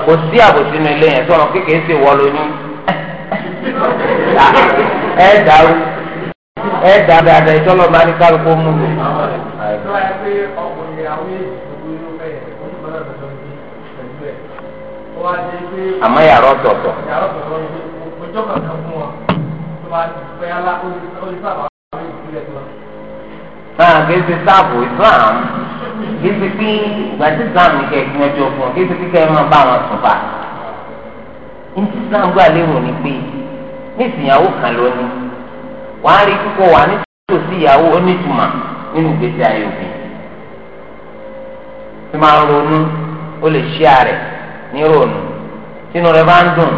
kò sí àbòsí nu ilé yẹn sọ̀rọ̀ kékeré ṣe wọ́ lóyún ẹ dàrú ẹ dàrú dáadáa ìtọ́lọ́ bá ní kálukú mú mi. àmọ́ yàrá ọ̀tọ̀ọ̀tọ̀. náà kìí ṣe sáàbù Islam kìí ṣe pín ìgbà tí Islam ní kẹ́ ẹ̀kún ẹjọ́ fún ọ kìí ṣe kíkẹ́ máa bá wọn sùn ní Islam gbà ni pé ní ìsìnyàwó kan lónìí wàá rí kíkọ wà ní tòsí ìyàwó onítumọ̀ nínú ìgbésí ayé òbí. tí máa ń ronú ó lè ṣí ní ronú tínú bá ń dùn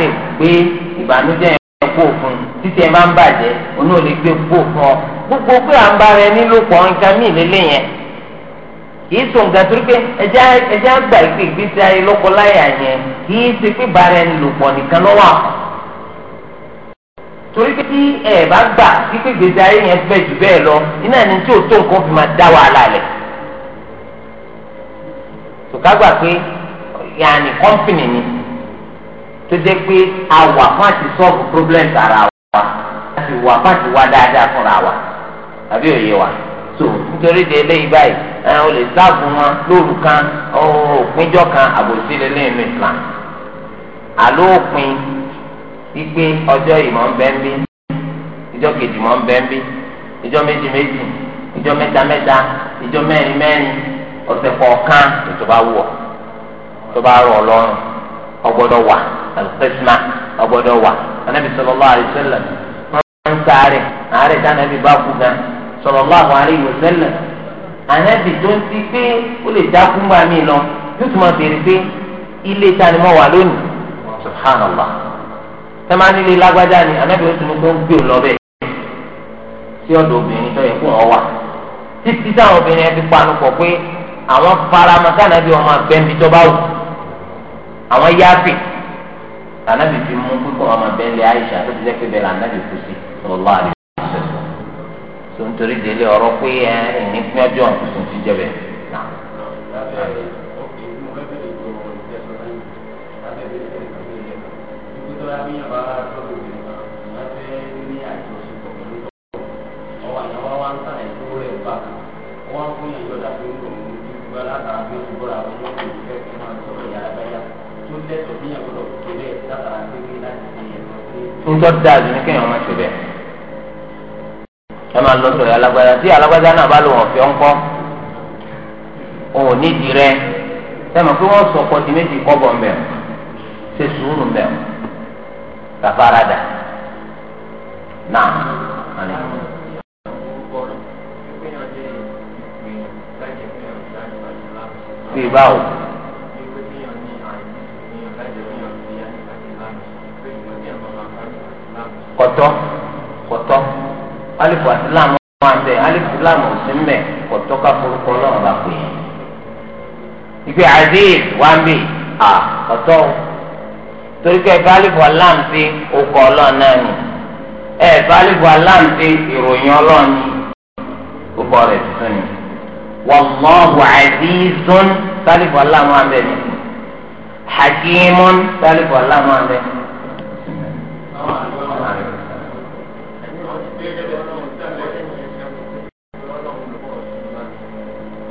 lè ṣí ẹ̀kọ́ òfin títí ẹ̀ máa ń bàjẹ́ òun ò lè gbé gbó fún ọ. gbogbo pé à ń bá rẹ nílò pọ̀ nǹkan mí lélẹ̀ yẹn. kì í sọ nǹkan torí pé ẹja àgbà ìpè ìgbésí ayé lọ́kọláyà yẹn kì í ṣe pé nílò pọ̀ nìkan lọ́wọ́ àpò. torí pé ẹ bá gbà ìgbésí ayé yẹn jù bẹ́ẹ̀ lọ iná ni tí tó dé pé àwa fún àti sọ́ọ̀bù problems ara wa àti wà fún àti wá dáadáa fúnra wa àbí òye wa so nítorí de eléyìí báyìí o lè sáàbù wọn lóru kan òpinjọ kan àbòsí lélẹ́yìn Islam àlóòpin gbígbé ọjọ́ ìmọ̀ ń bẹ́ ń bí ìjọ kejì mọ̀ ń bẹ́ ń bí ìjọ méjì méjì ìjọ mẹ́ta mẹ́ta ìjọ mẹ́rin mẹ́rin ọ̀sẹ̀ kọ̀ọ̀kan ètò bá wù ọ́ tó bá rọ̀ ọ́ lọ́rùn ọgbọ́dọ̀ wà alifẹsima ọgbọ́dọ̀ wà anabi sallallahu alaihi wasallam wọn ń sáré àárẹ̀ tí anabi bá kú gan sallallahu alaihi wasallam anabi tó ń ti pé ó lè dá kú bá mi lọ yóò tún máa béèrè pé ilé ta ni mo wà lónìí subhanallah tẹ́lẹ̀ máa nílé lágbájá ni anabi ó tún tó ń gbé lọ bẹ́ẹ̀ sí ọ̀dọ̀ obìnrin tó yẹ kó wọn wà títí táwọn obìnrin ẹ ti panu pọ̀ pé àwọn faramọ́ kánàbí ọmọ abẹ́ńbí tó bá wù àwọn yáàfì lànàbì fi mú pípọ̀ ọmọ bẹ́ẹ̀ lé àyíṣà tó ti jẹ́ pé bẹ́ẹ̀ lànàbì kú sí sọlọ́lá àdìyẹ tó ń torí délé ọ̀rọ̀ pé ẹ ẹ̀yìn pín ọjọ́ ọ̀kùnrin ti jẹ bẹ́ẹ̀ nà. wọ́n fún yẹn yọ̀dà pé ń bọ̀ ní ìgbà látàrí oṣù bọ́lá àwọn ọmọ òṣèlú ńtọ́ dáa ju ní kéèyàn má ṣe bẹ́ẹ̀. ẹ máa lọ sọ̀rọ̀ alágbádá tí alágbádá náà bá lò wọ́n fi ọ́nkọ́ òun nídìí rẹ sẹ́mi pé wọ́n sọ pọ̀ sí méjì kọ́bọ̀ mbẹ̀ ṣe sùúrù mbẹ̀ kàfàràdà náà. Bí báwo. kọtọ kọtọ alifu asilamu wà ń alifu lamu sí ń bẹ kọtọ ká forúkọ náà bá aziz wà kọtọ alifu alam ti okọ̀ ọlọ́run náà ni alifu alam ti ìròyìn ọlọ́run ni okọ̀ rẹ̀ tuntun ni azizun sálífù aláàmú abẹ ni hakimun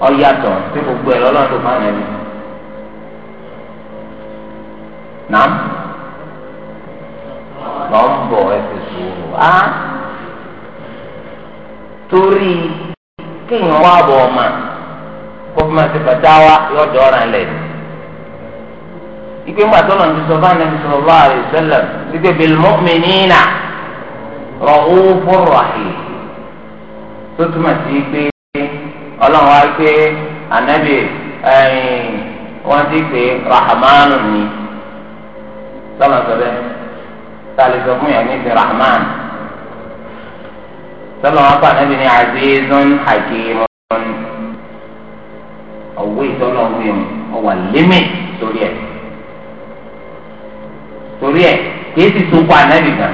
ọ̀yàtọ̀ sí gbogbo ẹ̀ lọ́lọ́run tó máa ń rẹ̀ nàám lọ́nbọ̀ ẹsẹ̀ sòrò á torí kéèyàn wá bọ̀ ọ̀ma kó fi máa ṣe bàtà wá yọ̀dọ̀ ọ̀ràn lẹ̀ ìgbé ńgbà tó lọ́nà ti sọ fún ẹni sọ̀rọ̀ lọ́wọ́ àrẹ sẹ́lẹ̀ wípé bil-mu'minina ra'ufur rahim tó túmọ̀ sí pé. ọlọ́run wá pé ànábì wọ́n ti pè rahmanu ni sọ́nà sọ bẹ́ẹ̀ fún yàrá ní ti rahman sọ́nà wọn pa ànábì ní azizun hakimun ọ̀wé ìtọ́nà wí mu ọ̀wà límì torí ẹ̀ torí ẹ̀ kìí ti tó kọ anabi kan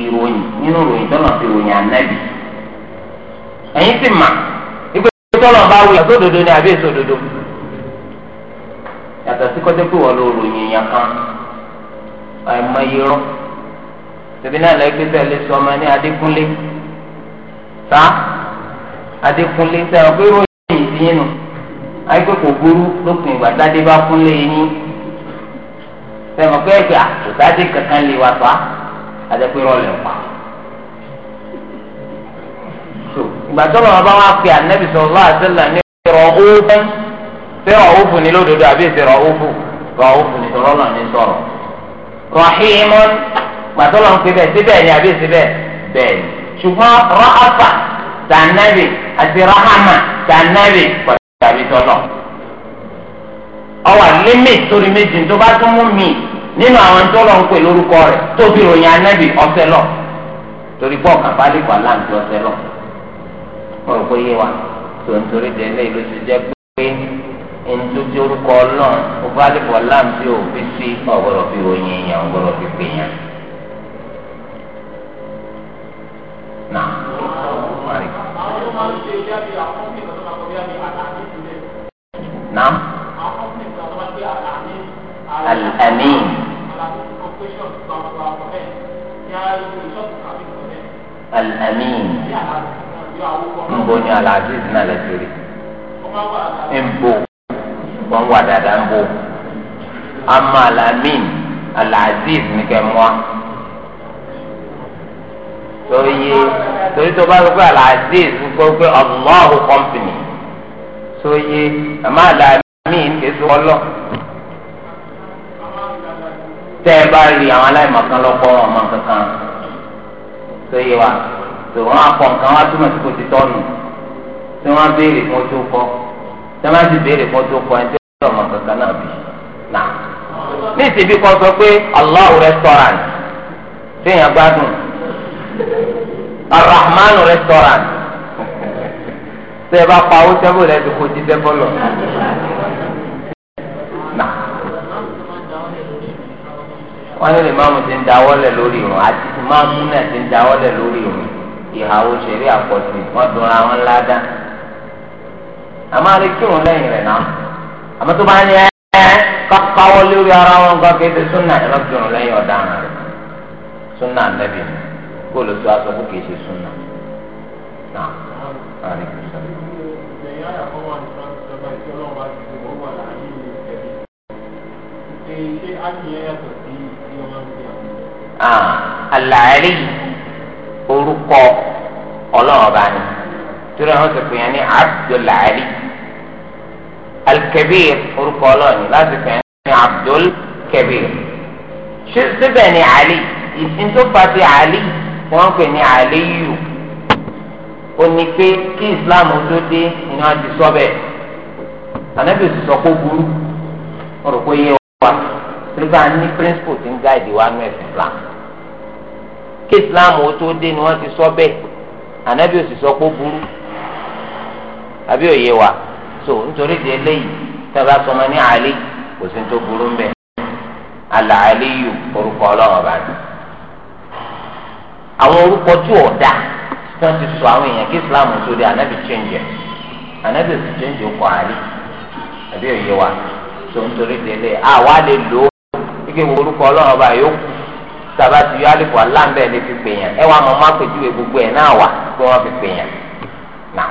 ìròyìn nínú ìròyìn fi ròyìn anabi. ti tọ́lọ̀ bá wí àsódodo ni àbí èsòdodo yàtọ̀ sí kọ́tẹ́ pé wọ́n ló ròyìn yàn kan àìmọ̀ irọ́ tẹ̀bí náà lẹ́gbẹ́ bẹ́ẹ̀ lè sọ ọmọ ní Adékúnlé tá Adékúnlé sẹ́wọ̀ pé ròyìn ìdíyìn nù àìpé kò burú lópin ìgbà tádé bá kúnlé yín sẹ́wọ̀ pé ẹ̀jẹ̀ àtòtádé kankan lè wà pa àdẹ́pẹ́rọ́ lè pa. ìgbà tó lọ́wọ́ bá wá pe ànábì sallallahu alaihi wasallam ní ra'ufun ṣé ra'ufun ní lódodo àbí ṣe ra'ufun ra'ufun ní sọ̀rọ̀ náà ní sọ̀rọ̀ rahimun ìgbà tó lọ́wọ́ ń pe bẹ́ẹ̀ síbẹ̀ ni àbí síbẹ̀ bẹ́ẹ̀ ni ṣùgbọ́n ra'afa tànàbì àti rahama tànàbì pàtàkì tọ́lọ̀ ọwà límì torí méjì tó bá tún mú mi nínú àwọn tó lọ ń pè lórúkọ rẹ̀ tóbi ròyìn ànábì ọ̀sẹ̀ lọ torí bọ́ọ̀ kàbálẹ̀ pàlà ń ọ̀sẹ̀ lọ wọn rò pé yé wa tó ń torí dé ilé ìlú ti jẹ́ pé ntútù orúkọ Ọlọ́run ọba àlebọ láǹtí ò fi sí ọgbọdọ fi ròyìn èèyàn ọgbọdọ fi pè yàn. Náà, Al-Amin. Al-Amin nbọ ní aláàdé sí náà lẹsẹrẹ nbọ wọn wà dáadáa nbọ ama alamin alaziz ní kẹmọa tóye torí tó bá gbé alaziz gbọ́ pé allahu company tóye ama alamin kéésù ọlọ tẹ ẹ bá rí àwọn aláìmọ̀kan lọ́pọ̀ ọmọ kankan tóye wa. tó wọn akọ nǹkan wá túmọ̀ sí kò ti tọ́nu tí wọ́n béèrè fún ojú kọ́ tí wọ́n ti béèrè fún ojú kọ́ ẹni tí wọ́n mọ̀ kankan náà bì náà. ní ìsìnkú kan sọ pé Allah restaurant gbádùn restaurant ẹ bá pa owó rẹ̀ ti fẹ́ bọ́lọ̀. ìhàwó ṣeré àpọ̀jù wọ́n dunra wọn ládá àmọ́ àlè kírun lẹ́yìn rẹ̀ náà àmọ́ tó bá ní ẹ́ kápáwọ́ lórí ara wọn gan kéde súnà ẹ̀rọ kírun lẹ́yìn ọ̀daràn rẹ̀ súnà nẹ́bì góòlù tó aṣọ kó kìí ṣe súnà náà àlè kìí sọ. Ah, àlàyé orúkọ ọlọ́run ọba ni torí àwọn sọ̀kò yẹn ní Abdul Ali Al-Kabir orúkọ ọlọ́run ni láti pè é ní Abdul Kabir ṣé síbẹ̀ ni Ali ìsìn tó fa ti Ali wọ́n pè ní Aliyu ó ní pé kí Islam tó dé ni wọ́n ti sọ bẹ́ẹ̀ ànábì sọ kó burú wọ́n rò pé yé wa ní píríncípù tí ń gáàdì wa nù ẹ̀sìn Islam. kí islam ó tó dé ni wọ́n ti sọ bẹ́ẹ̀ ànábì ò sì sọ pé burú àbí òye wa so nítorí di eléyìí tábà sọmọ ní àlè kò sí tó burú ń bẹ àlà orúkọ ọlọ́run ọba ni àwọn orúkọ tí ò dáa tí wọ́n ti sọ àwọn èèyàn kí islam ó tó dé ànábì change ẹ̀ ànábì ò sì change ọkọ̀ àlè àbí òye wa so nítorí di eléyìí àwa lè lò ó wípé orúkọ ọlọ́run ọba yóò kú. tàbá ti yọ alifu aláǹbẹ̀ lè fi pè yàn ẹ wà mọ̀ má pèjúwe gbogbo ẹ̀ náà wà pé wọ́n fi pè yàn nà.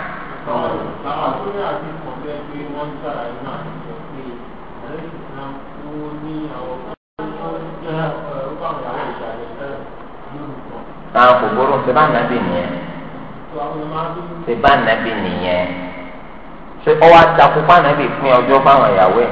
àwọn kòkòrò ṣe bá nàbì nìyẹn ṣe bá nàbì nìyẹn ṣe ọwọ́ àtàkùnkùn ànábì pín ọjọ́ fáwọn ìyàwó ẹ̀.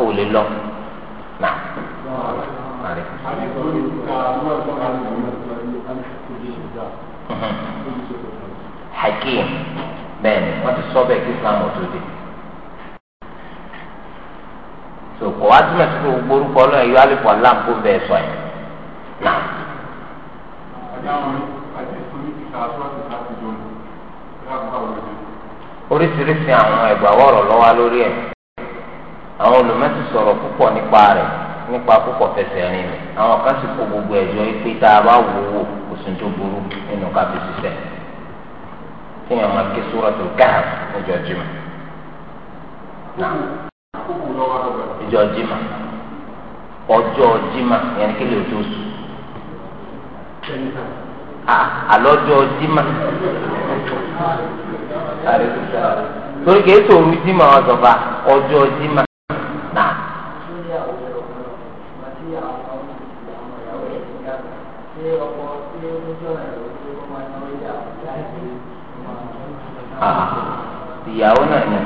kó o lè lọ náà. hakim bẹ́ẹ̀ ni wọ́n ti sọ bẹ́ẹ̀ kí islam ọ̀tún dé so kò wá túmọ̀ sí pé gbogbo orúkọ náà yọ àlùfọ̀ láǹkó bẹ́ẹ̀ sọ yẹn náà. oríṣiríṣi àwọn ẹ̀gbà wọ̀rọ̀ lọ́wọ́ lórí ẹ̀. àwọn olùmọ̀tì sọ̀rọ̀ púpọ̀ nípa rẹ̀ nípa púpọ̀ fẹsẹ̀ rìn rẹ̀ àwọn kan sì kó gbogbo ẹ̀jọ́ tá a bá wò ó kò sí tó burú nínú káfí sísẹ̀ kí wọ́n máa ké sóràtò gáàm níjọ́ jimá. ìjọ́ jimá ọjọ́ jimá yẹn kí lè sùn jimá torí jimá ọjọ́ jimá ìyàwó náà yẹn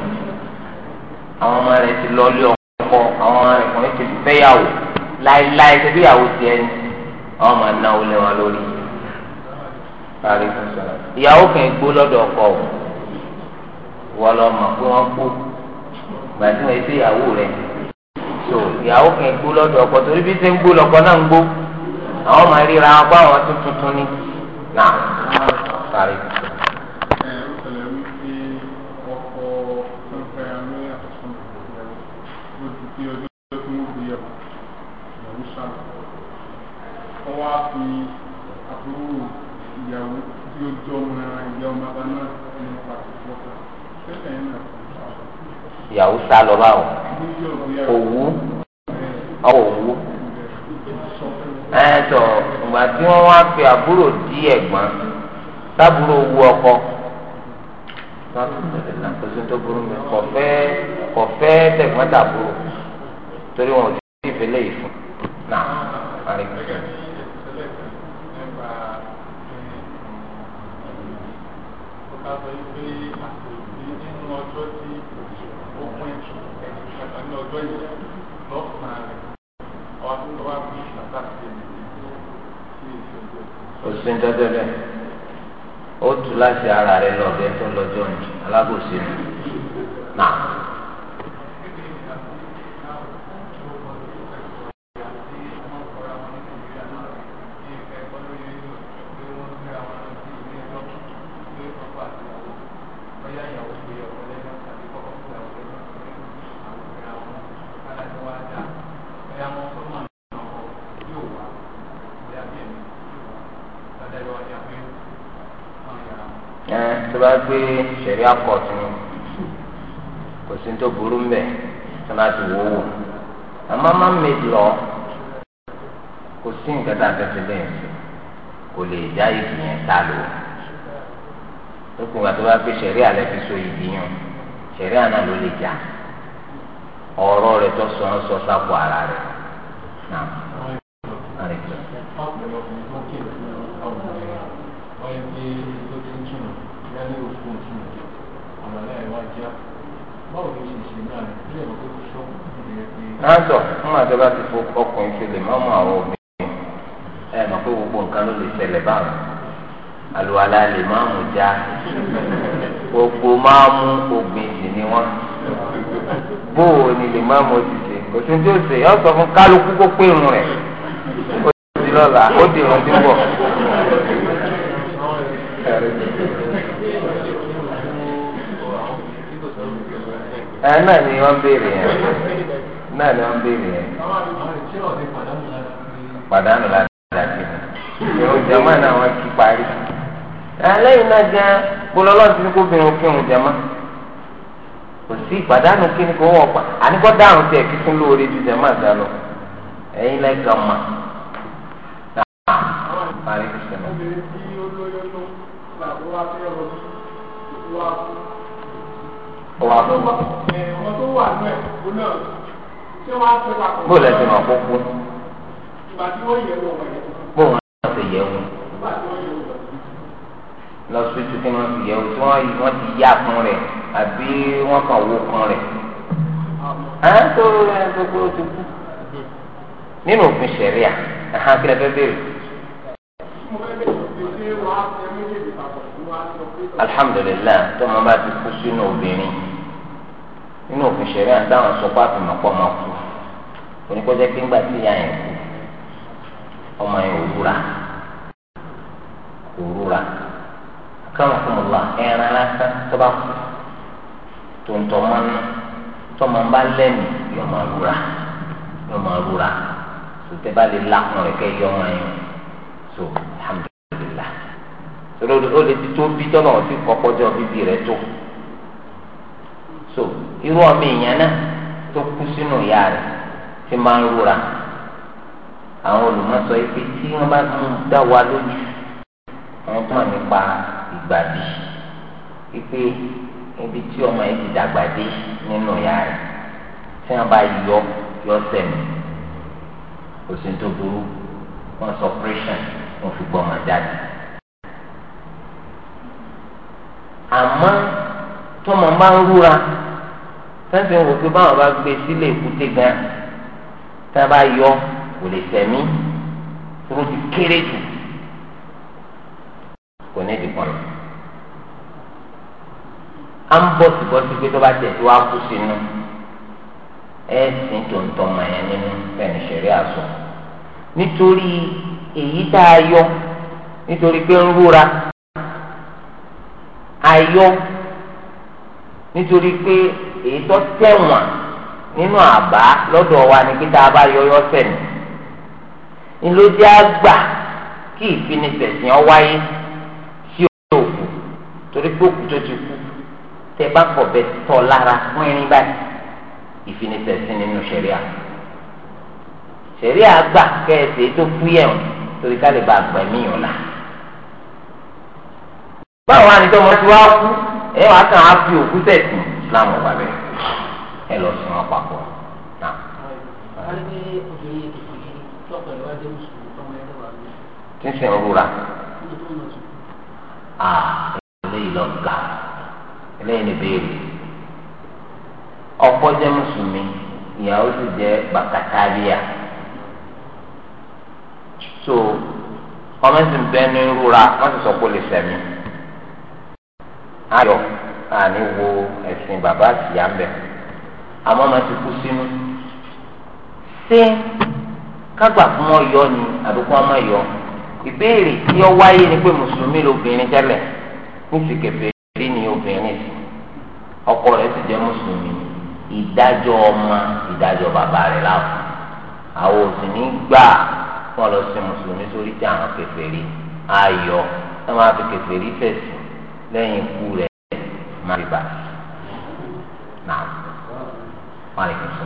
àwọn ọmọ rẹ̀ ti lọ lé ọkọ àwọn ọmọ rẹ̀ kùnrin ti fẹ́yàwó láéláé ṣe fẹ́yàwó tiẹ̀ ni àwọn ọmọ náà wọlé wọn lórí. ìyàwó kan gbó ọkọ o wọ́n lọ mọ̀ pé wọ́n gbó gbàtí ìyàwó so ìyàwó kan gbó ọkọ torí bí ṣe ń gbó lọ́kọ náà ń gbó àwọn ọmọ wọn wá fi àbúrò ìyàwó tí ó jọ ọmọ ìyá ọmọ bá náà ní pàtó fọ́kà tẹ́lẹ̀ náà. ìyàwó sá lọ báwọn òwú òwú ẹ tọ ìgbà tí wọn wá fi àbúrò dí ẹ̀gbọ́n sábúrò wu ọkọ kọfẹ kọfẹ tẹ̀gbọ́n tàbúrò torí wọn ò tí ì fi léyìí fún náà. sọ a àkòtí nínú ọjọ́ tí ó pín jù ẹni kẹta ní ọjọ́ yìí lọ́sàn-án rẹ̀ ọdún tó wá fún ìṣàtà sí ẹni tí ìṣòro. ara bóyá kóòtù ni kò sí tó burú mbẹ tó máa ti wò wò àmọ́ má mèdì lọ kò sí nǹkan tá a fẹ́ fi bẹ́ẹ̀ fi kò lè já ìdí yẹn ta lò lókun ìgbà tó bá gbé sẹ̀rí alẹ́ fi so ìdí yẹn sẹ̀rí àná ló lè já ọ̀rọ̀ rẹ̀ tó sọ ń sọ sápò ara rẹ̀ náà. náàtọ̀ fún àjọba ti fọ ọkùnrin ṣe le ẹ mọ̀ gbogbo nǹkan ló lè ṣẹlẹ̀ báwọn àlùwàlà lè má mú já gbogbo ni wọn bóò ni lè má mú òṣìṣẹ́ òṣìṣẹ́ tí fún kálukú kó pé irun ti di náà ni wọ́n béèrè yẹn. pàdánù la dàgbé ìrun jama náà wọ́n ti parí. lẹ́yìn náà jẹ́ gbólọ́lọ́ ti ní kó bẹ̀rù kírun jama kò sí ìpàdánù kí ni kò wọ́n pa àníkọ́ dáhùn tẹ̀ kí fún lóore ju jama ga lọ ẹ̀yin lẹ́yìn kan ma. Ọwọ́ àbúrò. Ọ̀wọ́ tó wà náà, ó náà bó lẹ ti mọ kókó bó wọn náà ti yẹ wọn lọ sójú kí wọn ti yẹ wọn tí wọn wọn ti yá kan rẹ àbí wọn kàn wó kan rẹ à ń tó gbogbo tó kú nínú òfin ṣẹ̀ríà àhán kí lè fẹ́ béèrè. alhamdulilayi tó máa bá ti kú sínú obìnrin nínú òfin ṣẹlẹ̀ àti àwọn sọpọ àfìmọpọ máa kú oníkọjẹ pé ńgbà tí ìyá yẹn kú ọmọ yẹn òwúra òwúra káwọn fún mi wá ẹran lásán tó bá kú tó ń tọ́ mọ́ ní tọ́mọ bá lẹ́nu yóò máa rúra yóò máa rúra sòtẹ́ bá lè lakùn rẹ̀ kẹ́ yọ ọmọ yẹn so alhamdulilah sọlá o lè ti tó bí tọ́lọ̀ ọtí kọ́kọ́ jọ bíbí rẹ̀ tó irú ọmọ èèyàn náà tó kú sínú ìyá rẹ̀ ti máa ń rúra àwọn olùmọ̀sọ ife tí wọ́n bá mú dá wa lójú wọ́n tún wà nípa ìgbàdí ipe ibi tí ọmọ yẹn ti dàgbà dé nínú ìyá rẹ̀ tí wọ́n bá yọ yọ sẹ́mi kò sí tó burú wọ́n sọ pírẹ́sàn wọ́n fi gbọ́ jáde. àmọ́ tó máa ń rúra sẹ́ńsì ń wò pé báwọn bá gbé sílé èkúté gan tá a bá yọ kò lè sẹ̀mí tó ti kéré jù kò ní ìdí kan lọ. à ń bọ̀ síbọ̀ sí pé tó bá tẹ̀ tó wá kú sínú ẹ̀ sìn tó ń tọ́ ọmọ yẹn nínú bẹ́ẹ̀ ní àṣọ nítorí èyí tá a yọ nítorí pé ń rúra a yọ nítorí pé. èyí tó tẹ̀wọ̀n nínú àbá lọ́dọ̀ wa ni kí tá a bá yọyọ sẹ́nu àgbà kí ìfinisẹ̀sìn ọ wáyé sí òkú torí pé òkú tó ti kú tẹ bá bẹ lára fún irin báyìí ìfinisẹ̀sìn nínú sẹ̀ríà sẹ̀ríà kẹ́ẹ̀sì tó torí ká lè fi òkú sẹ̀sìn. islam ọgbà bẹ ẹ lọ sí wọn papọ̀ náà. sísè ń rúra eléyìí lọ ga eléyìí ni béèrè ọkọ jẹ mùsùlùmí ìyàwó sì jẹ bàkàtàríà so ọmọ sì ń bẹ ní rúra wọn sì sọ pé ó lè sẹmí ayọ àní wo ẹ̀sìn bàbá àtìyá ń bẹ̀ àmọ́ máa ti kú sínú ṣé kágbà fún ọ yọ ni àbí kó ọmọ yọ ìbéèrè tí ó wáyé ni pé mùsùlùmí lobìnrin tẹ́lẹ̀ níṣì kèfèrí ni obìnrin sí ọkọ rẹ̀ sì jẹ́ mùsùlùmí ìdájọ́ ọmọ ìdájọ́ bàbá rẹ̀ láàfin àwọn òsì ní gbà wọn lọ sí mùsùlùmí sórí tí àwọn kèfèrí ayọ̀ ẹ máa fi kèfèrí fẹ̀sìn lẹ́yìn ikú rẹ̀ má rí bá náà wọ́n lè fi sọ.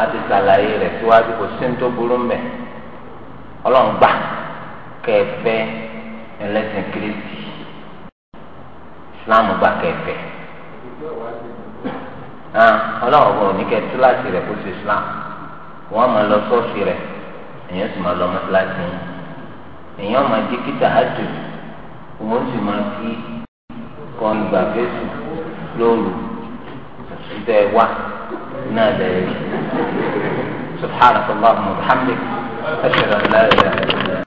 àti sàlàyé rẹ̀ síwájú kò sí ní tó burú mbẹ̀ ọlọ́run gbà kẹfẹ́ ẹlẹ́sìn kìrìsì islam gba kẹfẹ ah, ọlọ́wọ́ bọ̀ ní kẹ túláàsì rẹ̀ kó sí islam wọ́n máa lọ sọ́ọ̀sì rẹ̀ èèyàn sì máa lọ mọ́tíláàsì yẹn èèyàn máa jẹ́ kíta àjò wọ́n sì máa fi kọ́ńgbà fẹ́sù lóru ìtẹ̀ wá náà lẹ́yìn subhanahu wa ta'ala muhammed ashhadu an